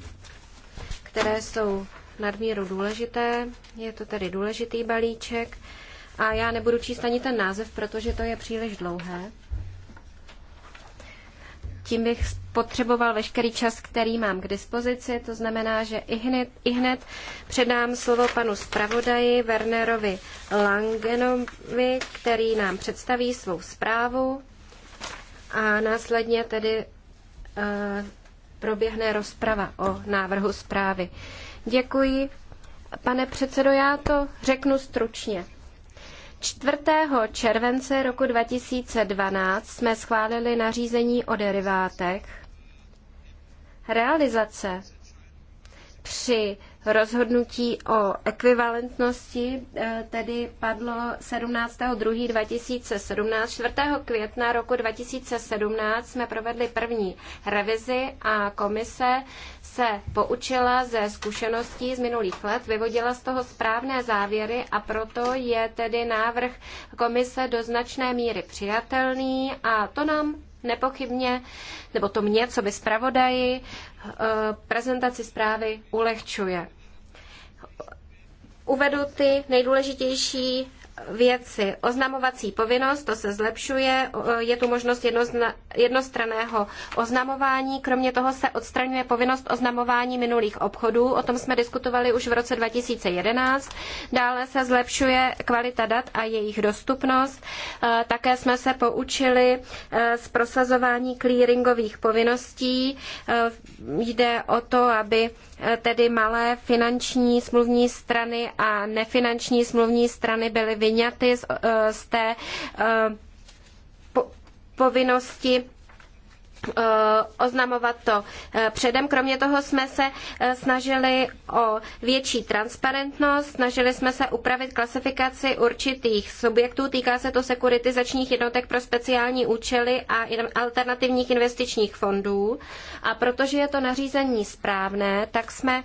které jsou nadmíru důležité. Je to tedy důležitý balíček a já nebudu číst ani ten název, protože to je příliš dlouhé tím bych potřeboval veškerý čas, který mám k dispozici. To znamená, že i hned, i hned předám slovo panu zpravodaji Wernerovi Langenovi, který nám představí svou zprávu a následně tedy e, proběhne rozprava o návrhu zprávy. Děkuji. Pane předsedo, já to řeknu stručně. 4. července roku 2012 jsme schválili nařízení o derivátech. Realizace při Rozhodnutí o ekvivalentnosti eh, tedy padlo 17.2.2017. 4. května roku 2017 jsme provedli první revizi a komise se poučila ze zkušeností z minulých let, vyvodila z toho správné závěry a proto je tedy návrh komise do značné míry přijatelný a to nám nepochybně, nebo to mě, co by zpravodaji, eh, prezentaci zprávy ulehčuje uvedu ty nejdůležitější věci. Oznamovací povinnost, to se zlepšuje, je tu možnost jednozna, jednostraného oznamování, kromě toho se odstraňuje povinnost oznamování minulých obchodů, o tom jsme diskutovali už v roce 2011, dále se zlepšuje kvalita dat a jejich dostupnost, eh, také jsme se poučili eh, z prosazování clearingových povinností, eh, jde o to, aby tedy malé finanční smluvní strany a nefinanční smluvní strany byly vyňaty z, eh, z té eh, povinnosti eh, oznamovat to předem. Kromě toho jsme se snažili o větší transparentnost, snažili jsme se upravit klasifikaci určitých subjektů, týká se to sekuritizačních jednotek pro speciální účely a alternativních investičních fondů. A protože je to nařízení správné, tak jsme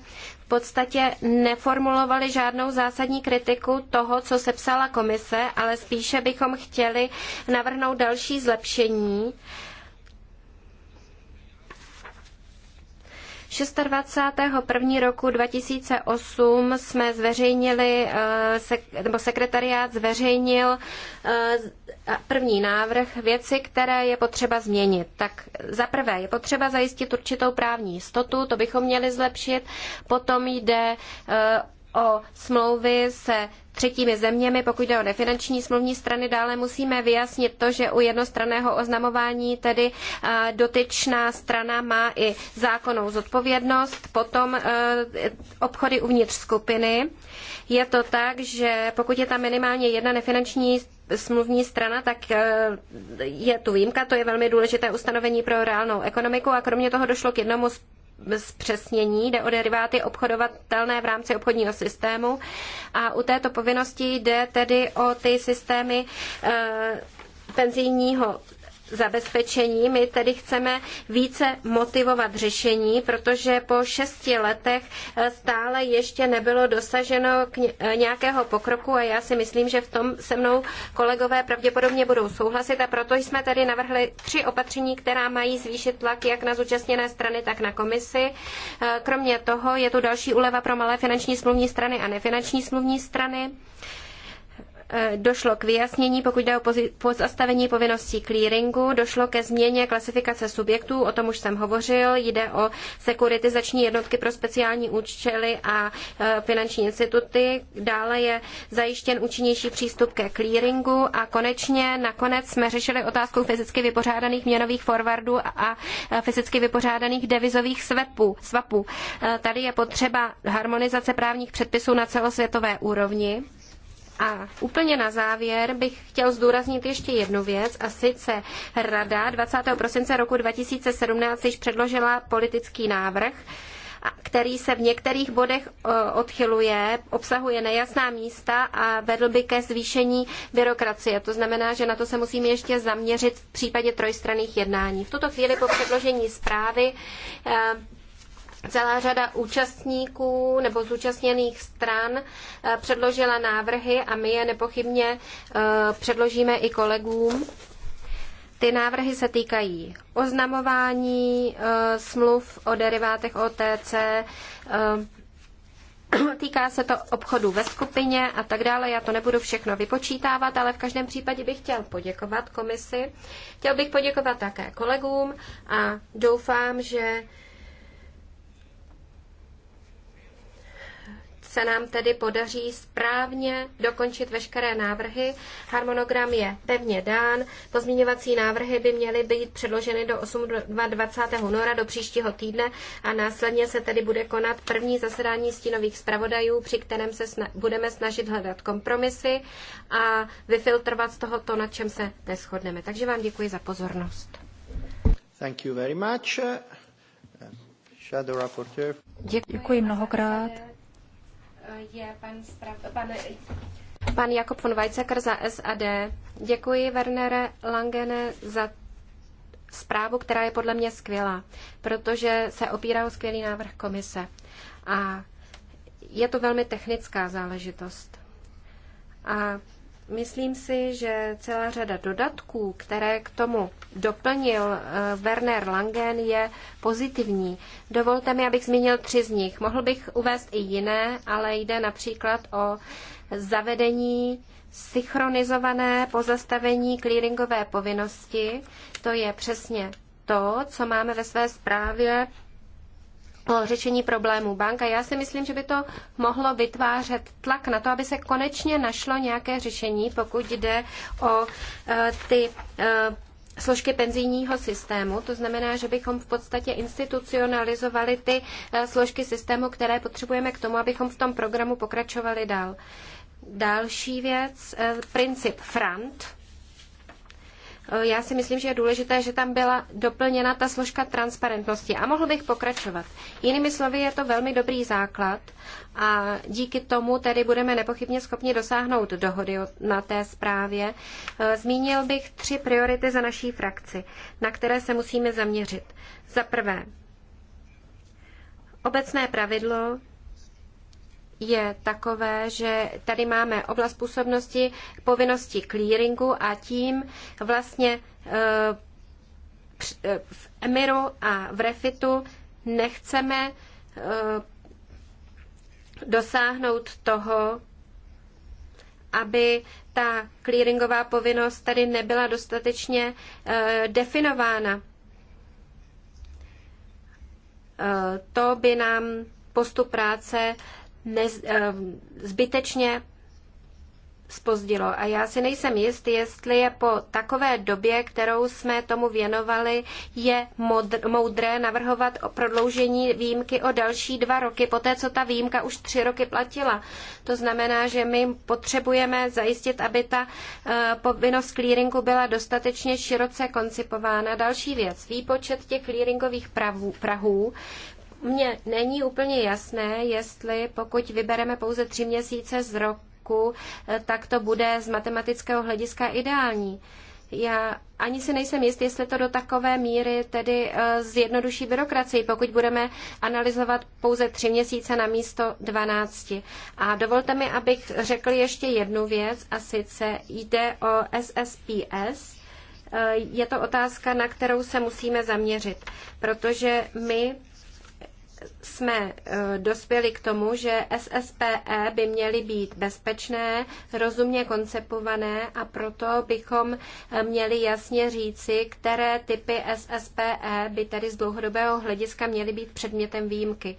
podstatě neformulovali žádnou zásadní kritiku toho, co sepsala komise, ale spíše bychom chtěli navrhnout další zlepšení. 21. roku 2008 jsme zveřejnili, eh, nebo sekretariát zveřejnil eh, první návrh věci, které je potřeba změnit. Tak za prvé je potřeba zajistit určitou právní jistotu, to bychom měli zlepšit, potom jde eh, o smlouvy se třetími zeměmi, pokud jde o nefinanční smluvní strany, dále musíme vyjasnit to, že u jednostranného oznamování tedy eh, dotyčná strana má i zákonnou zodpovědnost, potom eh, obchody uvnitř skupiny. Je to tak, že pokud je tam minimálně jedna nefinanční smluvní strana, tak eh, je tu výjimka, to je velmi důležité ustanovení pro reálnou ekonomiku a kromě toho došlo k jednomu zpřesnění. Jde o deriváty obchodovatelné v rámci obchodního systému a u této povinnosti jde tedy o ty systémy eh, penzijního zabezpečení. My tedy chceme více motivovat řešení, protože po šesti letech eh, stále ještě nebylo dosaženo eh, nějakého pokroku a já si myslím, že v tom se mnou kolegové pravděpodobně budou souhlasit a proto jsme tedy navrhli tři opatření, která mají zvýšit tlak jak na zúčastněné strany, tak na komisi. Eh, kromě toho je tu další úleva pro malé finanční smluvní strany a nefinanční smluvní strany. Eh, došlo k vyjasnění, pokud jde o pozastavení povinností clearingu, došlo ke změně klasifikace subjektů, o tom už jsem hovořil, jde o sekuritizační jednotky pro speciální účely a eh, finanční instituty, dále je zajištěn účinnější přístup ke clearingu a konečně nakonec jsme řešili otázku fyzicky vypořádaných měnových forwardů a fyzicky vypořádaných devizových swapů. swapů. Eh, tady je potřeba harmonizace právních předpisů na celosvětové úrovni. A úplně na závěr bych chtěl zdůraznit ještě jednu věc, a sice Rada 20. prosince roku 2017 již předložila politický návrh, který se v některých bodech e, odchyluje, obsahuje nejasná místa a vedl by ke zvýšení byrokracie. To znamená, že na to se musíme ještě zaměřit v případě trojstranných jednání. V tuto chvíli po předložení zprávy e, Celá řada účastníků nebo zúčastněných stran eh, předložila návrhy a my je nepochybně eh, předložíme i kolegům. Ty návrhy se týkají oznamování eh, smluv o derivátech OTC, týká se to obchodu ve skupině a tak dále. Já to nebudu všechno vypočítávat, ale v každém případě bych chtěl poděkovat komisi. Chtěl bych poděkovat také kolegům a doufám, že se nám tedy podaří správně dokončit veškeré návrhy. Harmonogram je pevně dán. Pozměňovací návrhy by měly být předloženy do 8. 20. února do příštího týdne a následně se tedy bude konat první zasedání stínových zpravodajů, při kterém se sna- budeme snažit hledat kompromisy a vyfiltrovat z toho to, na čem se neschodneme. Takže vám děkuji za pozornost. Thank you very much. Shadow rapporteur. Děkuji mnohokrát je pan, sprav, pan, pan Jakob von Weizsäcker za SAD. Děkuji, Wernere Langene, za zprávu, která je podle mě skvělá, protože se opírá o skvělý návrh komise. A je to velmi technická záležitost. A Myslím si, že celá řada dodatků, které k tomu doplnil eh, Werner Langen, je pozitivní. Dovolte mi, abych zmínil tři z nich. Mohl bych uvést i jiné, ale jde například o zavedení synchronizované pozastavení clearingové povinnosti. To je přesně to, co máme ve své zprávě o řešení problémů bank a já si myslím, že by to mohlo vytvářet tlak na to, aby se konečně našlo nějaké řešení, pokud jde o e, ty e, složky penzijního systému. To znamená, že bychom v podstatě institucionalizovali ty e, složky systému, které potřebujeme k tomu, abychom v tom programu pokračovali dál. Další věc, princip FRANT, Eh, já si myslím, že je důležité, že tam byla doplněna ta složka transparentnosti. A mohl bych pokračovat. Jinými slovy, je to velmi dobrý základ a díky tomu tedy budeme nepochybně schopni dosáhnout dohody na té zprávě. Eh, zmínil bych tři priority za naší frakci, na které se musíme zaměřit. Za prvé, obecné pravidlo, je takové, že tady máme oblast působnosti povinnosti clearingu a tím vlastně eh, eh, v Emiru a v Refitu nechceme eh, dosáhnout toho, aby ta clearingová povinnost tady nebyla dostatečně definována. to by nám postup práce nez, eh, zbytečně spozdilo. A já si nejsem jist, jestli je po takové době, kterou jsme tomu věnovali, je modr, moudré navrhovat o prodloužení výjimky o další dva roky, poté co ta výjimka už tři roky platila. To znamená, že my potřebujeme zajistit, aby ta uh, povinnost clearingu byla dostatečně široce koncipována. Další věc, výpočet těch clearingových pravů, prahů mně není úplně jasné, jestli pokud vybereme pouze tři měsíce z roku, eh, tak to bude z matematického hlediska ideální. Já ani si nejsem jist, jestli to do takové míry tedy eh, zjednoduší byrokracii, pokud budeme analyzovat pouze tři měsíce na místo 12. A dovolte mi, abych řekl ještě jednu věc, a sice jde o SSPS. Eh, je to otázka, na kterou se musíme zaměřit, protože my jsme eh, dospěli k tomu, že SSPE by měly být bezpečné, rozumně koncepované a proto bychom eh, měli jasně říci, které typy SSPE by tedy z dlouhodobého hlediska měly být předmětem výjimky.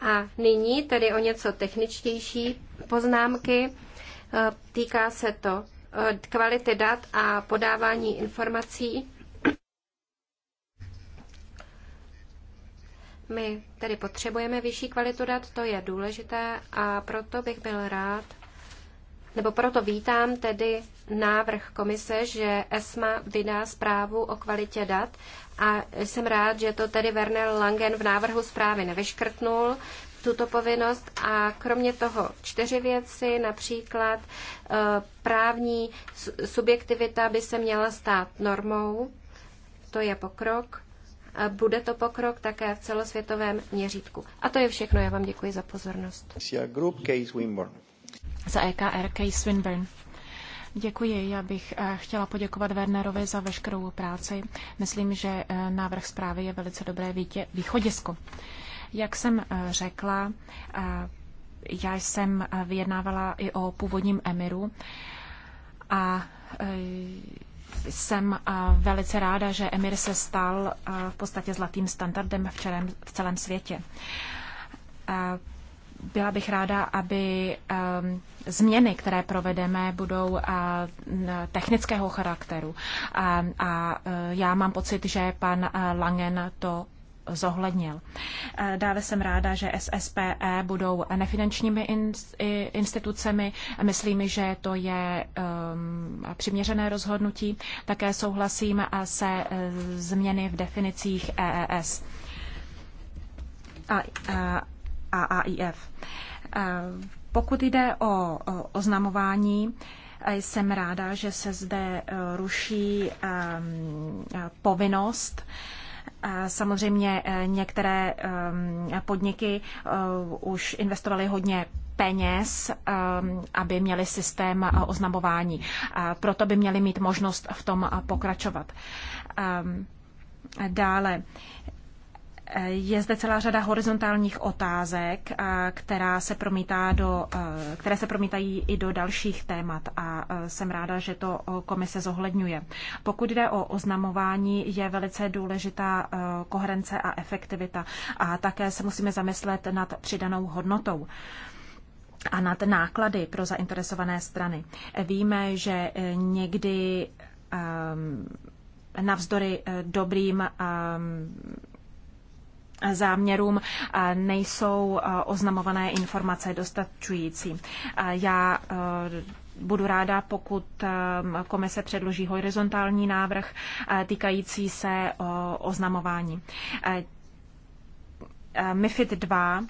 A nyní tedy o něco techničtější poznámky. Eh, týká se to kvality dat a podávání informací. My tedy potřebujeme vyšší kvalitu dat, to je důležité a proto bych byl rád, nebo proto vítám tedy návrh komise, že ESMA vydá zprávu o kvalitě dat a jsem rád, že to tedy Werner Langen v návrhu zprávy nevyškrtnul, tuto povinnost a kromě toho čtyři věci, například e, právní subjektivita by se měla stát normou, to je pokrok bude to pokrok také v celosvětovém měřítku. A to je všechno. Já vám děkuji za pozornost. Za EKR Case Swinburne. Děkuji. Já bych eh, chtěla poděkovat Wernerovi za veškerou práci. Myslím, že eh, návrh zprávy je velice dobré vítě, východisko. Jak jsem eh, řekla, já jsem vyjednávala i o původním emiru a jsem velice ráda, že Emir se stal v podstatě zlatým standardem v celém, v celém světě. Byla bych ráda, aby um, změny, které provedeme, budou technického charakteru. A e, já mám pocit, že pan Langen to zohlednil. Eh, dále jsem ráda, že SSPE budou nefinančními institucemi. Myslím, že to je ehm, přiměřené rozhodnutí. Také souhlasím a eh, se eh, změny v definicích EES a, a, a AIF. Pokud jde o oznamování, jsem ráda, že se zde ruší ehm, povinnost Samozřejmě eh, některé ehm, podniky eh, už investovaly hodně peněz, ehm, aby měli systém eh, oznamování. Proto by měli mít možnost v tom pokračovat. Ehm, dále je zde celá řada horizontálních otázek, která se promítá do, které se promítají i do dalších témat a jsem ráda, že to komise zohledňuje. Pokud jde o oznamování, je velice důležitá koherence a efektivita a také se musíme zamyslet nad přidanou hodnotou a nad náklady pro zainteresované strany. Víme, že e, někdy navzdory e, dobrým záměrům nejsou e, oznamované informace dostačující. Já e, budu ráda, pokud e, komise předloží horizontální návrh týkající se oznamování. MIFID 2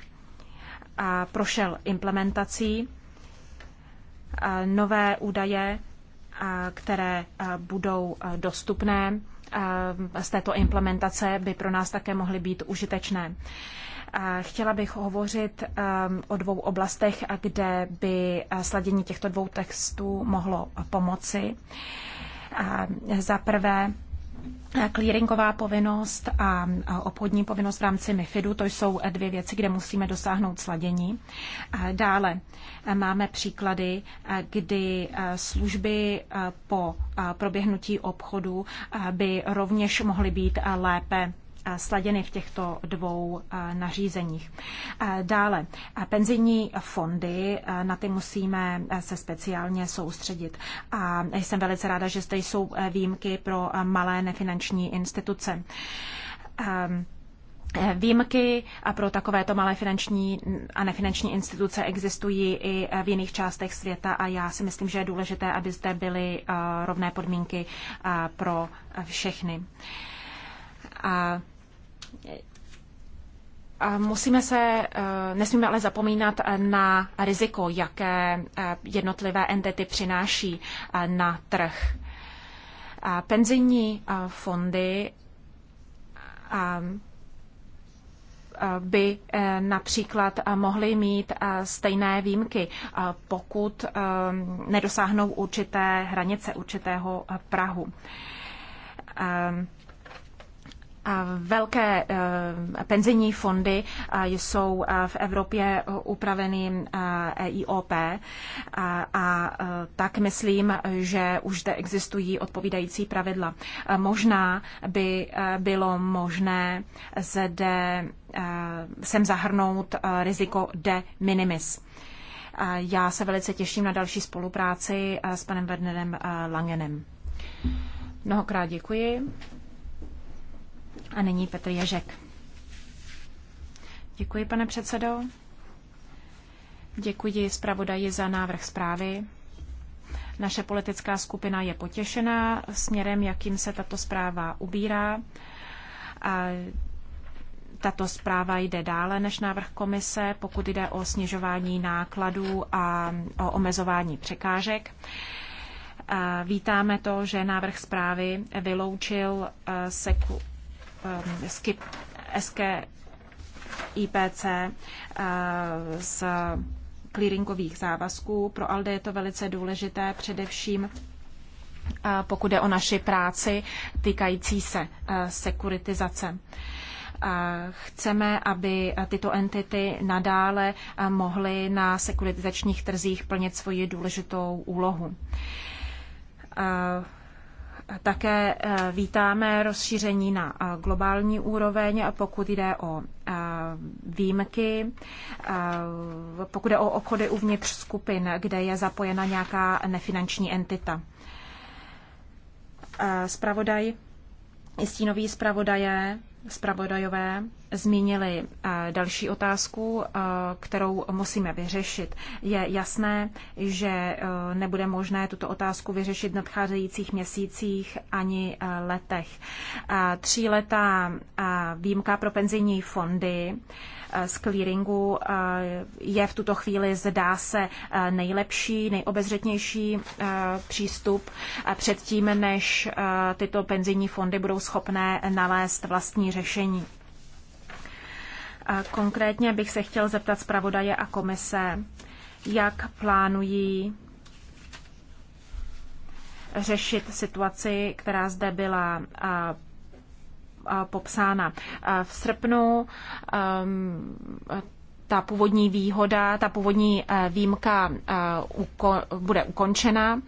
prošel implementací nové údaje, které budou dostupné z této implementace by pro nás také mohly být užitečné. Chtěla bych hovořit um, o dvou oblastech, kde by sladění těchto dvou textů mohlo pomoci. Za prvé Clearingová povinnost a obchodní povinnost v rámci MIFIDu, to jsou eh, dvě věci, kde musíme dosáhnout sladění. Dále eh, máme příklady, eh, kdy služby po proběhnutí obchodu by rovněž mohly být lépe sladěny v těchto dvou eh, nařízeních. Eh, dále, eh, penzijní fondy, na ty musíme se speciálně soustředit. A jsem velice ráda, že zde jsou výjimky pro malé nefinanční instituce ehm, výjimky a pro takovéto malé finanční a nefinanční instituce existují i v jiných částech světa a já si myslím, že je důležité, aby zde byly rovné podmínky pro všechny. A Musíme se, eh, nesmíme ale zapomínat na riziko, jaké eh, jednotlivé entity přináší eh, na trh. Penzijní fondy by například mohly mít stejné výjimky, pokud nedosáhnou určité hranice, určitého Prahu Velké eh, penzijní fondy eh, jsou eh, v Evropě upraveny EIOP e a tak myslím, že už zde existují odpovídající pravidla. Možná by bylo možné zde sem zahrnout riziko de minimis. Já se velice těším na další spolupráci s panem Wernerem Langenem. Mnohokrát děkuji. A nyní Petr Ježek. Děkuji, pane předsedo. Děkuji zpravodaji za návrh zprávy. Naše politická skupina je potěšená směrem, jakým se tato zpráva ubírá. A tato zpráva jde dále než návrh komise, pokud jde o snižování nákladů a o omezování překážek. A vítáme to, že návrh zprávy vyloučil eh, seku Um, SKIP, IPC uh, z clearingových závazků. Pro ALDE je to velice důležité, především uh, pokud je o naši práci týkající se uh, sekuritizace. Chceme, aby tyto entity nadále mohly na sekuritizačních trzích plnit svoji důležitou úlohu také eh, vítáme rozšíření na eh, globální úroveň, pokud jde o eh, výjimky, pokud jde o obchody uvnitř skupin, kde je zapojena nějaká nefinanční entita. Spravodaj, stínoví spravodaje, spravodajové zmínili eh, další otázku, eh, kterou musíme vyřešit. Je jasné, že eh, nebude možné tuto otázku vyřešit v nadcházejících měsících ani letech. letá výjimka pro penzijní fondy z clearingu je v tuto chvíli, zdá se, nejlepší, nejobezřetnější přístup předtím, než tyto penzijní fondy budou schopné nalézt vlastní řešení konkrétně bych se chtěl zeptat zpravodaje a komise, jak plánují řešit situaci, která zde byla popsána. V srpnu um, ta původní výhoda, ta původní eh, výjimka eh, bude ukončena.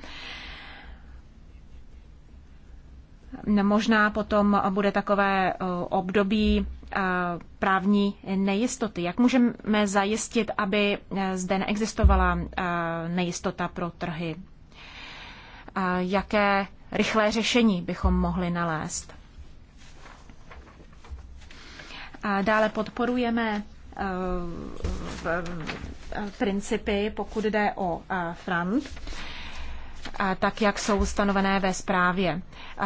Možná potom bude takové eh, období právní nejistoty. Jak můžeme zajistit, aby e, zde neexistovala e, nejistota pro trhy? Jaké rychlé řešení bychom mohli nalézt? Dále podporujeme e, principy, pokud jde o front tak jak jsou stanovené ve zprávě.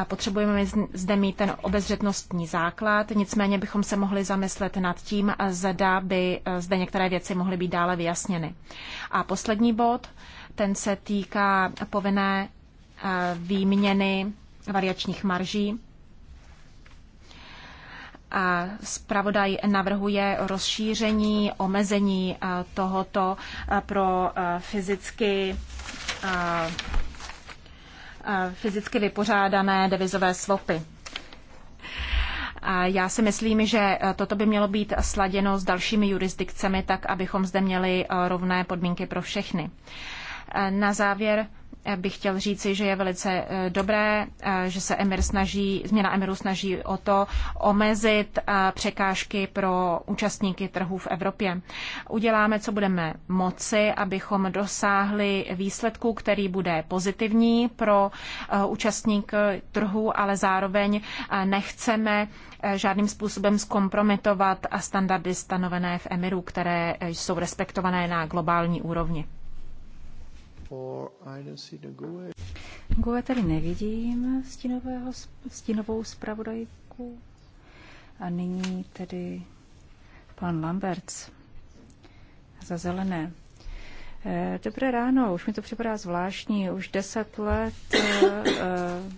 Potřebujeme zde mít ten obezřetnostní základ, nicméně bychom se mohli zamyslet nad tím, zda by e, zde některé věci mohly být dále vyjasněny. A poslední bod, ten se týká povinné e, výměny variačních marží. A Spravodaj navrhuje rozšíření, omezení e, tohoto pro fyzicky fyzicky vypořádané devizové svopy. Já si myslím, že toto by mělo být sladěno s dalšími jurisdikcemi, tak abychom zde měli eh, rovné podmínky pro všechny. Eh, na závěr bych chtěl říci, že je velice eh, dobré, eh, že se Emir snaží, změna Emiru snaží o to omezit eh, překážky pro účastníky trhů v Evropě. Uděláme, co budeme moci, abychom dosáhli výsledku, který bude pozitivní pro účastník trhu, ale zároveň nechceme žádným způsobem zkompromitovat standardy stanovené v Emiru, které jsou respektované na globální úrovni. Gové tady nevidím stínového, stínovou zpravodajku. A nyní tedy pan Lamberts za zelené. Eh, dobré ráno, už mi to připadá zvláštní. Už deset let eh, eh,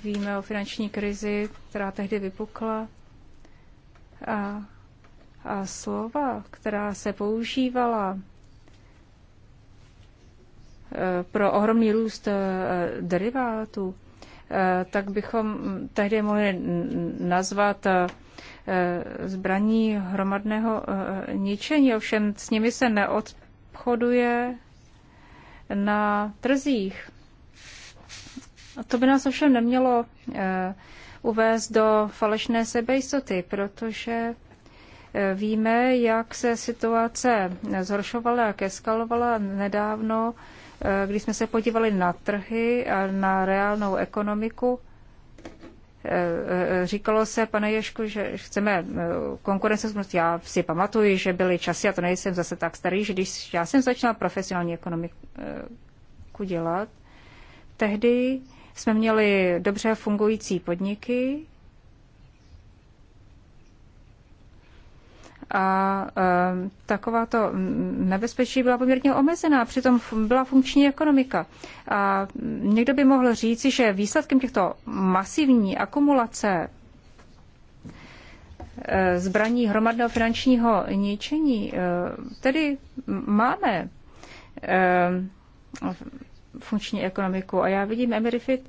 víme o finanční krizi, která tehdy vypukla. A, a slova, která se používala pro ohromný růst eh, derivátů, eh, tak bychom tehdy mohli nazvat eh, zbraní hromadného ničení. Ovšem s nimi se neodchoduje na trzích. To by nás ovšem nemělo uvést do falešné sebejistoty, protože víme, jak se situace zhoršovala, jak eskalovala nedávno Eh, když jsme se podívali na trhy a na reálnou ekonomiku, eh, eh, říkalo se, pane Ješku, že chceme konkurenceschopnost. Já si pamatuju, že byly časy, a to nejsem zase tak starý, že když já jsem začala profesionální ekonomiku dělat, tehdy jsme měli dobře fungující podniky, a e, to nebezpečí byla poměrně omezená, přitom byla funkční ekonomika. A někdo by mohl říci, že výsledkem těchto masivní akumulace e, zbraní hromadného finančního ničení, e, tedy máme e, funkční ekonomiku. A já vidím Emerifit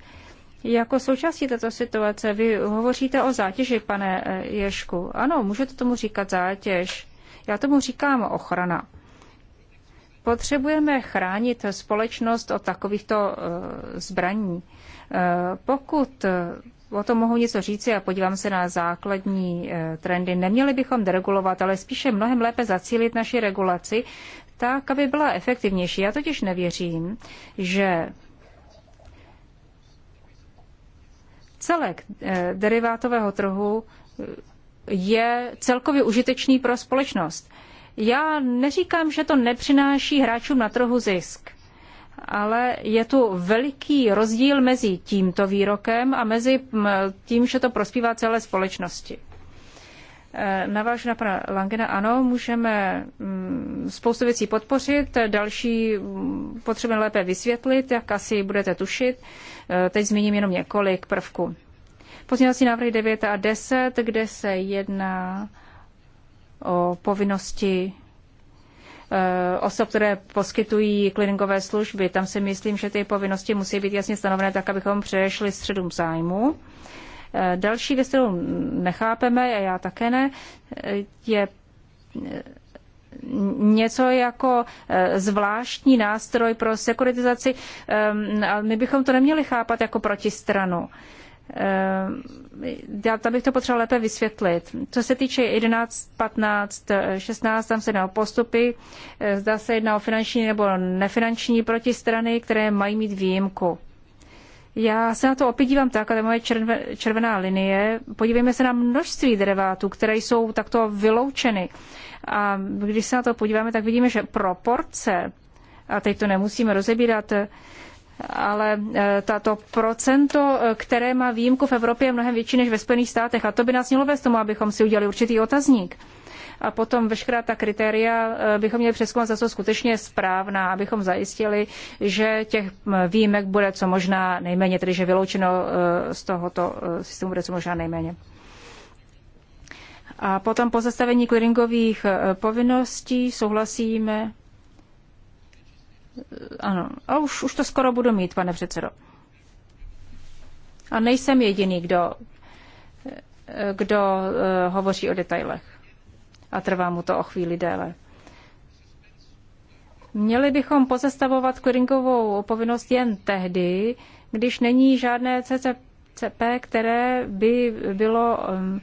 jako součástí této situace vy hovoříte o zátěži, pane eh, Ješku. Ano, můžete tomu říkat zátěž. Já tomu říkám ochrana. Potřebujeme chránit společnost od takovýchto eh, zbraní. Eh, pokud o tom mohu něco říci a podívám se na základní trendy, neměli bychom deregulovat, ale spíše mnohem lépe zacílit naši regulaci tak, aby byla efektivnější. Já totiž nevěřím, že Celek eh, derivátového trhu eh, je celkově užitečný pro společnost. Já neříkám, že to nepřináší hráčům na trhu zisk, ale je tu veliký rozdíl mezi tímto výrokem a mezi mm, eh, tím, že to prospívá celé společnosti. Eh, navážu na pana Langena, ano, můžeme mm, spoustu věcí podpořit, další mm, potřebujeme lépe vysvětlit, jak asi budete tušit. Eh, teď zmíním jenom několik prvků. Pozměňovací návrhy 9 a 10, kde se jedná o povinnosti eh, osob, které poskytují clearingové služby. Tam si myslím, že ty povinnosti musí být jasně stanovené tak, abychom přešli středům zájmu. Eh, další věc, kterou nechápeme, a já také ne, eh, je eh, něco jako zvláštní nástroj pro sekuritizaci. My bychom to neměli chápat jako protistranu. Já tam bych to potřeba lépe vysvětlit. Co se týče 11, 15, 16, tam se jedná o postupy. Zda se jedná o finanční nebo nefinanční protistrany, které mají mít výjimku. Já se na to opět dívám tak, ale moje červená linie. Podívejme se na množství derivátů, které jsou takto vyloučeny. A když se na to podíváme, tak vidíme, že proporce, a teď to nemusíme rozebírat, ale eh, tato procento, eh, které má výjimku v Evropě, je mnohem větší než ve Spojených státech. A to by nás mělo vést tomu, abychom si udělali určitý otazník a potom veškerá ta kritéria eh, bychom měli přeskoumat, za jsou skutečně správná, abychom zajistili, že těch výjimek bude co možná nejméně, tedy že vyloučeno eh, z tohoto eh, systému bude co možná nejméně. A potom po zastavení clearingových povinností souhlasíme. Ano, a už, už to skoro budu mít, pane předsedo. A nejsem jediný, kdo, kdo hovoří o detailech a trvá mu to o chvíli déle. Měli bychom pozastavovat clearingovou povinnost jen tehdy, když není žádné CCP, které by bylo um,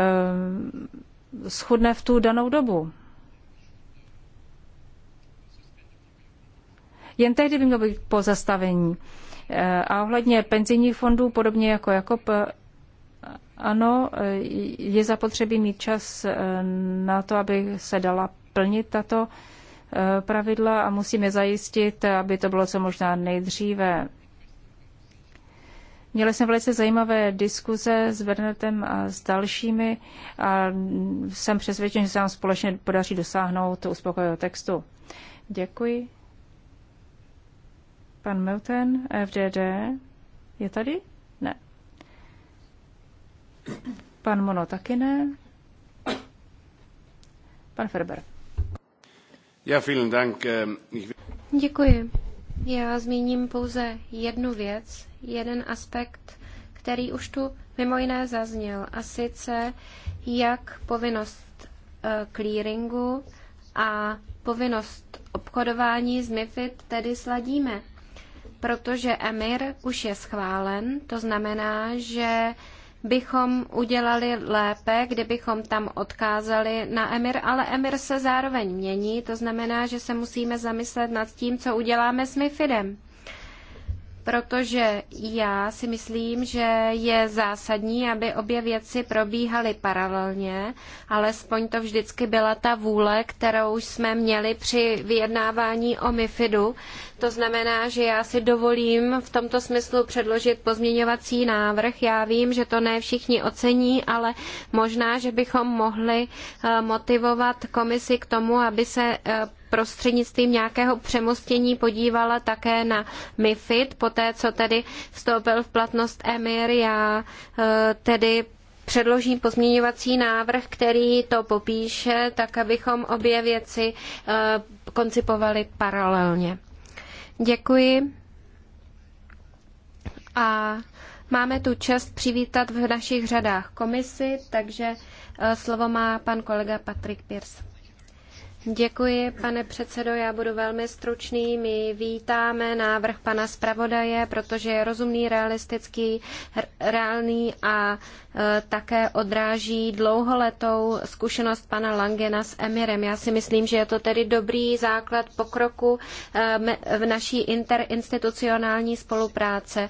um, schudné v tu danou dobu. Jen tehdy by mělo být pozastavení. Eh, a ohledně penzijních fondů, podobně jako Jakob, ano, je zapotřebí mít čas eh, na to, aby se dala plnit tato eh, pravidla a musíme zajistit, aby to bylo co možná nejdříve. Měli jsem velice zajímavé diskuze s Bernetem a s dalšími a jsem přesvědčen, že se nám společně podaří dosáhnout uspokojivého textu. Děkuji. Pan Milton, FDD, je tady? Pan Mono taky ne. Pan Ferber. Ja, vielen Dank. Eh, Děkuji. Já zmíním pouze jednu věc, jeden aspekt, který už tu mimo jiné zazněl, a sice jak povinnost eh, clearingu a povinnost obchodování s MIFID tedy sladíme, protože EMIR už je schválen, to znamená, že bychom udělali lépe, kdybychom tam odkázali na Emir, ale Emir se zároveň mění, to znamená, že se musíme zamyslet nad tím, co uděláme s MIFIDem protože já si myslím, že je zásadní, aby obě věci probíhaly paralelně, alespoň to vždycky byla ta vůle, kterou jsme měli při vyjednávání o MIFIDu. To znamená, že já si dovolím v tomto smyslu předložit pozměňovací návrh. Já vím, že to ne všichni ocení, ale možná, že bychom mohli eh, motivovat komisi k tomu, aby se eh, prostřednictvím nějakého přemostění podívala také na MIFID, poté co tedy vstoupil v platnost EMIR. Já eh, tedy předložím pozměňovací návrh, který to popíše, tak abychom obě věci eh, koncipovali paralelně. Děkuji. A máme tu čest přivítat v našich řadách komisi, takže eh, slovo má pan kolega Patrik Pierce. Děkuji, pane předsedo. Já budu velmi stručný. My vítáme návrh pana zpravodaje, protože je rozumný, realistický, reálný a e, také odráží dlouholetou zkušenost pana Langena s Emirem. Já si myslím, že je to tedy dobrý základ pokroku e, v naší interinstitucionální spolupráce. E,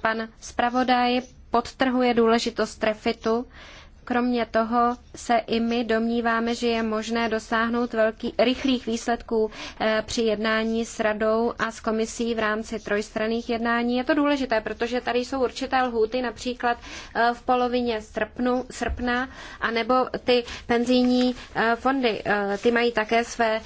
pan zpravodaj podtrhuje důležitost refitu. E, Kromě toho se i my domníváme, že je možné dosáhnout velký, rychlých výsledků eh, při jednání s radou a s komisí v rámci trojstranných jednání. Je to důležité, protože tady jsou určité lhůty, například eh, v polovině srpnu, srpna, anebo ty penzijní eh, fondy, ty mají také své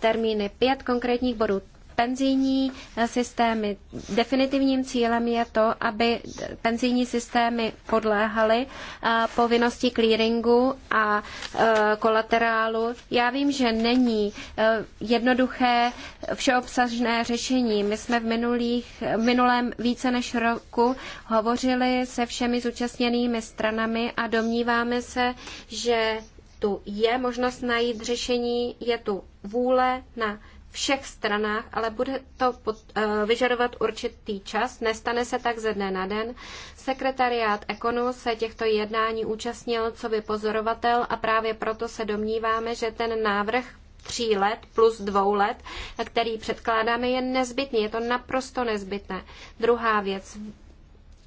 termíny. Pět konkrétních bodů penzijní systémy. Definitivním cílem je to, aby penzijní systémy podléhaly eh, povinnosti clearingu a eh, kolaterálu. Já vím, že není eh, jednoduché všeobsažné řešení. My jsme v, minulých, v minulém více než roku hovořili se všemi zúčastněnými stranami a domníváme se, že tu je možnost najít řešení, je tu vůle na všech stranách, ale bude to pod, eh, vyžadovat určitý čas. Nestane se tak ze dne na den. Sekretariát Ekonu se těchto jednání účastnil co by pozorovatel a právě proto se domníváme, že ten návrh tří let plus dvou let, který předkládáme, je nezbytný. Je to naprosto nezbytné. Druhá věc.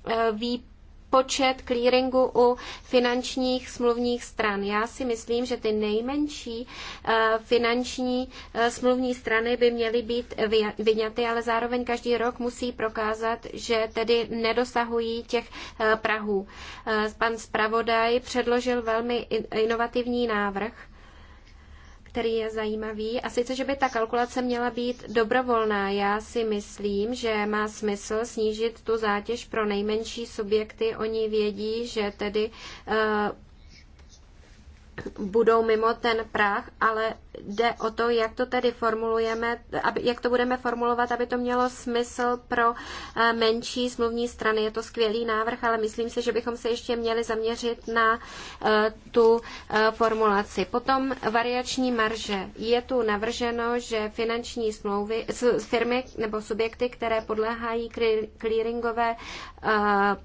Eh, výp- počet clearingu u finančních smluvních stran. Já si myslím, že ty nejmenší eh, finanční eh, smluvní strany by měly být vyňaty, ale zároveň každý rok musí prokázat, že tedy nedosahují těch eh, Prahů. Pan zpravodaj předložil velmi inovativní návrh, který je zajímavý, a sice, že by ta kalkulace měla být dobrovolná. Já si myslím, že má smysl snížit tu zátěž pro nejmenší subjekty. Oni vědí, že tedy uh, budou mimo ten práh, ale jde o to, jak to tedy formulujeme, aby, jak to budeme formulovat, aby to mělo smysl pro eh, menší smluvní strany. Je to skvělý návrh, ale myslím si, že bychom se ještě měli zaměřit na eh, tu eh, formulaci. Potom variační marže. Je tu navrženo, že finanční smlouvy, firmy nebo subjekty, které podléhají clearingové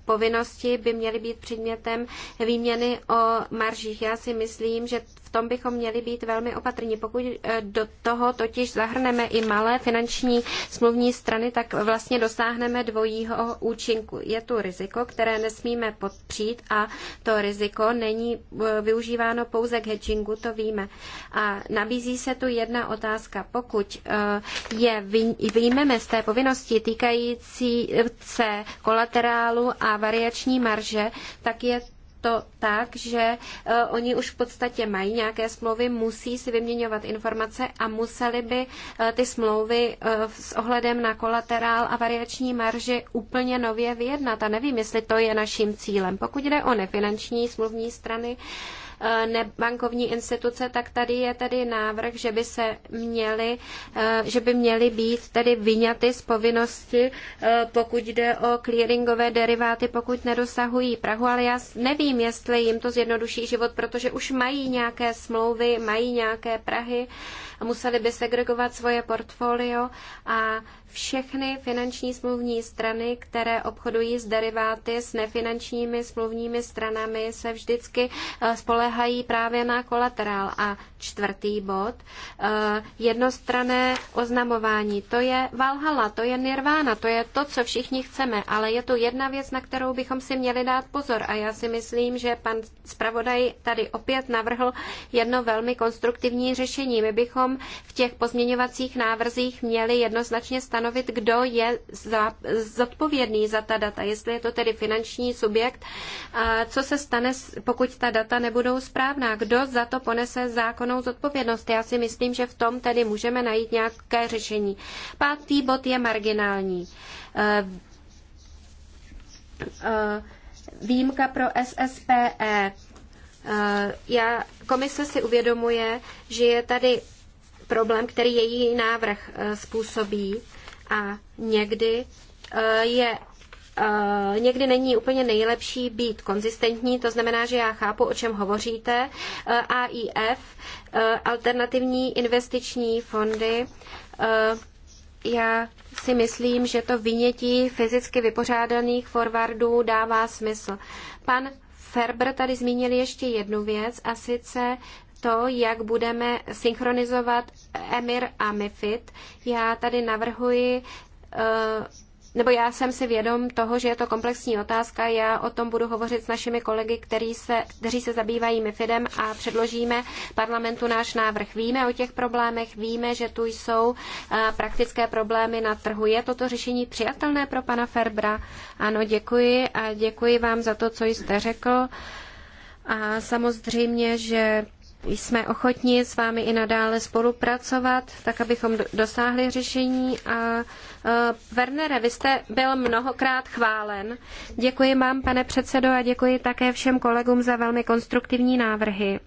povinnosti, by měly být předmětem výměny o maržích. Já si myslím, že tom bychom měli být velmi opatrní. Pokud eh, do toho totiž zahrneme i malé finanční smluvní strany, tak vlastně dosáhneme dvojího účinku. Je tu riziko, které nesmíme podpřít a to riziko není eh, využíváno pouze k hedgingu, to víme. A nabízí se tu jedna otázka. Pokud eh, je vyjmeme z té povinnosti týkající se kolaterálu a variační marže, tak je to tak, že e, oni už v podstatě mají nějaké smlouvy, musí si vyměňovat informace a museli by e, ty smlouvy e, s ohledem na kolaterál a variační marži úplně nově vyjednat. A nevím, jestli to je naším cílem. Pokud jde o nefinanční smluvní strany, uh, Eh, nebankovní instituce, tak tady je tady návrh, že by, se měly, eh, že by měly být tedy vyňaty z povinnosti, eh, pokud jde o clearingové deriváty, pokud nedosahují Prahu, ale já nevím, jestli jim to zjednoduší život, protože už mají nějaké smlouvy, mají nějaké Prahy, museli by segregovat svoje portfolio a všechny finanční smluvní strany, které obchodují s deriváty s nefinančními smluvními stranami, se vždycky eh, spolehají právě na kolaterál a čtvrtý bod, eh, jednostrané oznamování. To je Valhalla, to je Nirvana, to je to, co všichni chceme, ale je tu jedna věc, na kterou bychom si měli dát pozor a já si myslím, že pan zpravodaj tady opět navrhl jedno velmi konstruktivní řešení. My bychom v těch pozměňovacích návrzích měli jednoznačně stanovit, kdo je za, zodpovědný za ta data, jestli je to tedy finanční subjekt, co se stane, pokud ta data nebudou správná, kdo za to ponese zákon zákonnou zodpovědnost. Já si myslím, že v tom tedy můžeme najít nějaké řešení. Pátý bod je marginální. Eh, eh, výjimka pro SSPE. Eh, já, komise si uvědomuje, že je tady problém, který její návrh způsobí a někdy je Eh, někdy není úplně nejlepší být konzistentní, to znamená, že já chápu, o čem hovoříte. Eh, AIF, eh, alternativní investiční fondy, já si myslím, že to vynětí fyzicky vypořádaných forwardů dává smysl. Pan Ferber tady zmínil ještě jednu věc, a sice to, jak budeme synchronizovat Emir a Mifid. Já tady navrhuji uh, nebo já jsem si vědom toho, že je to komplexní otázka. Já o tom budu hovořit s našimi kolegy, který se, kteří se zabývají MIFIDem a předložíme parlamentu náš návrh. Víme o těch problémech, víme, že tu jsou eh, praktické problémy na trhu. Je toto řešení přijatelné pro pana Ferbra? Ano, děkuji a děkuji vám za to, co jste řekl. A samozřejmě, že jsme ochotni s vámi i nadále spolupracovat, tak abychom dosáhli řešení. A e, Wernere, vy jste byl mnohokrát chválen. Děkuji vám, pane předsedo, a děkuji také všem kolegům za velmi konstruktivní návrhy.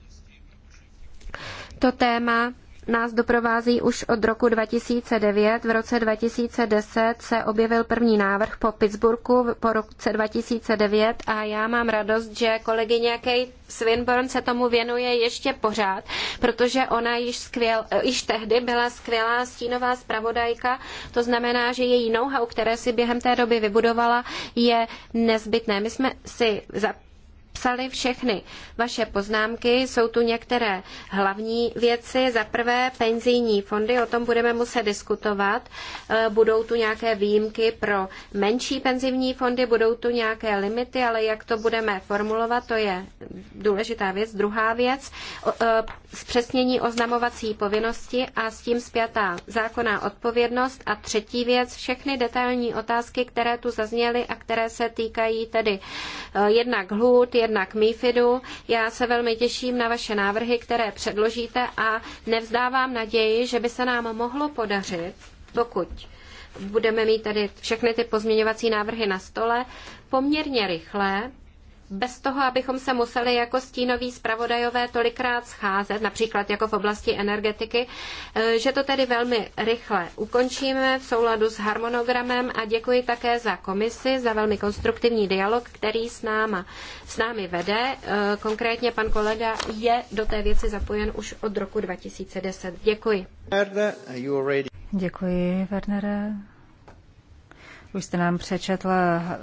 To téma nás doprovází už od roku 2009. V roce 2010 se objevil první návrh po Pittsburghu po roce 2009 a já mám radost, že kolegyně Kate Swinburne se tomu věnuje ještě pořád, protože ona již, skvěl, již tehdy byla skvělá stínová zpravodajka, to znamená, že její know-how, které si během té doby vybudovala, je nezbytné. My jsme si za popsali všechny vaše poznámky. Jsou tu některé hlavní věci. Za prvé penzijní fondy, o tom budeme muset diskutovat. E, budou tu nějaké výjimky pro menší penzijní fondy, budou tu nějaké limity, ale jak to budeme formulovat, to je důležitá věc. Druhá věc, e, zpřesnění oznamovací povinnosti a s tím zpětá zákonná odpovědnost. A třetí věc, všechny detailní otázky, které tu zazněly a které se týkají tedy e, jednak hlut, jednak MIFIDu. Já se velmi těším na vaše návrhy, které předložíte a nevzdávám naději, že by se nám mohlo podařit, pokud budeme mít tady všechny ty pozměňovací návrhy na stole, poměrně rychle bez toho, abychom se museli jako stínoví zpravodajové tolikrát scházet, například jako v oblasti energetiky, eh, že to tedy velmi rychle ukončíme v souladu s harmonogramem a děkuji také za komisi, za velmi konstruktivní dialog, který s, náma, s námi vede. Eh, konkrétně pan kolega je do té věci zapojen už od roku 2010. Děkuji. Děkuji, Wernere. Už jste nám přečetl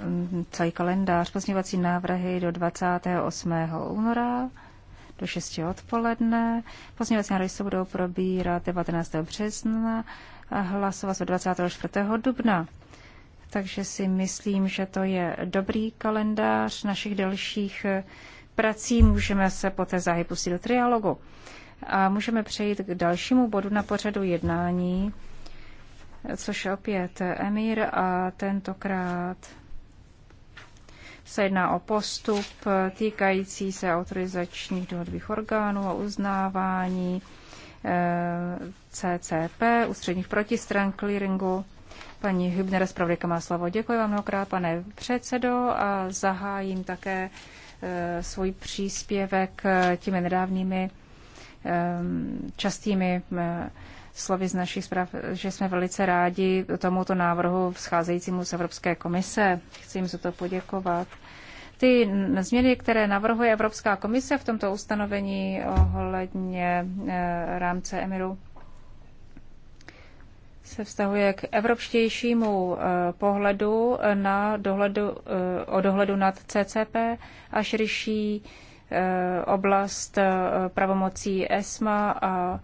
hm, celý kalendář pozměňovací návrhy do 28. února do 6 odpoledne. Pozměňovací návrhy se budou probírat 19. března a hlasovat se 24. dubna. Takže si myslím, že to je dobrý kalendář našich dalších eh, prací. Můžeme se poté záhy pustit do trialogu. A můžeme přejít k dalšímu bodu na pořadu jednání, což je opět Emir a tentokrát se jedná o postup týkající se autorizačních dohodových orgánů a uznávání eh, CCP, ústředních protistran clearingu. Paní Hübner, zpravodajka má slovo. Děkuji vám mnohokrát, pane předsedo, a zahájím také eh, svůj příspěvek eh, těmi nedávnými častými slovy z našich zpráv, že jsme velice rádi tomuto návrhu vzcházejícímu z Evropské komise. Chci jim za to poděkovat. Ty změny, které navrhuje Evropská komise v tomto ustanovení ohledně eh, rámce Emiru, se vztahuje k evropštějšímu eh, pohledu na dohledu, eh, o dohledu nad CCP a širší oblast pravomocí ESMA a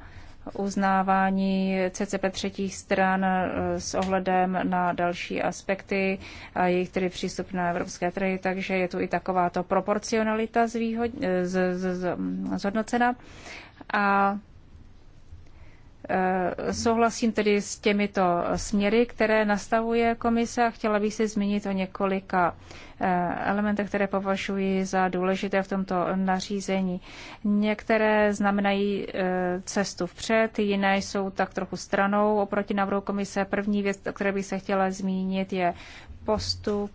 uznávání CCP třetích stran eh, s ohledem na další aspekty a jejich tedy přístup na evropské trhy, takže je tu i takováto proporcionalita zvýhod, eh, z, z, z, zhodnocena. A Eh, souhlasím tedy s těmito směry, které nastavuje komise a chtěla bych se zmínit o několika eh, elementech, které považuji za důležité v tomto nařízení. Některé znamenají eh, cestu vpřed, jiné jsou tak trochu stranou oproti návrhu komise. První věc, o které bych se chtěla zmínit, je postup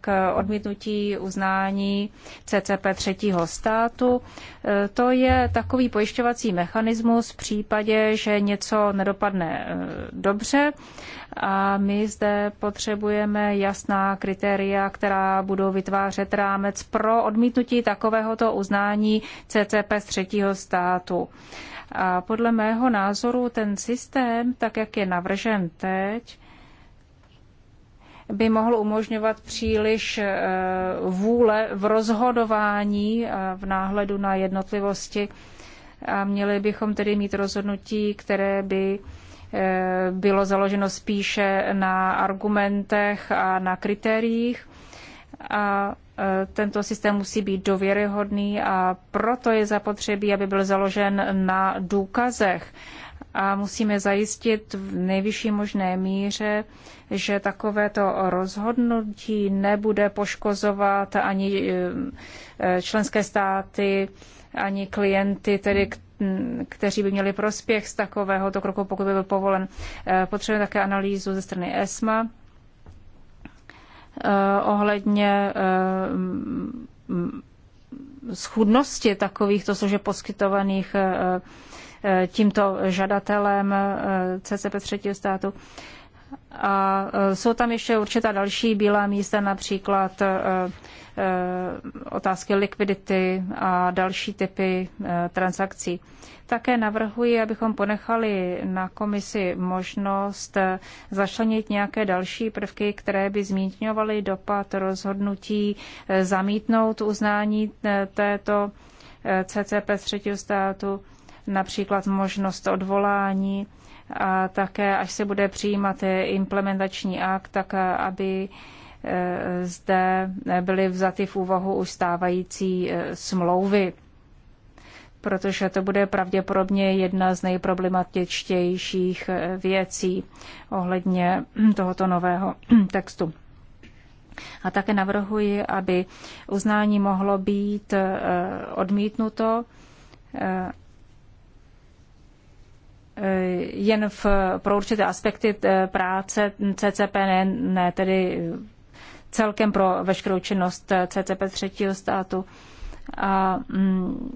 k odmítnutí uznání CCP třetího státu. E, to je takový pojišťovací mechanismus v případě, že něco nedopadne e, dobře a my zde potřebujeme jasná kritéria, která budou vytvářet rámec pro odmítnutí takovéhoto uznání CCP z třetího státu. A podle mého názoru ten systém, tak jak je navržen teď, by mohl umožňovat příliš eh, vůle v rozhodování, v náhledu na jednotlivosti. A měli bychom tedy mít rozhodnutí, které by eh, bylo založeno spíše na argumentech a na kritériích. A eh, tento systém musí být dověryhodný a proto je zapotřebí, aby byl založen na důkazech a musíme zajistit v nejvyšší možné míře, že takovéto rozhodnutí nebude poškozovat ani eh, členské státy, ani klienty, tedy kteří by měli prospěch z takovéhoto kroku, pokud by byl povolen. Eh, potřebujeme také analýzu ze strany ESMA eh, ohledně schudnosti takovýchto služeb poskytovaných Eh, tímto žadatelem eh, CCP třetího státu. A eh, jsou tam ještě určitá další bílá místa, například otázky likvidity a další typy transakcí. Také navrhuji, abychom ponechali na komisi možnost začlenit nějaké další prvky, které by zmítňovaly dopad rozhodnutí zamítnout uznání této CCP z třetího státu například možnost odvolání a také, až se bude přijímat implementační akt, tak aby eh, zde byly vzaty v úvahu už stávající eh, smlouvy, protože to bude pravděpodobně jedna z nejproblematičtějších eh, věcí ohledně tohoto nového textu. A také navrhuji, aby uznání mohlo být odmítnuto jen v, pro určité aspekty eh, práce CCP, ne, ne tedy celkem pro veškerou činnost eh, CCP třetího státu. A mm,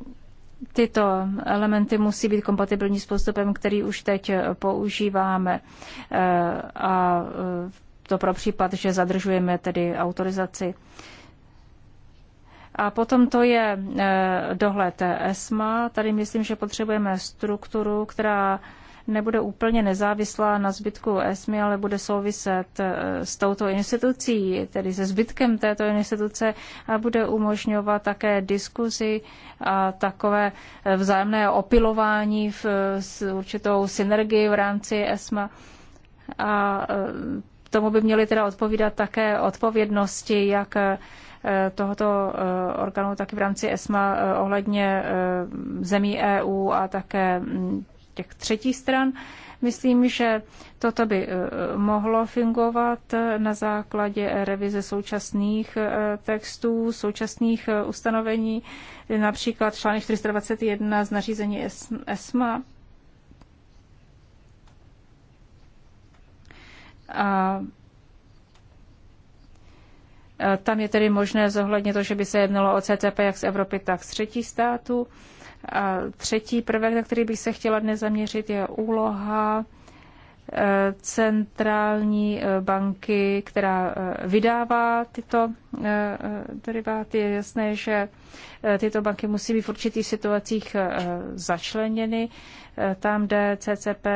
tyto elementy musí být kompatibilní s postupem, který už teď eh, používáme. A to pro případ, že zadržujeme tedy autorizaci a potom to je e, dohled ESMA. Tady myslím, že potřebujeme strukturu, která nebude úplně nezávislá na zbytku ESMI, ale bude souviset e, s touto institucí, tedy se zbytkem této instituce a bude umožňovat také diskuzi a takové e, vzájemné opilování v, s určitou synergii v rámci ESMA. A tomu by měly teda odpovídat také odpovědnosti, jak eh, tohoto eh, orgánu, tak i v rámci ESMA eh, ohledně zemí EU a také mm, těch třetích stran. Myslím, že toto by mohlo fungovat na základě revize současných textů, současných ustanovení, například článek 421 z nařízení ESMA A tam je tedy možné zohlednit to, že by se jednalo o CCP jak z Evropy, tak z třetích států. A třetí prvek, na který bych se chtěla dnes zaměřit, je úloha centrální eh, banky, která eh, vydává tyto eh, deriváty. Je jasné, že tyto banky musí být v určitých situacích začleněny. Tam, kde CCP,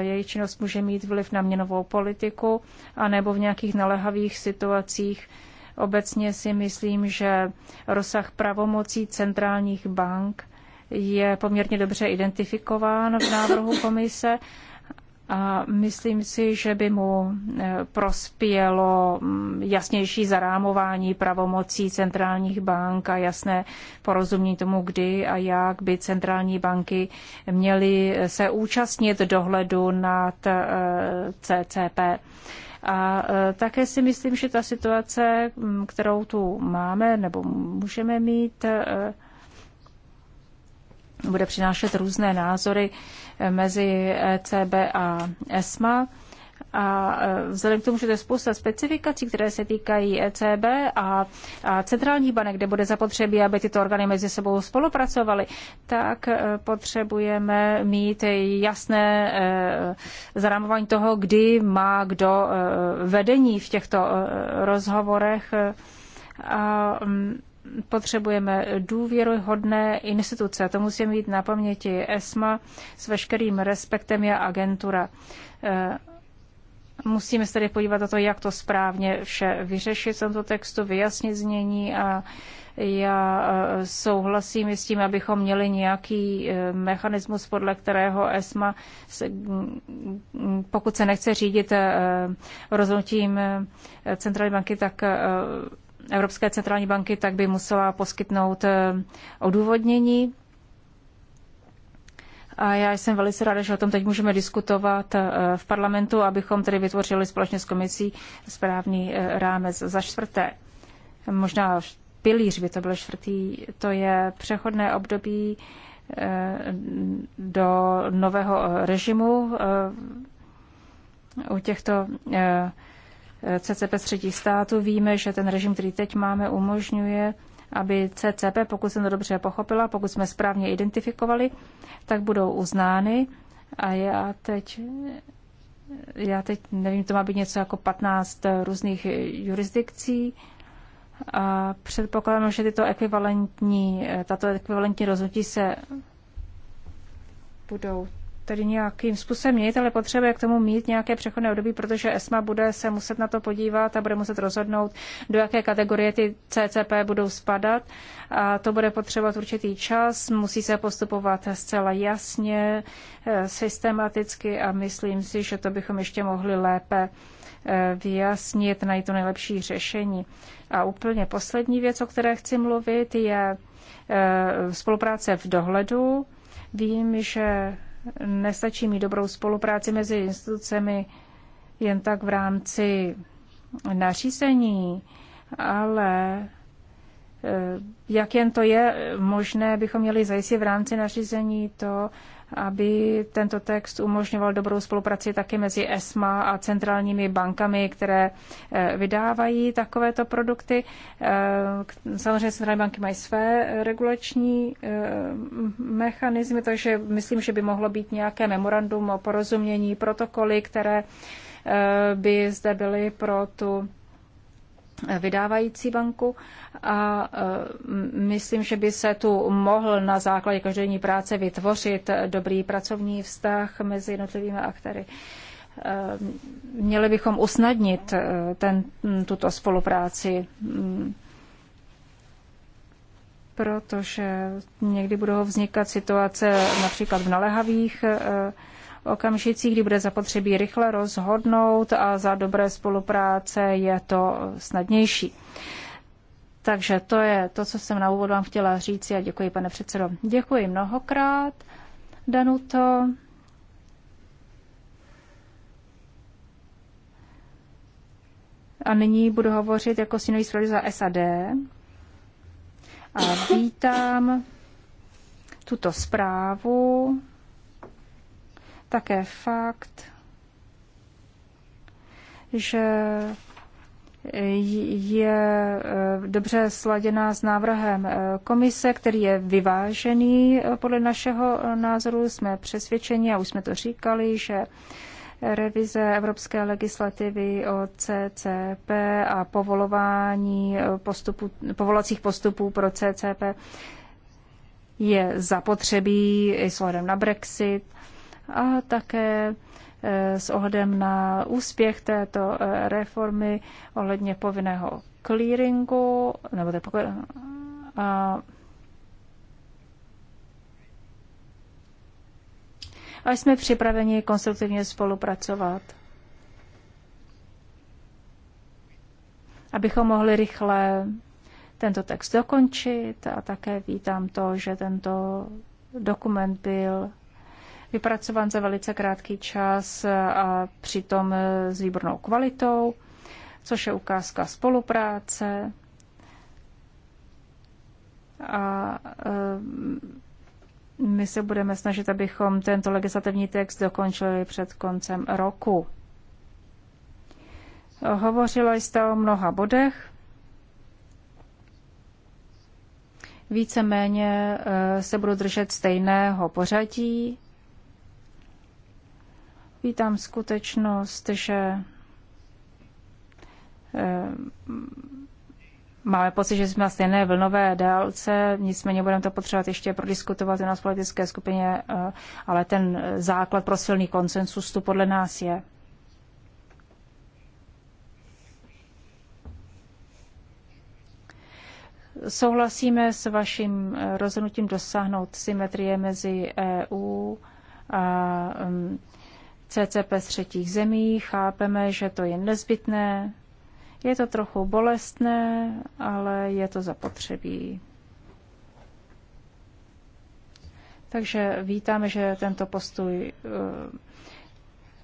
její činnost může mít vliv na měnovou politiku, anebo v nějakých naléhavých situacích. Obecně si myslím, že rozsah pravomocí centrálních bank je poměrně dobře identifikován v návrhu komise a myslím si, že by mu eh, prospělo mm, jasnější zarámování pravomocí centrálních bank a jasné porozumění tomu, kdy a jak by centrální banky měly eh, se účastnit dohledu nad eh, CCP. A také si myslím, že ta situace, mm, kterou tu máme nebo můžeme mít, bude přinášet různé názory eh, mezi ECB eh, a ESMA. A eh, vzhledem k tomu, že to je spousta specifikací, které se týkají ECB a, a centrální banek, kde bude zapotřebí, aby tyto orgány mezi sebou spolupracovaly, tak potřebujeme mít jasné zarámování toho, kdy má kdo vedení v těchto rozhovorech. A, mm, potřebujeme důvěryhodné instituce. To musíme mít na paměti. ESMA s veškerým respektem je agentura. Eh, musíme se tedy podívat na to, jak to správně vše vyřešit v tomto textu, vyjasnit znění a já eh, souhlasím s tím, abychom měli nějaký eh, mechanismus, podle kterého ESMA, pokud se nechce řídit rozhodnutím centrální banky, tak Evropské centrální banky, tak by musela poskytnout eh, odůvodnění. A já jsem velice ráda, že o tom teď můžeme diskutovat eh, v parlamentu, abychom tedy vytvořili společně s komisí správný eh, rámec. Za čtvrté, možná pilíř by to byl čtvrtý, to je přechodné období do nového režimu u těchto CCP z třetích států. Víme, že ten režim, který teď máme, umožňuje, aby CCP, pokud jsem to dobře pochopila, pokud jsme správně identifikovali, tak budou uznány. A já teď, já teď nevím, to má být něco jako 15 různých jurisdikcí. A předpokládám, že tyto ekvivalentní, tato ekvivalentní rozhodnutí se budou tedy nějakým způsobem měnit, ale potřebuje k tomu mít nějaké přechodné období, protože ESMA bude se muset na to podívat a bude muset rozhodnout, do jaké kategorie ty CCP budou spadat. A to bude potřebovat určitý čas, musí se postupovat zcela jasně, eh, systematicky a myslím si, že to bychom ještě mohli lépe eh, vyjasnit, najít to nejlepší řešení. A úplně poslední věc, o které chci mluvit, je eh, spolupráce v dohledu. Vím, že nestačí mít dobrou spolupráci mezi institucemi jen tak v rámci nařízení, ale eh, jak jen to je možné, bychom měli zajistit v rámci nařízení to, aby tento text umožňoval dobrou spolupráci také mezi ESMA a centrálními bankami, které eh, vydávají takovéto produkty. Eh, samozřejmě centrální banky mají své eh, regulační mechanizmy, takže myslím, že by mohlo být nějaké memorandum o porozumění, protokoly, které by zde byly pro tu vydávající banku a e, myslím, že by se tu mohl na základě každodenní práce vytvořit dobrý pracovní vztah mezi jednotlivými aktéry. E, měli bychom usnadnit e, ten, tuto spolupráci, protože někdy budou vznikat situace například v nalehavých okamžicích, kdy bude zapotřebí rychle rozhodnout a za dobré spolupráce je to snadnější. Takže to je to, co jsem na úvod vám chtěla říct a děkuji, pane předsedo. Děkuji mnohokrát, Danuto. A nyní budu hovořit jako synový zpravodaj za SAD. A vítám tuto zprávu také fakt, že je eh, dobře sladěná s návrhem eh, komise, který je vyvážený eh, podle našeho názoru. Jsme přesvědčeni, a už jsme to říkali, že revize evropské legislativy o CCP a povolování postupu, povolacích postupů pro CCP je zapotřebí i s na Brexit a také eh, s ohledem na úspěch této eh, reformy ohledně povinného clearingu, nebo to a, a jsme připraveni konstruktivně spolupracovat, abychom mohli rychle tento text dokončit a také vítám to, že tento dokument byl vypracován za velice krátký čas a přitom s výbornou kvalitou, což je ukázka spolupráce. A eh, my se budeme snažit, abychom tento legislativní text dokončili před koncem roku. Hovořila jste o mnoha bodech. Víceméně eh, se budu držet stejného pořadí. Vítám skutečnost, že eh, Máme pocit, že jsme na stejné vlnové délce, nicméně budeme to potřebovat ještě prodiskutovat i na politické skupině, eh, ale ten eh, základ pro silný konsensus tu podle nás je. Souhlasíme s vaším rozhodnutím dosáhnout symetrie mezi EU a mm, CCP z třetích zemí, chápeme, že to je nezbytné. Je to trochu bolestné, ale je to zapotřebí. Takže vítáme, že tento postoj eh,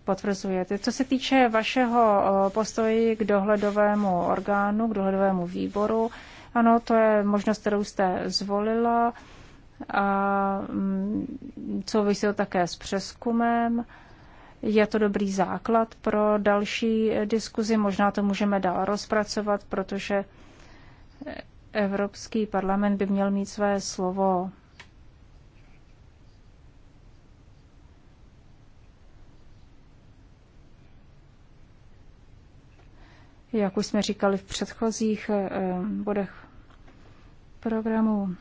potvrzujete. Co se týče vašeho eh, postoji k dohledovému orgánu, k dohledovému výboru, ano, to je možnost, kterou jste zvolila a mm, souvisí to také s přeskumem je to dobrý základ pro další diskuzi, možná to můžeme dál rozpracovat, protože Evropský parlament by měl mít své slovo. Jak už jsme říkali v předchozích eh, bodech programu.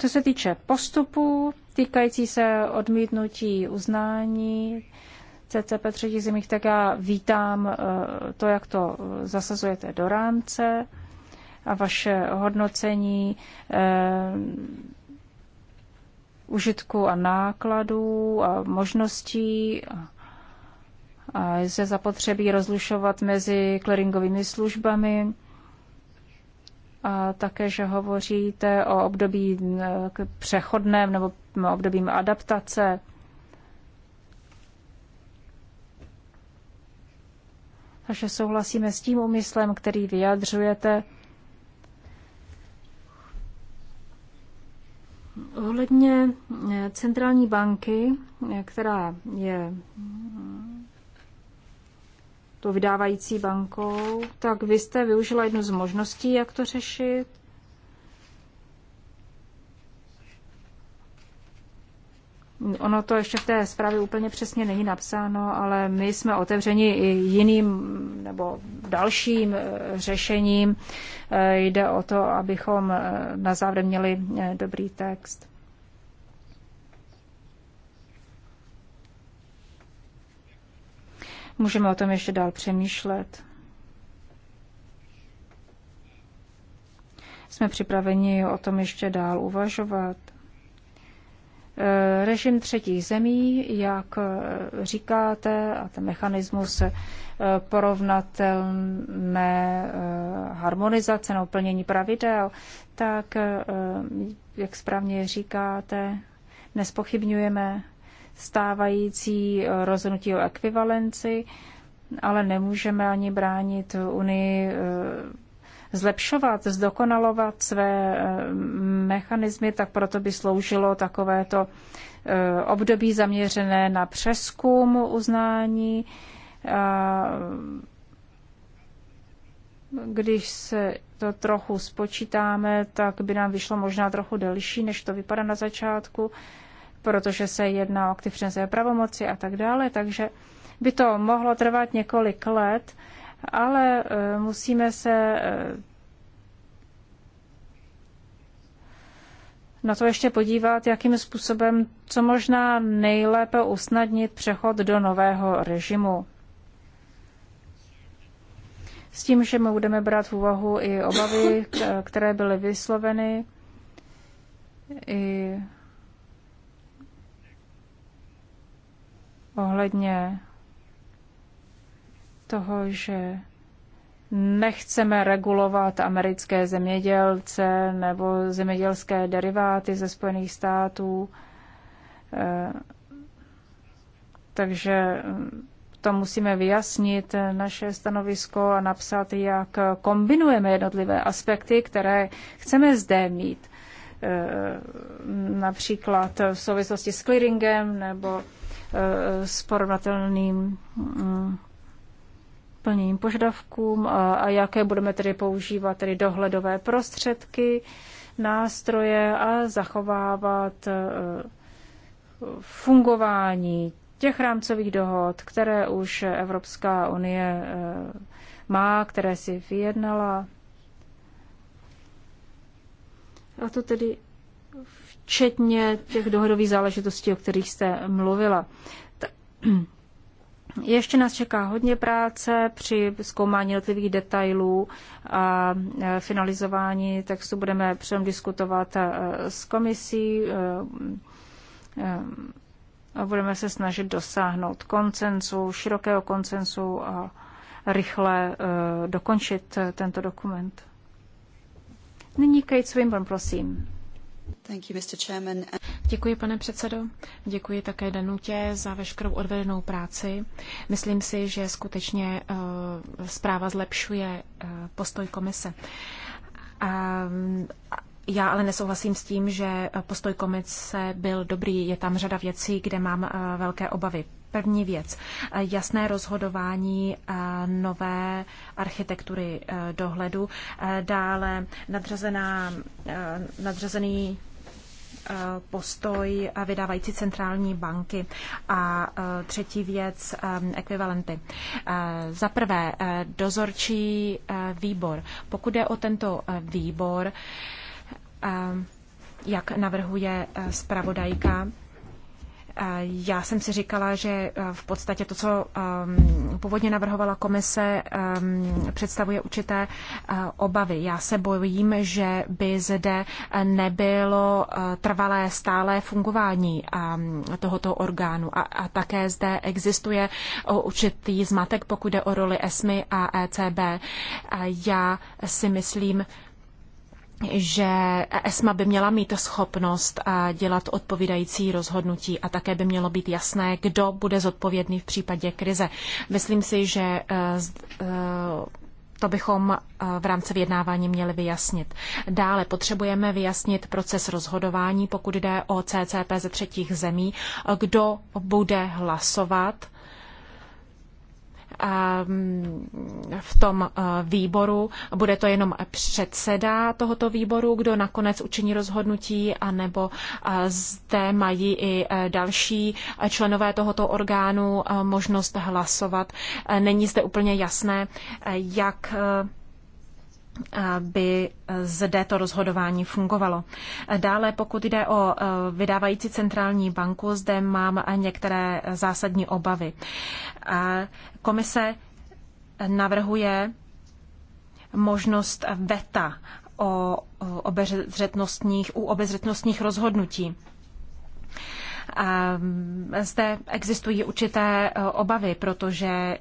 Co se týče postupů týkající se odmítnutí uznání CCP třetích zemích, tak já vítám eh, to, jak to eh, zasazujete do rámce a vaše hodnocení eh, užitku a nákladů a možností. A je se zapotřebí rozlušovat mezi clearingovými službami a také, že hovoříte o období eh, přechodném nebo obdobím adaptace. Takže souhlasíme s tím úmyslem, který vyjadřujete. Ohledně eh, centrální banky, eh, která je tou vydávající bankou, tak vy jste využila jednu z možností, jak to řešit. Ono to ještě v té zprávě úplně přesně není napsáno, ale my jsme otevřeni i jiným nebo dalším eh, řešením. Eh, jde o to, abychom eh, na závěr měli dobrý text. Můžeme o tom ještě dál přemýšlet. Jsme připraveni o tom ještě dál uvažovat. E, režim třetích zemí, jak e, říkáte, a ten mechanismus e, porovnatelné harmonizace na plnění pravidel, tak, jak správně říkáte, nespochybňujeme stávající eh, rozhodnutí o ekvivalenci, ale nemůžeme ani bránit Unii eh, zlepšovat, zdokonalovat své eh, mechanismy, tak proto by sloužilo takovéto období zaměřené na přeskum uznání. Když se to trochu spočítáme, tak by nám vyšlo možná trochu delší, než to vypadá na začátku protože se jedná o aktiv přenesené pravomoci a tak dále, takže by to mohlo trvat několik let, ale e, musíme se e, na to ještě podívat, jakým způsobem co možná nejlépe usnadnit přechod do nového režimu. S tím, že my budeme brát v úvahu i obavy, které byly vysloveny, i ohledně toho, že nechceme regulovat americké zemědělce nebo zemědělské deriváty ze Spojených států. Eh, takže mm, to musíme vyjasnit eh, naše stanovisko a napsat, jak kombinujeme jednotlivé aspekty, které chceme zde mít, eh, například v souvislosti s clearingem nebo Eh, s porovnatelným mm, plněním požadavkům a, a jaké budeme tedy používat tedy dohledové prostředky, nástroje a zachovávat eh, fungování těch rámcových dohod, které už Evropská unie eh, má, které si vyjednala. A to tedy včetně těch dohodových záležitostí, o kterých jste mluvila. Ještě nás čeká hodně práce při zkoumání jednotlivých detailů a e, finalizování textu. Budeme předem diskutovat e, s komisí e, a budeme se snažit dosáhnout koncensu, širokého koncensu a rychle dokončit tento dokument. Nyní Kate Swinburne, prosím. Děkuji, pane předsedo. Děkuji také Danutě za veškerou odvedenou práci. Myslím si, že skutečně eh, zpráva zlepšuje eh, postoj komise. A, já ale nesouhlasím s tím, že postoj komice byl dobrý. Je tam řada věcí, kde mám eh, velké obavy. První věc, eh, jasné rozhodování eh, nové architektury dohledu, dále nadřazená, nadřazený postoj vydávající centrální banky. A třetí věc, ekvivalenty. Za prvé, dozorčí výbor. Pokud je o tento výbor, jak navrhuje eh, zpravodajka. Eh, já jsem si říkala, že eh, v podstatě to, co ehm, původně navrhovala komise, ehm, představuje určité obavy. Já se bojím, že by zde nebylo trvalé stálé fungování ehm, tohoto orgánu. A, a také zde existuje určitý zmatek, pokud jde o roli ESMI a ECB. Já si myslím, že ESMA by měla mít schopnost eh, dělat odpovídající rozhodnutí a také by mělo být jasné, kdo bude zodpovědný v případě krize. Myslím si, že eh, eh, to bychom v rámci vyjednávání měli vyjasnit. Dále potřebujeme vyjasnit proces rozhodování, pokud jde o CCP ze třetích zemí, kdo bude hlasovat Ehm, v tom eh, výboru. Bude to jenom předseda tohoto výboru, kdo nakonec učiní rozhodnutí, anebo eh, zde mají i eh, další členové tohoto orgánu možnost hlasovat. Není zde úplně jasné, jak by zde to rozhodování fungovalo. Dále, pokud jde o eh, vydávající centrální banku, zde mám některé zásadní obavy. Eh, komise navrhuje možnost veta o obezřetnostních, u obezřetnostních rozhodnutí. Eh, zde existují určité obavy, protože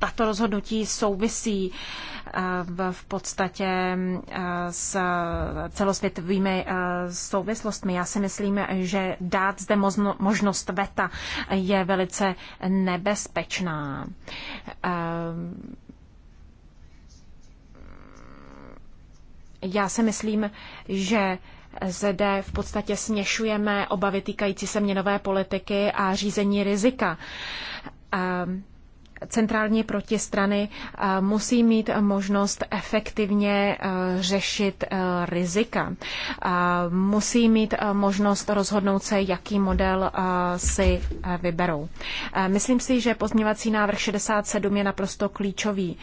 tato rozhodnutí souvisí eh, v podstatě eh, s celosvětovými eh, souvislostmi. Já si myslím, že dát zde možnost veta je velice nebezpečná. Já si myslím, že zde v podstatě směšujeme obavy týkající se měnové politiky a řízení rizika centrální protistrany eh, musí mít možnost efektivně eh, řešit eh, rizika. Musí mít možnost rozhodnout se, jaký model si vyberou. Myslím si, že pozměvací návrh 67 je naprosto klíčový.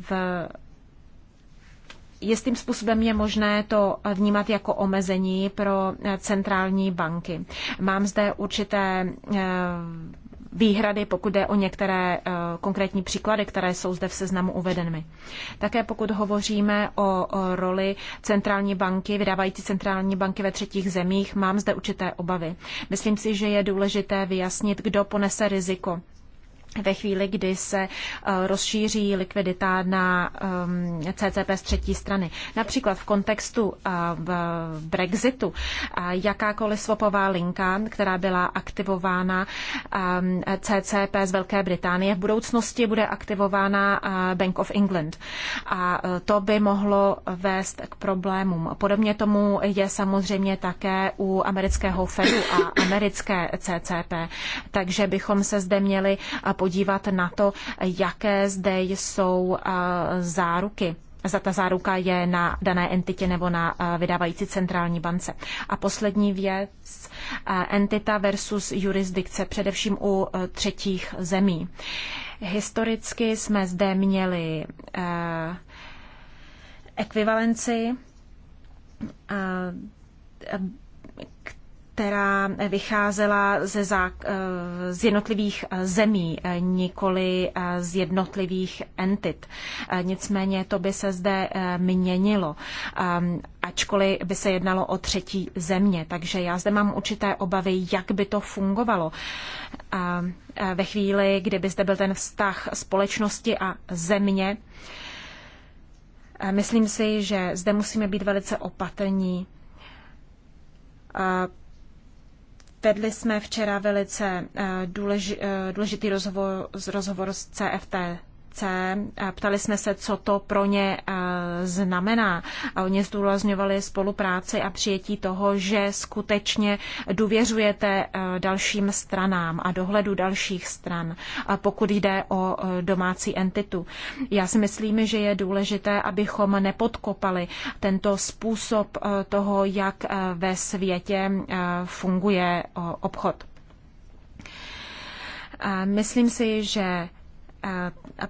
V jistým způsobem je možné to vnímat jako omezení pro centrální banky. Mám zde určité výhrady, pokud jde o některé eh, konkrétní příklady, které jsou zde v seznamu uvedeny. Také pokud hovoříme o roli centrální banky, vydávající centrální banky ve třetích zemích, mám zde určité obavy. Myslím si, že je důležité vyjasnit, kdo ponese riziko ve chvíli, kdy se eh, rozšíří likvidita na ehm, CCP z třetí strany. Například v kontextu eh, Brexitu eh, jakákoliv svopová linka, která byla aktivována ehm, CCP z Velké Británie, v budoucnosti bude aktivována Bank of England. A to by mohlo vést k problémům. Podobně tomu je samozřejmě také u amerického Fedu a americké CCP. Takže bychom se zde měli podívat na to, jaké zde jsou eh, záruky za ta záruka je na dané entitě nebo na eh, vydávající centrální bance. A poslední věc, eh, entita versus jurisdikce, především u třetích zemí. Historicky jsme zde měli ekvivalenci která vycházela ze zák- eh, z jednotlivých eh, zemí, eh, nikoli z jednotlivých entit. Nicméně to by se zde měnilo, ehm, ačkoliv by se jednalo o třetí země. Takže já zde mám určité obavy, jak by to fungovalo ehm, ve chvíli, kdyby zde byl ten vztah společnosti a země. Myslím si, že zde musíme být velice opatrní ehm, Vedli jsme včera velice eh, eh, důležitý rozhovor, rozhovor s CFT C. Ptali jsme se, co to pro ně eh, znamená. A oni zdůrazňovali spolupráci a přijetí toho, že skutečně důvěřujete eh, dalším stranám a dohledu dalších stran, pokud jde o eh, domácí entitu. Já si myslím, že je důležité, abychom nepodkopali tento způsob toho, jak ve světě funguje obchod. Myslím si, že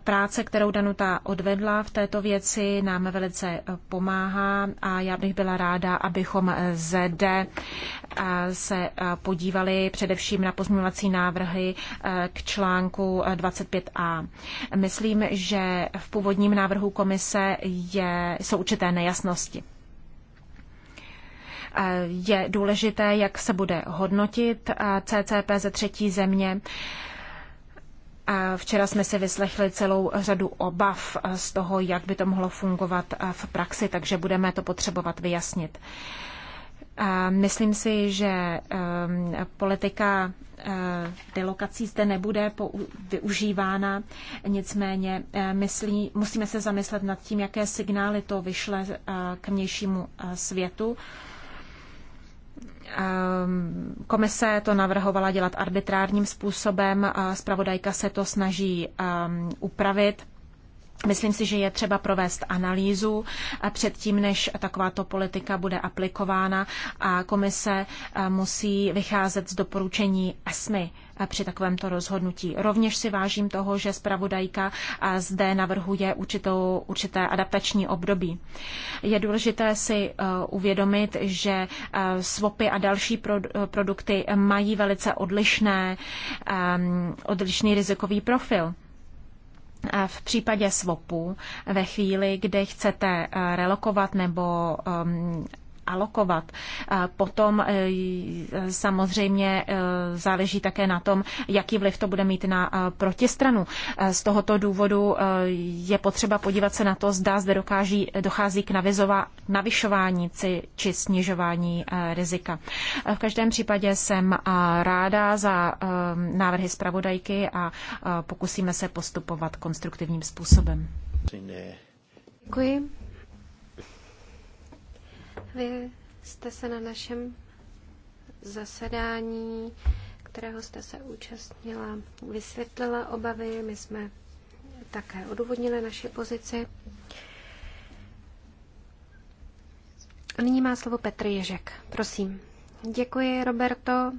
Práce, kterou Danuta odvedla v této věci, nám velice e, pomáhá a já bych byla ráda, abychom e, zde e, se podívali především na pozměňovací návrhy k článku 25a. Myslím, že v původním návrhu komise je, jsou určité nejasnosti je důležité, jak se bude hodnotit CCP ze třetí země. Včera jsme si vyslechli celou řadu obav z toho, jak by to mohlo fungovat v praxi, takže budeme to potřebovat vyjasnit. Myslím si, že ehm, politika delokací eh, zde nebude využívána, nicméně eh, myslí, musíme se zamyslet nad tím, jaké signály to vyšle eh, k vnějšímu světu Ehm, komise to navrhovala dělat arbitrárním způsobem, zpravodajka se to snaží ehm, upravit. Myslím si, že je třeba provést analýzu eh, předtím, než takováto politika bude aplikována a komise eh, musí vycházet z doporučení ESMY eh, při takovémto rozhodnutí. Rovněž si vážím toho, že zpravodajka zde navrhuje určitou, určité adaptační období. Je důležité si uvědomit, že swapy a další produkty mají velice odlišné, odlišný rizikový profil v případě svopu ve chvíli, kdy chcete eh, relokovat nebo ehm, alokovat. Potom e, samozřejmě e, záleží také na tom, jaký vliv to bude mít na e, protistranu. Z tohoto důvodu je potřeba podívat se na to, zda zde dokáží, dochází k navyšování či snižování rizika. V každém případě jsem ráda za návrhy zpravodajky a pokusíme se postupovat konstruktivním způsobem. Děkuji. Vy jste se na našem zasedání, kterého jste se účastnila, vysvětlila obavy. My jsme také odůvodnili naši pozici. A nyní má slovo Petr Ježek. Prosím. Děkuji, Roberto.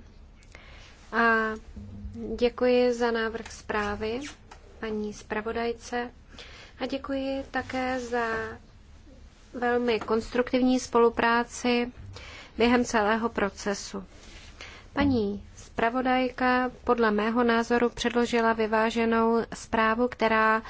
A děkuji za návrh zprávy paní zpravodajce. A děkuji také za velmi konstruktivní spolupráci během celého procesu. Paní Spravodajka podle mého názoru předložila vyváženou zprávu, která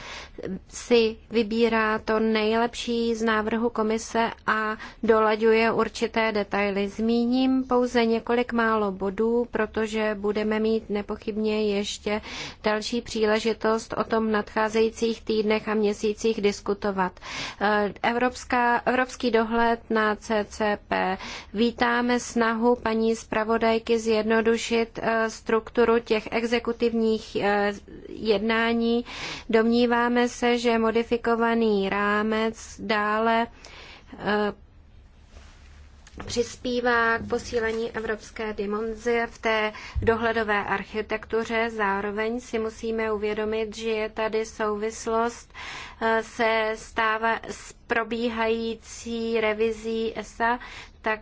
si vybírá to nejlepší z návrhu komise a dolaďuje určité detaily. Zmíním pouze několik málo bodů, protože budeme mít nepochybně ještě další příležitost o tom v nadcházejících týdnech a měsících diskutovat. Eh, Evropská, evropský dohled na CCP. Vítáme snahu paní zpravodajky zjednodušit Eh, strukturu těch exekutivních eh, jednání. Domníváme se, že modifikovaný rámec dále eh, přispívá k posílení evropské dimenze v té dohledové architektuře. Zároveň si musíme uvědomit, že je tady souvislost se stává s probíhající revizí ESA, tak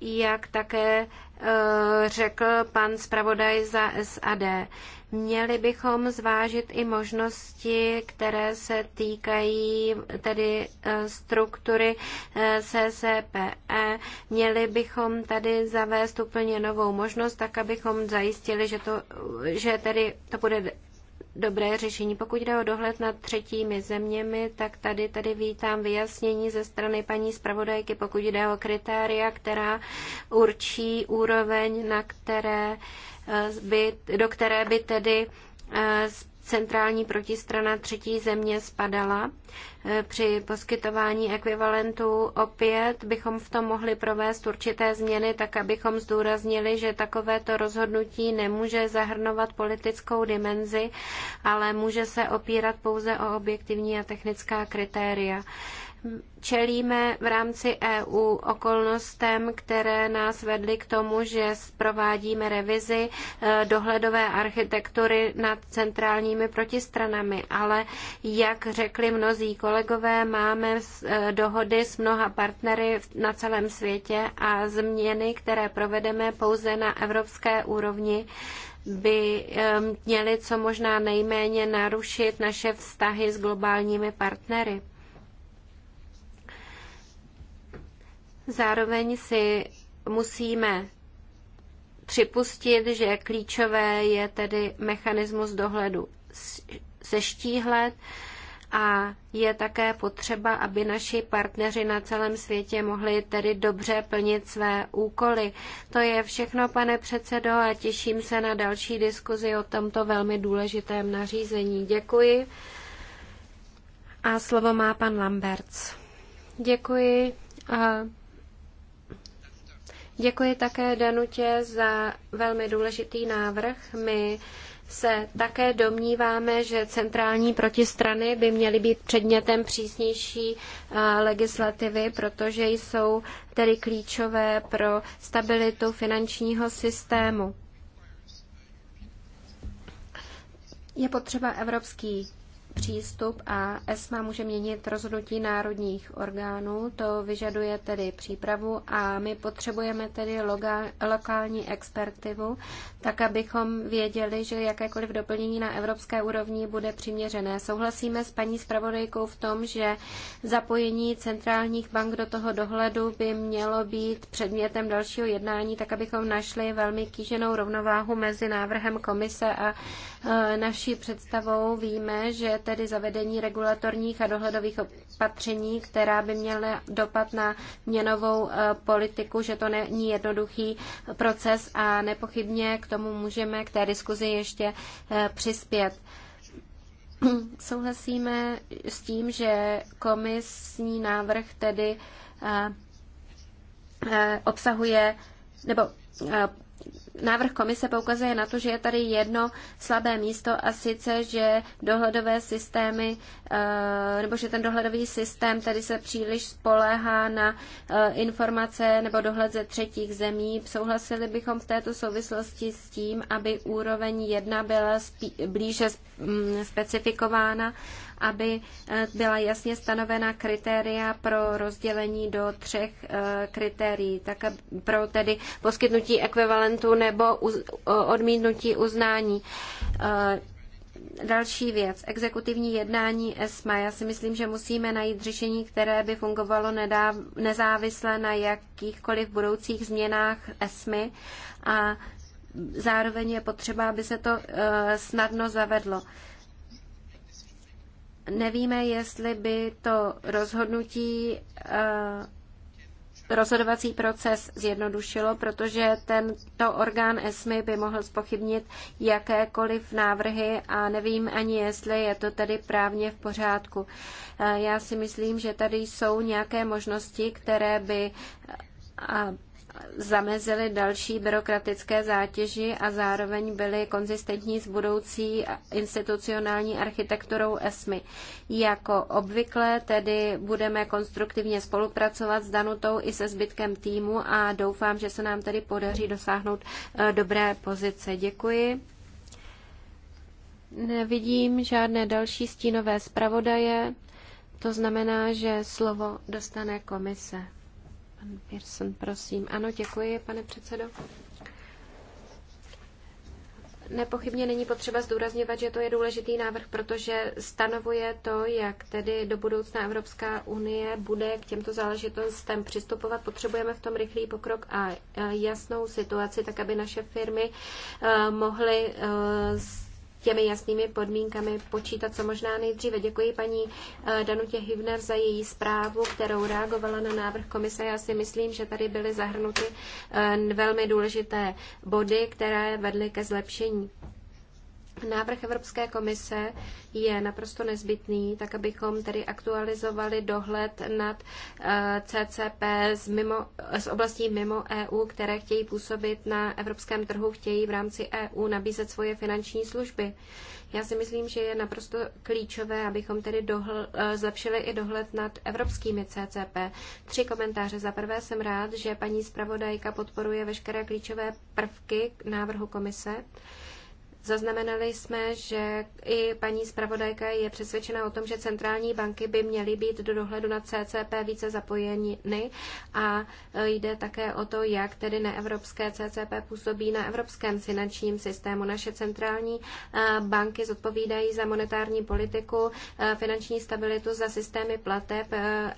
jak také Eh, řekl pan zpravodaj za SAD. Měli bychom zvážit i možnosti, které se týkají tedy eh, struktury eh, CCPE. Měli bychom tady zavést úplně novou možnost, tak abychom zajistili, že, to, že tedy to bude dobré řešení. Pokud jde o dohled nad třetími zeměmi, tak tady tady vítám vyjasnění ze strany paní zpravodajky, pokud jde o kritéria, která určí úroveň, na které eh, by, do které by tedy eh, centrální protistrana třetí země spadala. Eh, při poskytování ekvivalentu opět bychom v tom mohli provést určité změny, tak abychom zdůraznili, že takovéto rozhodnutí nemůže zahrnovat politickou dimenzi, ale může se opírat pouze o objektivní a technická kritéria čelíme v rámci EU okolnostem, které nás vedly k tomu, že provádíme revizi e, dohledové architektury nad centrálními protistranami. Ale jak řekli mnozí kolegové, máme e, dohody s mnoha partnery na celém světě a změny, které provedeme pouze na evropské úrovni, by e, měly co možná nejméně narušit naše vztahy s globálními partnery. Zároveň si musíme připustit, že klíčové je tedy mechanismus dohledu seštíhlet a je také potřeba, aby naši partneři na celém světě mohli tedy dobře plnit své úkoly. To je všechno, pane předsedo, a těším se na další diskuzi o tomto velmi důležitém nařízení. Děkuji. A slovo má pan Lamberts. Děkuji. A Děkuji také Danutě za velmi důležitý návrh. My se také domníváme, že centrální protistrany by měly být předmětem přísnější eh, legislativy, protože jsou tedy klíčové pro stabilitu finančního systému. Je potřeba evropský přístup a ESMA může měnit rozhodnutí národních orgánů. To vyžaduje tedy přípravu a my potřebujeme tedy loga, lokální expertivu, tak abychom věděli, že jakékoliv doplnění na evropské úrovni bude přiměřené. Souhlasíme s paní zpravodajkou v tom, že zapojení centrálních bank do toho dohledu by mělo být předmětem dalšího jednání, tak abychom našli velmi kýženou rovnováhu mezi návrhem komise a e, naší představou. Víme, že tedy zavedení regulatorních a dohledových opatření, která by měla dopad na měnovou eh, politiku, že to není jednoduchý proces a nepochybně k tomu můžeme, k té diskuzi ještě eh, přispět. Souhlasíme s tím, že komisní návrh tedy eh, obsahuje nebo návrh komise poukazuje na to, že je tady jedno slabé místo a sice, že dohledové systémy, eh, nebo že ten dohledový systém tady se příliš spoléhá na eh, informace nebo dohled ze třetích zemí. Souhlasili bychom v této souvislosti s tím, aby úroveň jedna byla blíže mm, specifikována aby eh, byla jasně stanovena kritéria pro rozdělení do třech eh, kritérií, tak eh, pro tedy poskytnutí ekvivalentu nebo odmítnutí uznání další věc, exekutivní jednání ESMA. Já si myslím, že musíme najít řešení, které by fungovalo nedáv, nezávisle na jakýchkoliv budoucích změnách ESMY a zároveň je potřeba, aby se to snadno zavedlo nevíme, jestli by to rozhodnutí eh, rozhodovací proces zjednodušilo, protože tento orgán ESMI by mohl spochybnit jakékoliv návrhy a nevím ani, jestli je to tedy právně v pořádku. Eh, já si myslím, že tady jsou nějaké možnosti, které by eh, Zamezily další byrokratické zátěži a zároveň byli konzistentní s budoucí institucionální architekturou ESMI. Jako obvykle tedy budeme konstruktivně spolupracovat s Danutou i se zbytkem týmu a doufám, že se nám tedy podaří dosáhnout eh, dobré pozice. Děkuji. Nevidím žádné další stínové zpravodaje, to znamená, že slovo dostane komise. Pan Pearson, prosím. Ano, děkuji, pane předsedo. Nepochybně není potřeba zdůrazňovat, že to je důležitý návrh, protože stanovuje to, jak tedy do budoucna Evropská unie bude k těmto záležitostem přistupovat. Potřebujeme v tom rychlý pokrok a e, jasnou situaci, tak aby naše firmy e, mohly e, těmi jasnými podmínkami počítat co možná nejdříve. Děkuji paní eh, Danutě Hivner za její zprávu, kterou reagovala na návrh komise. Já si myslím, že tady byly zahrnuty eh, velmi důležité body, které vedly ke zlepšení. Návrh Evropské komise je naprosto nezbytný, tak abychom tedy aktualizovali dohled nad eh, CCP z, mimo, z oblastí mimo EU, které chtějí působit na evropském trhu, chtějí v rámci EU nabízet svoje finanční služby. Já si myslím, že je naprosto klíčové, abychom tedy dohl, eh, zlepšili i dohled nad evropskými CCP. Tři komentáře. Za prvé jsem rád, že paní zpravodajka podporuje veškeré klíčové prvky návrhu komise. Zaznamenali jsme, že i paní zpravodajka je přesvědčena o tom, že centrální banky by měly být do dohledu na CCP více zapojeny a e, jde také o to, jak tedy neevropské CCP působí na evropském finančním systému. Naše centrální e, banky zodpovídají za monetární politiku, e, finanční stabilitu, za systémy plateb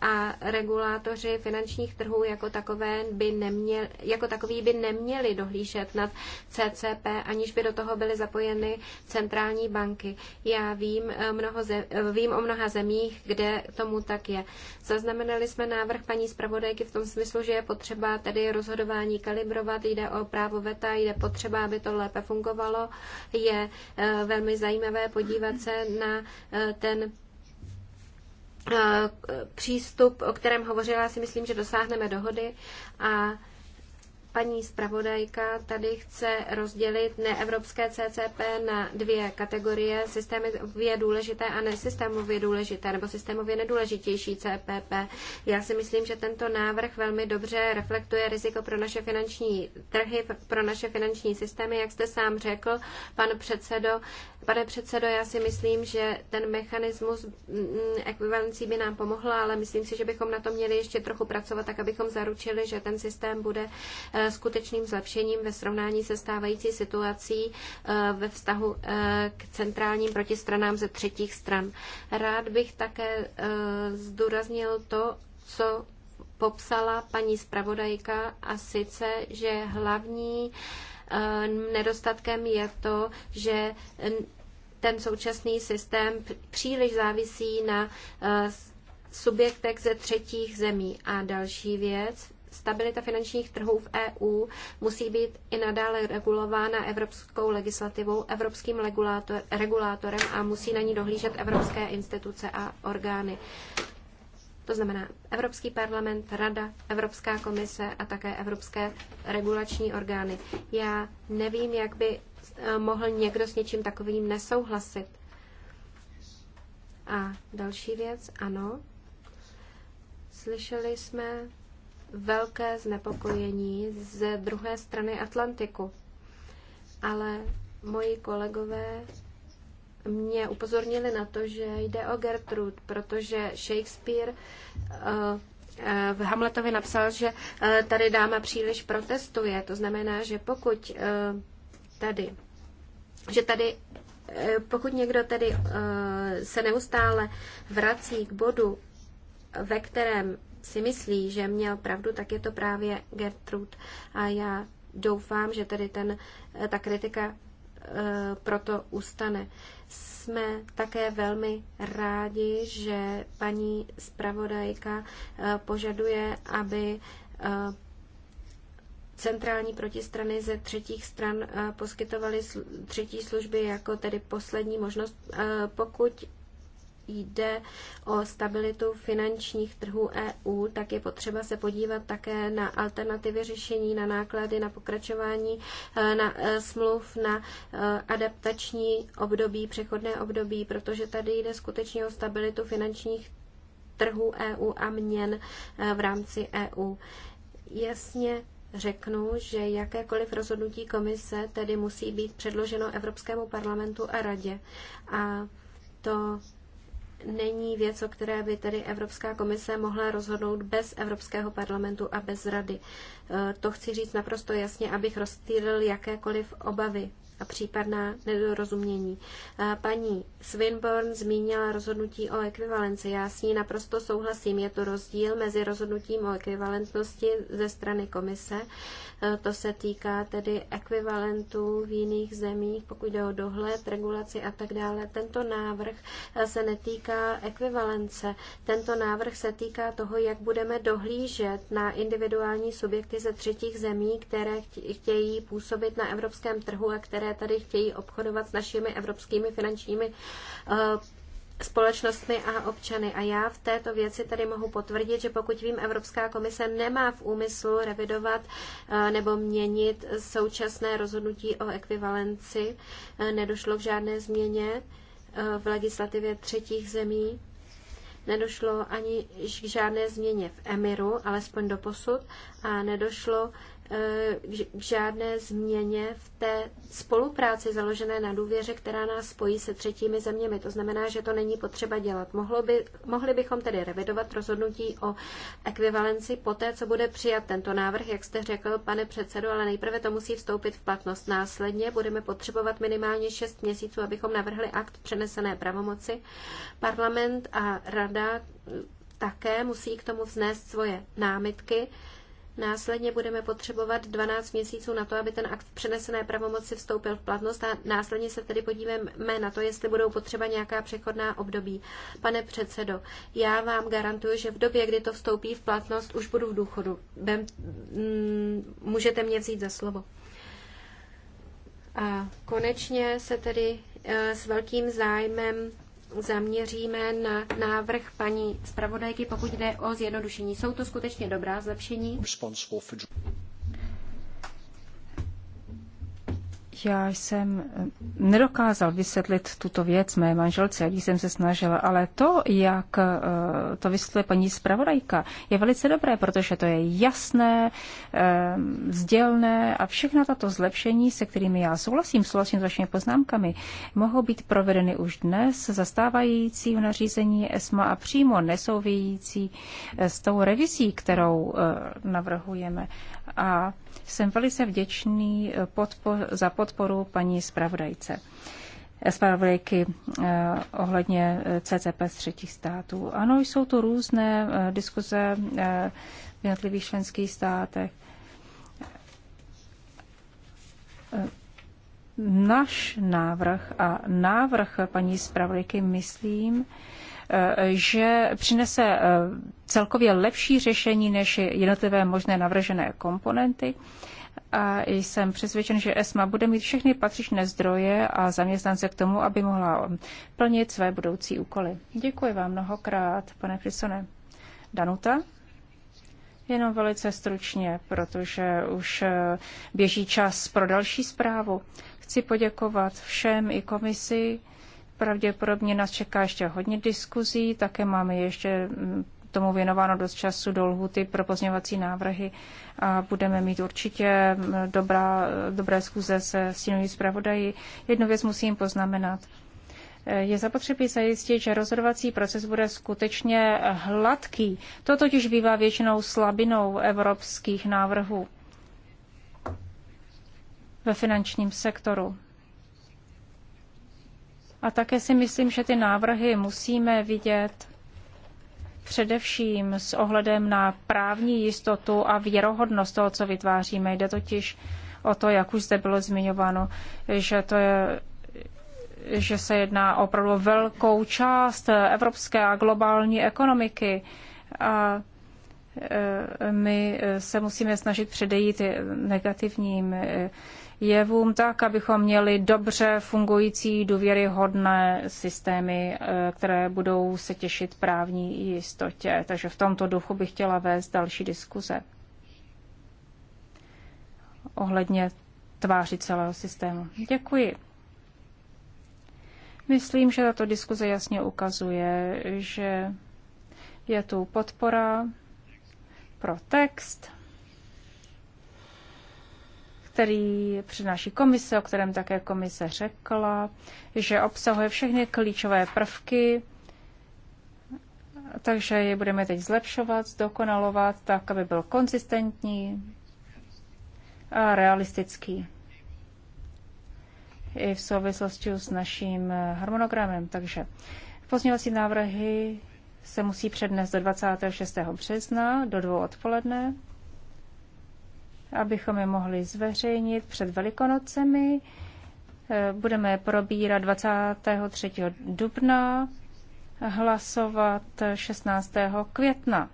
a regulátoři finančních trhů jako, takové by neměli, jako takový by neměli dohlížet nad CCP, aniž by do toho byly zapojeni zapojeny centrální banky. Já vím, eh, mnoho ze, eh, vím o mnoha zemích, kde tomu tak je. Zaznamenali jsme návrh paní zpravodajky v tom smyslu, že je potřeba tedy rozhodování kalibrovat, jde o právo veta, jde potřeba, aby to lépe fungovalo. Je eh, velmi zajímavé podívat se na ten přístup, o kterém hovořila, si myslím, že dosáhneme dohody a paní zpravodajka tady chce rozdělit neevropské CCP na dvě kategorie, systémově důležité a nesystémově důležité, nebo systémově nedůležitější CPP. Já si myslím, že tento návrh velmi dobře reflektuje riziko pro naše finanční trhy, pro naše finanční systémy. Jak jste sám řekl, pan předsedo, pane předsedo, já si myslím, že ten mechanismus mm, ekvivalencí by nám pomohl, ale myslím si, že bychom na to měli ještě trochu pracovat, tak abychom zaručili, že ten systém bude eh, skutečným zlepšením ve srovnání se stávající situací eh, ve vztahu eh, k centrálním protistranám ze třetích stran. Rád bych také eh, zdůraznil to, co popsala paní zpravodajka, a sice, že hlavní nedostatkem je to, že ten současný systém příliš závisí na subjektech ze třetích zemí. A další věc, stabilita finančních trhů v EU musí být i nadále regulována evropskou legislativou, evropským regulátor, regulátorem a musí na ní dohlížet evropské instituce a orgány. To znamená Evropský parlament, Rada, Evropská komise a také evropské regulační orgány. Já nevím, jak by eh, mohl někdo s něčím takovým nesouhlasit. A další věc, ano. Slyšeli jsme velké znepokojení z druhé strany Atlantiku. Ale moji kolegové mě upozornili na to, že jde o Gertrude, protože Shakespeare eh, eh, v Hamletovi napsal, že eh, tady dáma příliš protestuje. To znamená, že pokud tady, že tady pokud někdo tedy se neustále vrací k bodu, ve kterém si myslí, že měl pravdu, tak je to právě Gertrud. A já doufám, že tedy ten, eh, ta kritika eh, proto ustane. Jsme také velmi rádi, že paní zpravodajka eh, požaduje, aby centrální protistrany ze třetích stran poskytovaly třetí služby jako tedy poslední možnost, pokud jde o stabilitu finančních trhů EU, tak je potřeba se podívat také na alternativy řešení, na náklady, na pokračování eh, na eh, smluv, na eh, adaptační období, přechodné období, protože tady jde skutečně o stabilitu finančních trhů EU a měn v rámci EU. Jasně řeknu, že jakékoliv rozhodnutí komise tedy musí být předloženo Evropskému parlamentu a radě. A to není věc, o které by tedy Evropská komise mohla rozhodnout bez Evropského parlamentu a bez rady. E, to chci říct naprosto jasně, abych rozstýlil jakékoliv obavy a případná nedorozumění. Paní Swinburne zmínila rozhodnutí o ekvivalenci. Já s ní naprosto souhlasím. Je to rozdíl mezi rozhodnutím o ekvivalentnosti ze strany komise. E, to se týká tedy ekvivalentů v jiných zemích, pokud jde o dohled, regulaci a tak dále. Tento návrh e, se netýká ekvivalence. Tento návrh se týká toho, jak budeme dohlížet na individuální subjekty ze třetích zemí, které chtějí působit na evropském trhu a které které tady chtějí obchodovat s našimi evropskými finančními eh, společnostmi a občany. A já v této věci tady mohu potvrdit, že pokud vím, Evropská komise nemá v úmyslu revidovat eh, nebo měnit současné rozhodnutí o ekvivalenci. Eh, nedošlo k žádné změně v legislativě třetích zemí. Nedošlo ani k žádné změně v Emiru, alespoň do posud, a nedošlo k eh, žádné změně v té spolupráci založené na důvěře, která nás spojí se třetími zeměmi. To znamená, že to není potřeba dělat. Mohlo by, mohli bychom tedy revidovat rozhodnutí o ekvivalenci poté, co bude přijat tento návrh, jak jste řekl, pane předsedo, ale nejprve to musí vstoupit v platnost. Následně budeme potřebovat minimálně 6 měsíců, abychom navrhli akt přenesené pravomoci. Parlament a rada také musí k tomu vznést svoje námitky. Následně budeme potřebovat 12 měsíců na to, aby ten akt přenesené pravomoci vstoupil v platnost a následně se tedy podíváme na to, jestli budou potřeba nějaká přechodná období. Pane předsedo, já vám garantuju, že v době, kdy to vstoupí v platnost, už budu v důchodu. Bem, mm, můžete mě vzít za slovo. A konečně se tedy eh, s velkým zájmem zaměříme na návrh paní zpravodajky, pokud jde o zjednodušení. Jsou to skutečně dobrá zlepšení? Já jsem eh, nedokázal vysvětlit tuto věc mé manželce, když jsem se snažila, ale to, jak eh, to vysvětluje paní zpravodajka, je velice dobré, protože to je jasné, vzdělné eh, a všechna tato zlepšení, se kterými já souhlasím, souhlasím s vašimi poznámkami, mohou být provedeny už dnes zastávajícího nařízení ESMA a přímo nesouvějící s tou revizí, kterou navrhujeme. A jsem velice vděčný podpo- za podporu podporu paní zpravodajce zpravodajky eh, ohledně eh, CCP z třetích států. Ano, jsou tu různé eh, diskuze v jednotlivých členských státech. Náš návrh a návrh paní zpravodajky, myslím, že přinese celkově lepší řešení než jednotlivé možné navržené komponenty a jsem přesvědčen, že ESMA bude mít všechny patřičné zdroje a zaměstnance k tomu, aby mohla plnit své budoucí úkoly. Děkuji vám mnohokrát, pane Frisone. Danuta? Jenom velice stručně, protože už eh, běží čas pro další zprávu. Chci poděkovat všem i komisi. Pravděpodobně nás čeká ještě hodně diskuzí, také máme ještě mm, tomu věnováno dost času do lhuty pro pozměňovací návrhy a budeme mít určitě dobrá, dobré zkuze se stínovým zpravodaji. Jednu věc musím poznamenat. E, je zapotřebí zajistit, že rozhodovací proces bude skutečně hladký. To totiž bývá většinou slabinou evropských návrhů ve finančním sektoru. A také si myslím, že ty návrhy musíme vidět především s ohledem na právní jistotu a věrohodnost toho, co vytváříme. Jde totiž o to, jak už zde bylo zmiňováno, že to je že se jedná opravdu o velkou část evropské a globální ekonomiky. A e, my se musíme snažit předejít negativním e, jevům tak, abychom měli dobře fungující důvěryhodné systémy, eh, které budou se těšit právní jistotě. Takže v tomto duchu bych chtěla vést další diskuze ohledně tváři celého systému. Děkuji. Myslím, že tato diskuze jasně ukazuje, že je tu podpora pro text, který přináší komise, o kterém také komise řekla, že obsahuje všechny klíčové prvky, takže je budeme teď zlepšovat, zdokonalovat, tak, aby byl konzistentní a realistický i v souvislosti s naším harmonogramem. Takže pozměňovací návrhy se musí přednést do 26. března do dvou odpoledne abychom je mohli zveřejnit před Velikonocemi. Eh, budeme probírat 23. dubna, hlasovat 16. května.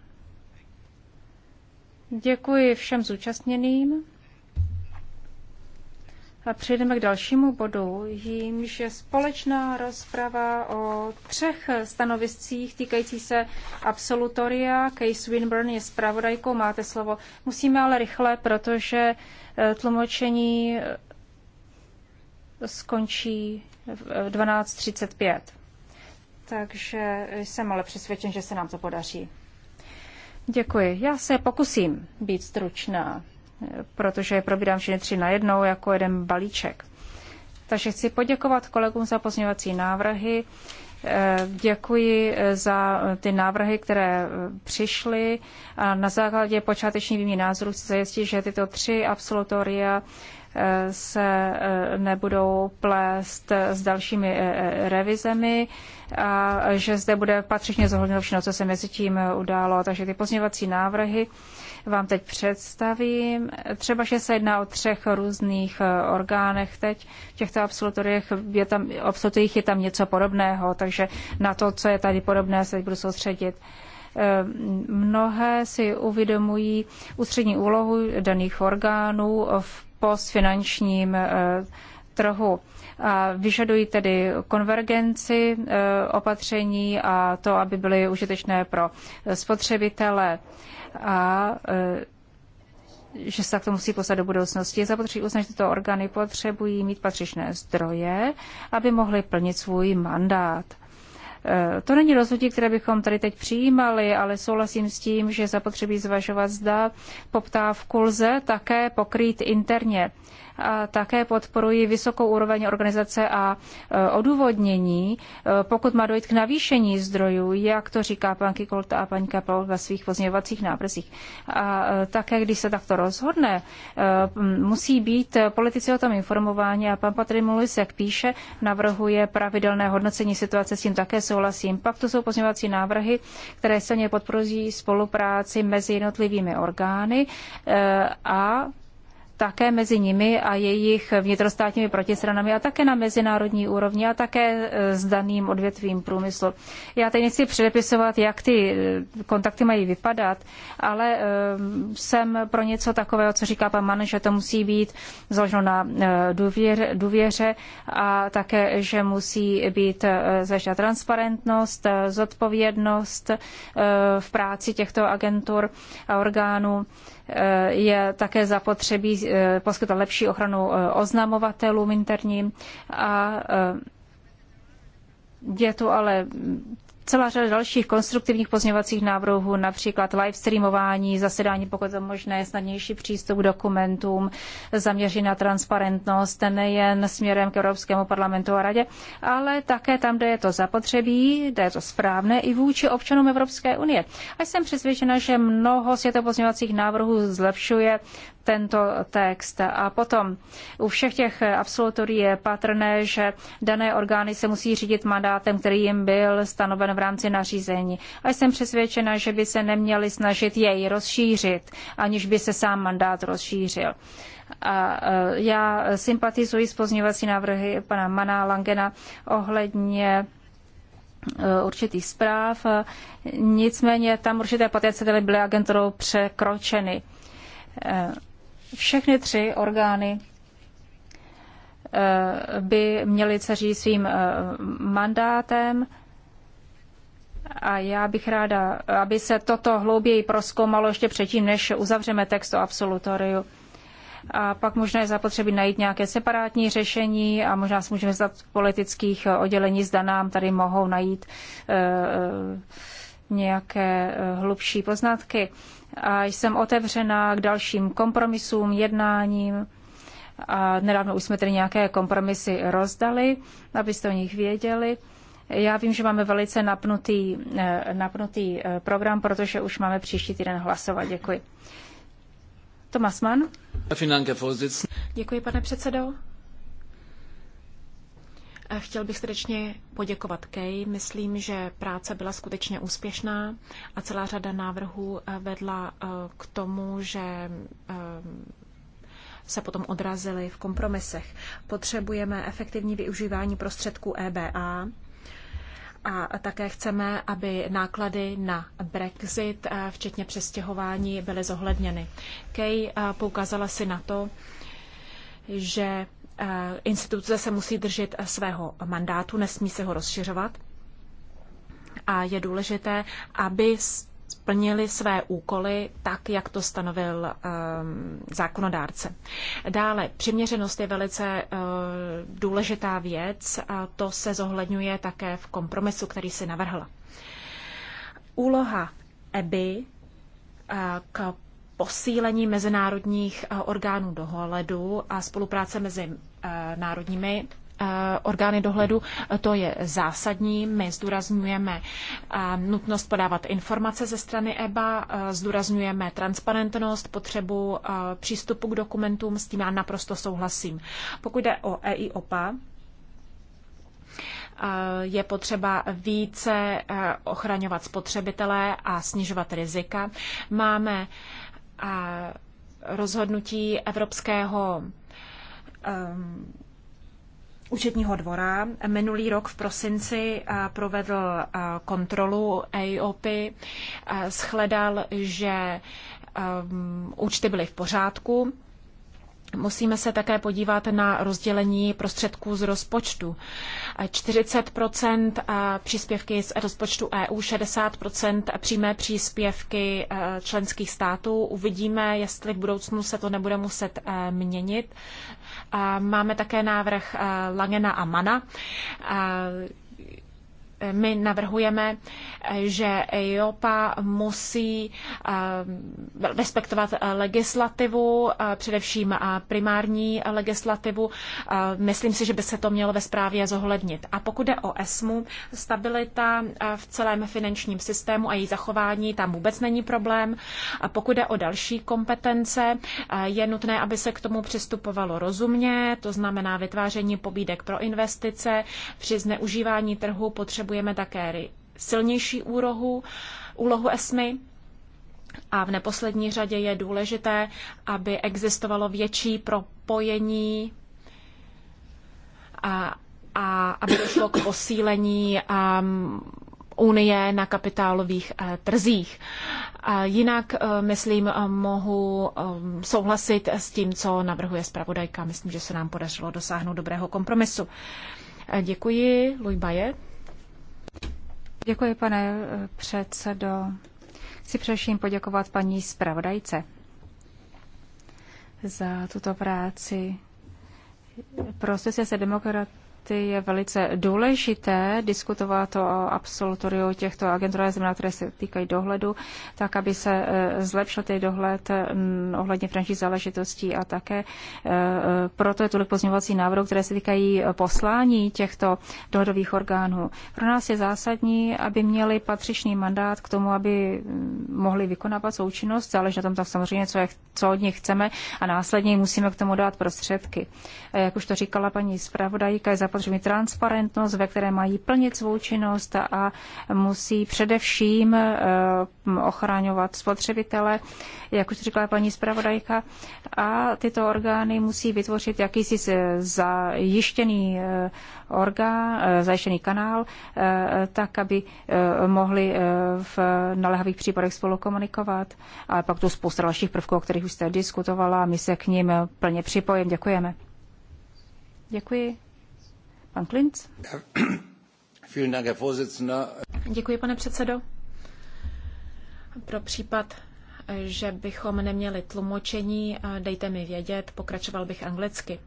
Děkuji všem zúčastněným. A přejdeme k dalšímu bodu, jímž je společná rozprava o třech stanoviscích týkající se absolutoria. Case Swinburne je zpravodajkou, máte slovo. Musíme ale rychle, protože eh, tlumočení eh, skončí v 12.35. Eh, Takže jsem ale přesvědčen, že se nám to podaří. Děkuji. Já se pokusím být stručná protože je probírám všechny tři najednou jako jeden balíček. Takže chci poděkovat kolegům za pozměňovací návrhy. Eh, děkuji eh, za ty návrhy, které eh, přišly. A na základě počáteční výměny názorů chci zajistit, že tyto tři absolutoria se nebudou plést s dalšími revizemi a že zde bude patřičně zohledněno všechno, co se mezi tím událo. Takže ty pozměňovací návrhy vám teď představím. Třeba, že se jedná o třech různých eh, orgánech teď. V těchto absolutoriech je tam, absolutoriích je tam něco podobného, takže na to, co je tady podobné, se teď budu soustředit eh, mnohé si uvědomují ústřední úlohu daných orgánů v postfinančním eh, trhu a vyžadují tedy konvergenci e, opatření a to, aby byly užitečné pro spotřebitele a e, že se tak to musí poslat do budoucnosti. Je zapotřebí uznat, že tyto orgány potřebují mít patřičné zdroje, aby mohly plnit svůj mandát. E, to není rozhodnutí, které bychom tady teď přijímali, ale souhlasím s tím, že zapotřebí zvažovat, zda poptávku lze také pokrýt interně. A také podporuji vysokou úroveň organizace a e, odůvodnění, e, pokud má dojít k navýšení zdrojů, jak to říká pan Kikolta a paní Kapel ve svých pozměňovacích návrzích. A e, také, když se takto rozhodne, musí být politici o tom informováni a pan Patrik Mulis, jak píše, navrhuje pravidelné hodnocení situace, s tím také souhlasím. Pak to jsou pozměňovací návrhy, které silně podporují spolupráci mezi jednotlivými orgány a také mezi nimi a jejich vnitrostátními protistranami a také na mezinárodní úrovni a také e, s daným odvětvím průmyslu. Já teď nechci předepisovat, jak ty e, kontakty mají vypadat, ale e, jsem pro něco takového, co říká pan Mane, že to musí být založeno na důvěře a také, že musí být zažita transparentnost, zodpovědnost v práci těchto agentur a orgánů je také zapotřebí eh, poskytovat lepší ochranu eh, oznamovatelům interním a eh, je tu ale celá řada dalších konstruktivních pozměňovacích návrhů, například live streamování, zasedání, pokud je možné, snadnější přístup k dokumentům, zaměření na transparentnost, nejen směrem k Evropskému parlamentu a radě, ale také tam, kde je to zapotřebí, kde je to správné i vůči občanům Evropské unie. A jsem přesvědčena, že mnoho z těchto pozměňovacích návrhů zlepšuje tento text. A potom u všech těch absolutorí je patrné, že dané orgány se musí řídit mandátem, který jim byl stanoven v rámci nařízení. A jsem přesvědčena, že by se neměli snažit jej rozšířit, aniž by se sám mandát rozšířil. A e, já sympatizuji s pozměňovací návrhy pana Mana Langena ohledně e, určitých zpráv, nicméně tam určité potenciály byly agenturou překročeny. E, všechny tři orgány eh, by měly ceří svým eh, mandátem a já bych ráda, aby se toto hlouběji proskoumalo ještě předtím, než uzavřeme text o absolutoriu. A pak možná je zapotřebí najít nějaké separátní řešení a možná se můžeme zdat politických oddělení, zda nám tady mohou najít uh, nějaké eh, hlubší poznatky. A jsem otevřená k dalším kompromisům, jednáním. A nedávno už jsme tedy nějaké kompromisy rozdali, abyste o nich věděli. Já vím, že máme velice napnutý, eh, napnutý eh, program, protože už máme příští týden hlasovat. Děkuji. Tomas Mann. Děkuji, pane předsedo. Chtěl bych srdečně poděkovat Kej. Myslím, že práce byla skutečně úspěšná a celá řada návrhů eh, vedla eh, k tomu, že eh, se potom odrazily v kompromisech. Potřebujeme efektivní využívání prostředků EBA a také chceme, aby náklady na Brexit, včetně přestěhování, byly zohledněny. Kej poukázala si na to, že Eh, instituce se musí držet eh, svého mandátu, nesmí se ho rozšiřovat. A je důležité, aby splnili své úkoly tak, jak to stanovil um, zákonodárce. Dále, přiměřenost je velice uh, důležitá věc a to se zohledňuje také v kompromisu, který si navrhla. Úloha EBY uh, k posílení mezinárodních eh, orgánů dohledu a spolupráce mezi eh, národními eh, orgány dohledu, to je zásadní. My zdůrazňujeme nutnost podávat informace ze strany EBA, zdůrazňujeme transparentnost, potřebu přístupu k dokumentům, s tím já naprosto souhlasím. Pokud jde o EIOPA, je potřeba více ochraňovat spotřebitele a snižovat rizika. Máme a rozhodnutí Evropského um, účetního dvora. Minulý rok v prosinci uh, provedl uh, kontrolu EIOPy, uh, shledal, že um, účty byly v pořádku Musíme se také podívat na rozdělení prostředků z rozpočtu. 40 eh, příspěvky z rozpočtu EU, 60 přímé příspěvky eh, členských států. Uvidíme, jestli v budoucnu se to nebude muset eh, měnit. Máme také návrh Langena a Mana my navrhujeme, že EIOPA musí eh, respektovat legislativu, eh, především eh, primární legislativu. Myslím si, že by se to mělo ve zprávě zohlednit. A pokud jde o ESMu, stabilita v celém finančním systému a její zachování, tam vůbec není problém. A pokud jde o další kompetence, je nutné, aby se k tomu přistupovalo rozumně, to znamená vytváření pobídek pro investice. Při zneužívání trhu potřebu potřebujeme také silnější úrohu, úlohu ESMY. A v neposlední řadě je důležité, aby existovalo větší propojení a, a aby došlo k posílení um, unie na kapitálových eh, trzích. A jinak, eh, myslím, eh, mohu souhlasit s tím, co navrhuje zpravodajka. Myslím, že se nám podařilo dosáhnout dobrého kompromisu. Děkuji, Louis Baje. Děkuji, pane eh, předsedo. Chci především poděkovat paní zpravodajce za tuto práci. Pro prostě se demokrat ty je velice důležité diskutovat o absolutoriu těchto agenturách, zejména které se týkají dohledu, tak aby se e, zlepšil ten dohled ohledně finančních záležitostí a také e, e, proto je tolik pozměňovací návrhů, které se týkají poslání těchto dohodových orgánů. Pro nás je zásadní, aby měli patřičný mandát k tomu, aby mohli vykonávat součinnost, záleží na tom tak samozřejmě, co, je, co od nich chceme a následně musíme k tomu dát prostředky. Jak už to říkala paní zpravodajka, je potřebují transparentnost, ve které mají plnit svou činnost a musí především eh, ochraňovat spotřebitele, jak už říkala paní zpravodajka. A tyto orgány musí vytvořit jakýsi zajištěný eh, orgán, eh, zajištěný kanál, tak, aby mohli v naléhavých případech spolu komunikovat. A pak tu spousta dalších prvků, o kterých už jste diskutovala, my se k ním plně připojím. Děkujeme. Děkuji. Děkuji, pane předsedající Pro případ, že bychom neměli tlumočení, dejte mi vědět, pokračoval bych anglicky.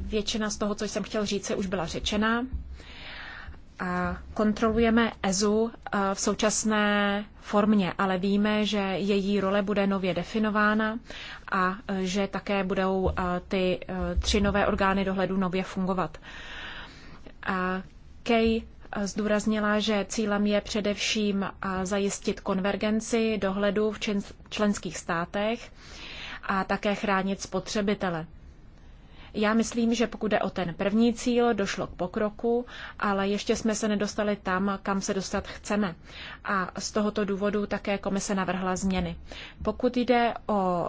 většina z toho, co jsem chtěl říct, už byla řečena. A kontrolujeme EZU eh, v současné formě, ale víme, že její role bude nově definována a eh, že také budou eh, ty eh, tři nové orgány dohledu nově fungovat. Kej zdůraznila, že cílem je především zajistit konvergenci dohledu v členských státech a také chránit spotřebitele. Já myslím, že pokud jde o ten první cíl, došlo k pokroku, ale ještě jsme se nedostali tam, kam se dostat chceme. A z tohoto důvodu také komise navrhla změny. Pokud jde o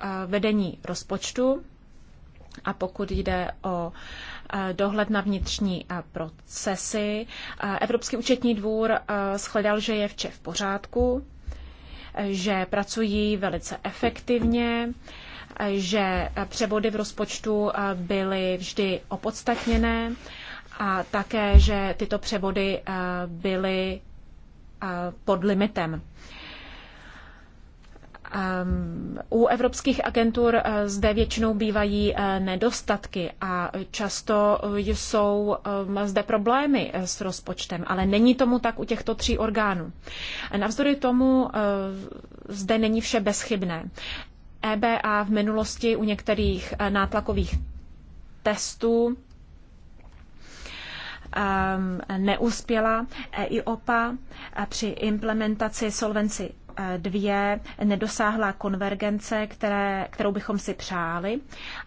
Eh, vedení rozpočtu a pokud jde o eh, dohled na vnitřní eh, procesy, Evropský účetní dvůr shledal, že je vše v pořádku, že pracují velice efektivně, že převody v rozpočtu byly vždy opodstatněné a také, že tyto převody byly pod limitem. Um, u evropských agentur eh, zde většinou bývají eh, nedostatky a často eh, jsou zde problémy s rozpočtem, ale není tomu tak u těchto tří orgánů. Navzdory tomu zde není vše bezchybné. EBA v minulosti u některých nátlakových testů ehm, neuspěla. EIOPA při implementaci Solvency dvě nedosáhla konvergence, které, kterou bychom si přáli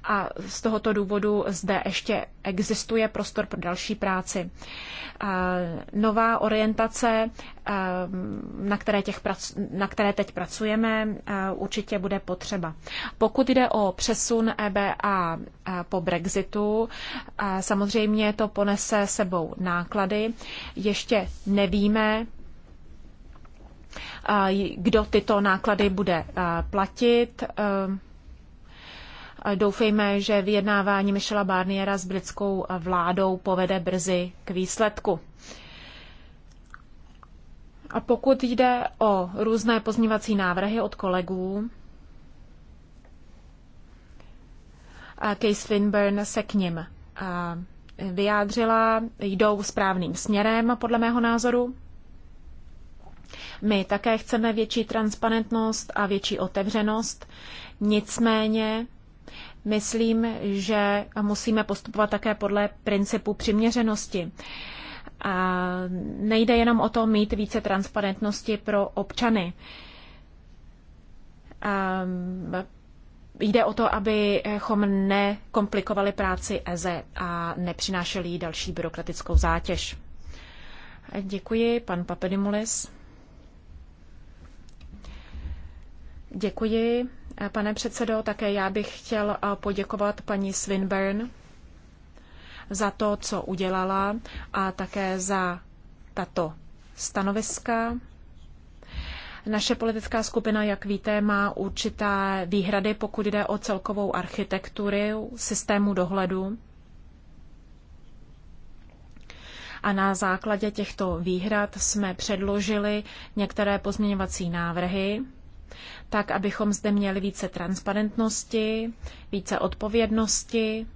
a z tohoto důvodu zde ještě existuje prostor pro další práci. Nová orientace, na které, těch, na které teď pracujeme, určitě bude potřeba. Pokud jde o přesun EBA po Brexitu, samozřejmě to ponese sebou náklady. Ještě nevíme, kdo tyto náklady bude platit. Doufejme, že vyjednávání Michela Barniera s britskou vládou povede brzy k výsledku. A pokud jde o různé pozměvací návrhy od kolegů, Case Finburn se k ním vyjádřila, jdou správným směrem, podle mého názoru. My také chceme větší transparentnost a větší otevřenost. Nicméně myslím, že musíme postupovat také podle principu přiměřenosti. A nejde jenom o to mít více transparentnosti pro občany. A jde o to, abychom nekomplikovali práci EZE e a nepřinášeli jí další byrokratickou zátěž. Děkuji, pan Papedimulis. Děkuji, pane předsedo. Také já bych chtěl eh, poděkovat paní Swinburn za to, co udělala a také za tato stanoviska. Naše politická skupina, jak víte, má určité výhrady, pokud jde o celkovou architekturu systému dohledu. A na základě těchto výhrad jsme předložili některé pozměňovací návrhy tak abychom zde měli více transparentnosti, více odpovědnosti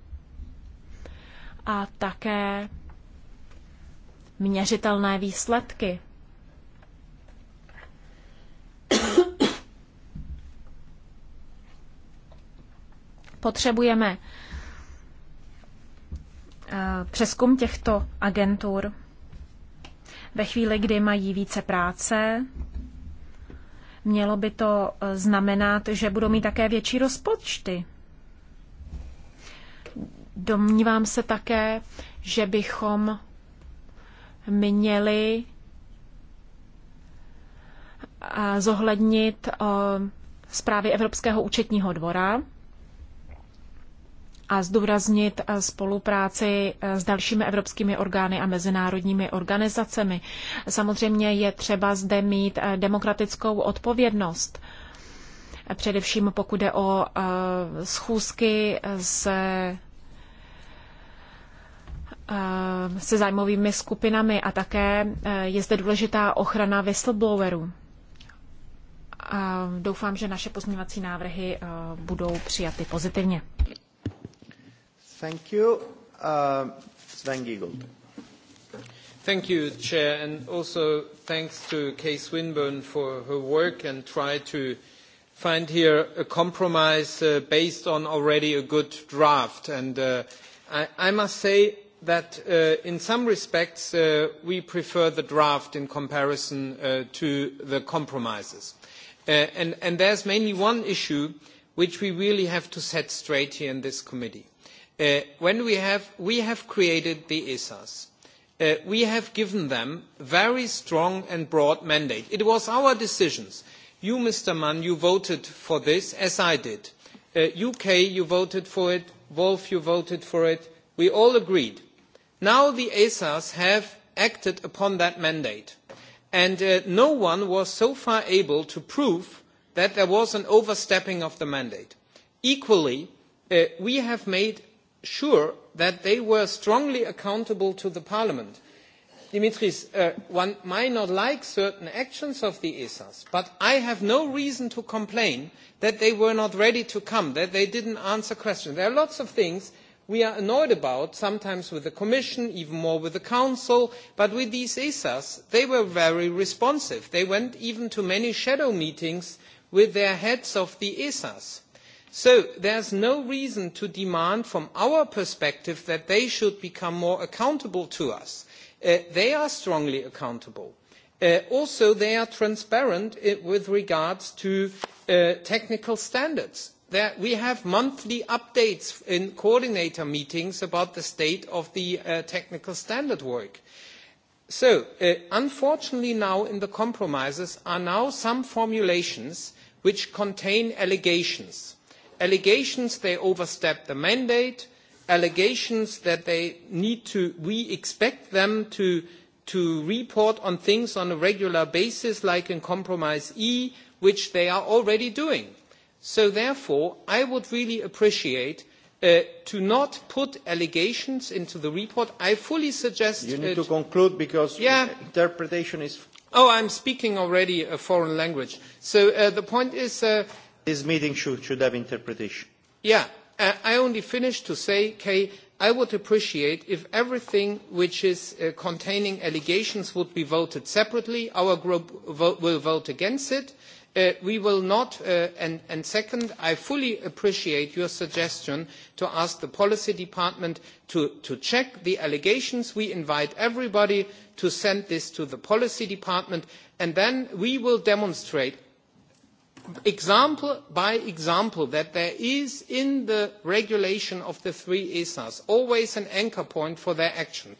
a také měřitelné výsledky. Potřebujeme eh, přeskum těchto agentur ve chvíli, kdy mají více práce, Mělo by to eh, znamenat, že budou mít také větší rozpočty. Domnívám se také, že bychom měli eh, zohlednit eh, zprávy Evropského účetního dvora a zdůraznit eh, spolupráci eh, s dalšími evropskými orgány a mezinárodními organizacemi. Samozřejmě je třeba zde mít eh, demokratickou odpovědnost především pokud jde o schůzky se, se zájmovými skupinami a také je zde důležitá ochrana whistleblowerů. doufám, že naše pozměňovací návrhy budou přijaty pozitivně. Thank you. Uh, Sven Giegold. Thank you, Chair, and also thanks to Kay Swinburne for her work and try to find here a compromise uh, based on already a good draft. And uh, I, I must say that uh, in some respects uh, we prefer the draft in comparison uh, to the compromises. Uh, and, and there's mainly one issue which we really have to set straight here in this committee Uh, when we have, we have created the ESAs. Uh, we have given them very strong and broad mandate. It was our decisions. You, Mr. Mann, you voted for this, as I did. Uh, UK, you voted for it. Wolf, you voted for it. We all agreed. Now the ESAs have acted upon that mandate. And uh, no one was so far able to prove that there was an overstepping of the mandate. Equally, uh, we have made sure that they were strongly accountable to the parliament. Dimitris, uh, one might not like certain actions of the ESAs, but I have no reason to complain that they were not ready to come, that they didn't answer questions. There are lots of things we are annoyed about, sometimes with the Commission, even more with the Council, but with these ESAs, they were very responsive. They went even to many shadow meetings with their heads of the ESAs So there's no reason to demand from our perspective that they should become more accountable to us. Uh, they are strongly accountable. Uh, also, they are transparent uh, with regards to uh, technical standards. There, we have monthly updates in coordinator meetings about the state of the uh, technical standard work. So, unfortunately now in the compromises are now some formulations which contain allegations allegations they overstepped the mandate, allegations that they need to, we expect them to, to report on things on a regular basis, like in Compromise E, which they are already doing. So therefore, I would really appreciate Uh, to not put allegations into the report. I fully suggest... You need to conclude because yeah, interpretation is... Oh, I'm speaking already a foreign language. So uh, the point is, uh, This meeting should, should have interpretation. Yeah, uh, I only finished to say, Kay, I would appreciate if everything which is uh, containing allegations would be voted separately. Our group vote, will vote against it. Uh, we will not, uh, and, and second, I fully appreciate your suggestion to ask the policy department to, to check the allegations. We invite everybody to send this to the policy department, and then we will demonstrate example by example that there is in the regulation of the three esas always an anchor point for their action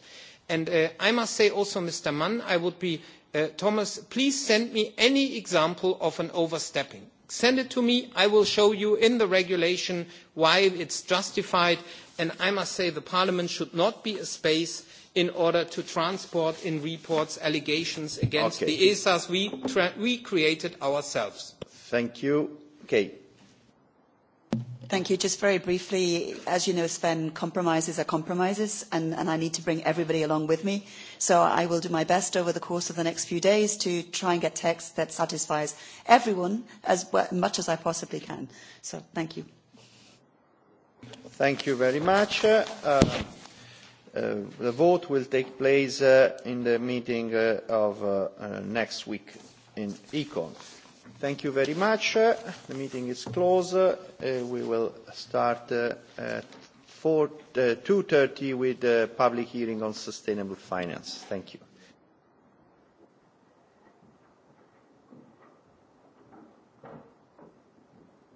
and uh, i must say also mr mann i would be uh, thomas please send me any example of an overstepping send it to me i will show you in the regulation why it's justified and i must say the parliament should not be a space in order to transport in reports allegations against okay. the esas we, we created ourselves Thank you. Okay. Thank you. Just very briefly, as you know, Sven, compromises are compromises, and, and I need to bring everybody along with me. So I will do my best over the course of the next few days to try and get text that satisfies everyone as well, much as I possibly can. So thank you. Thank you very much. Uh, uh, the vote will take place uh, in the meeting uh, of uh, uh, next week in Econ. Thank you very much. The meeting is closed. Uh, we will start uh, at 4, uh, 2.30 with the public hearing on sustainable finance. Thank you.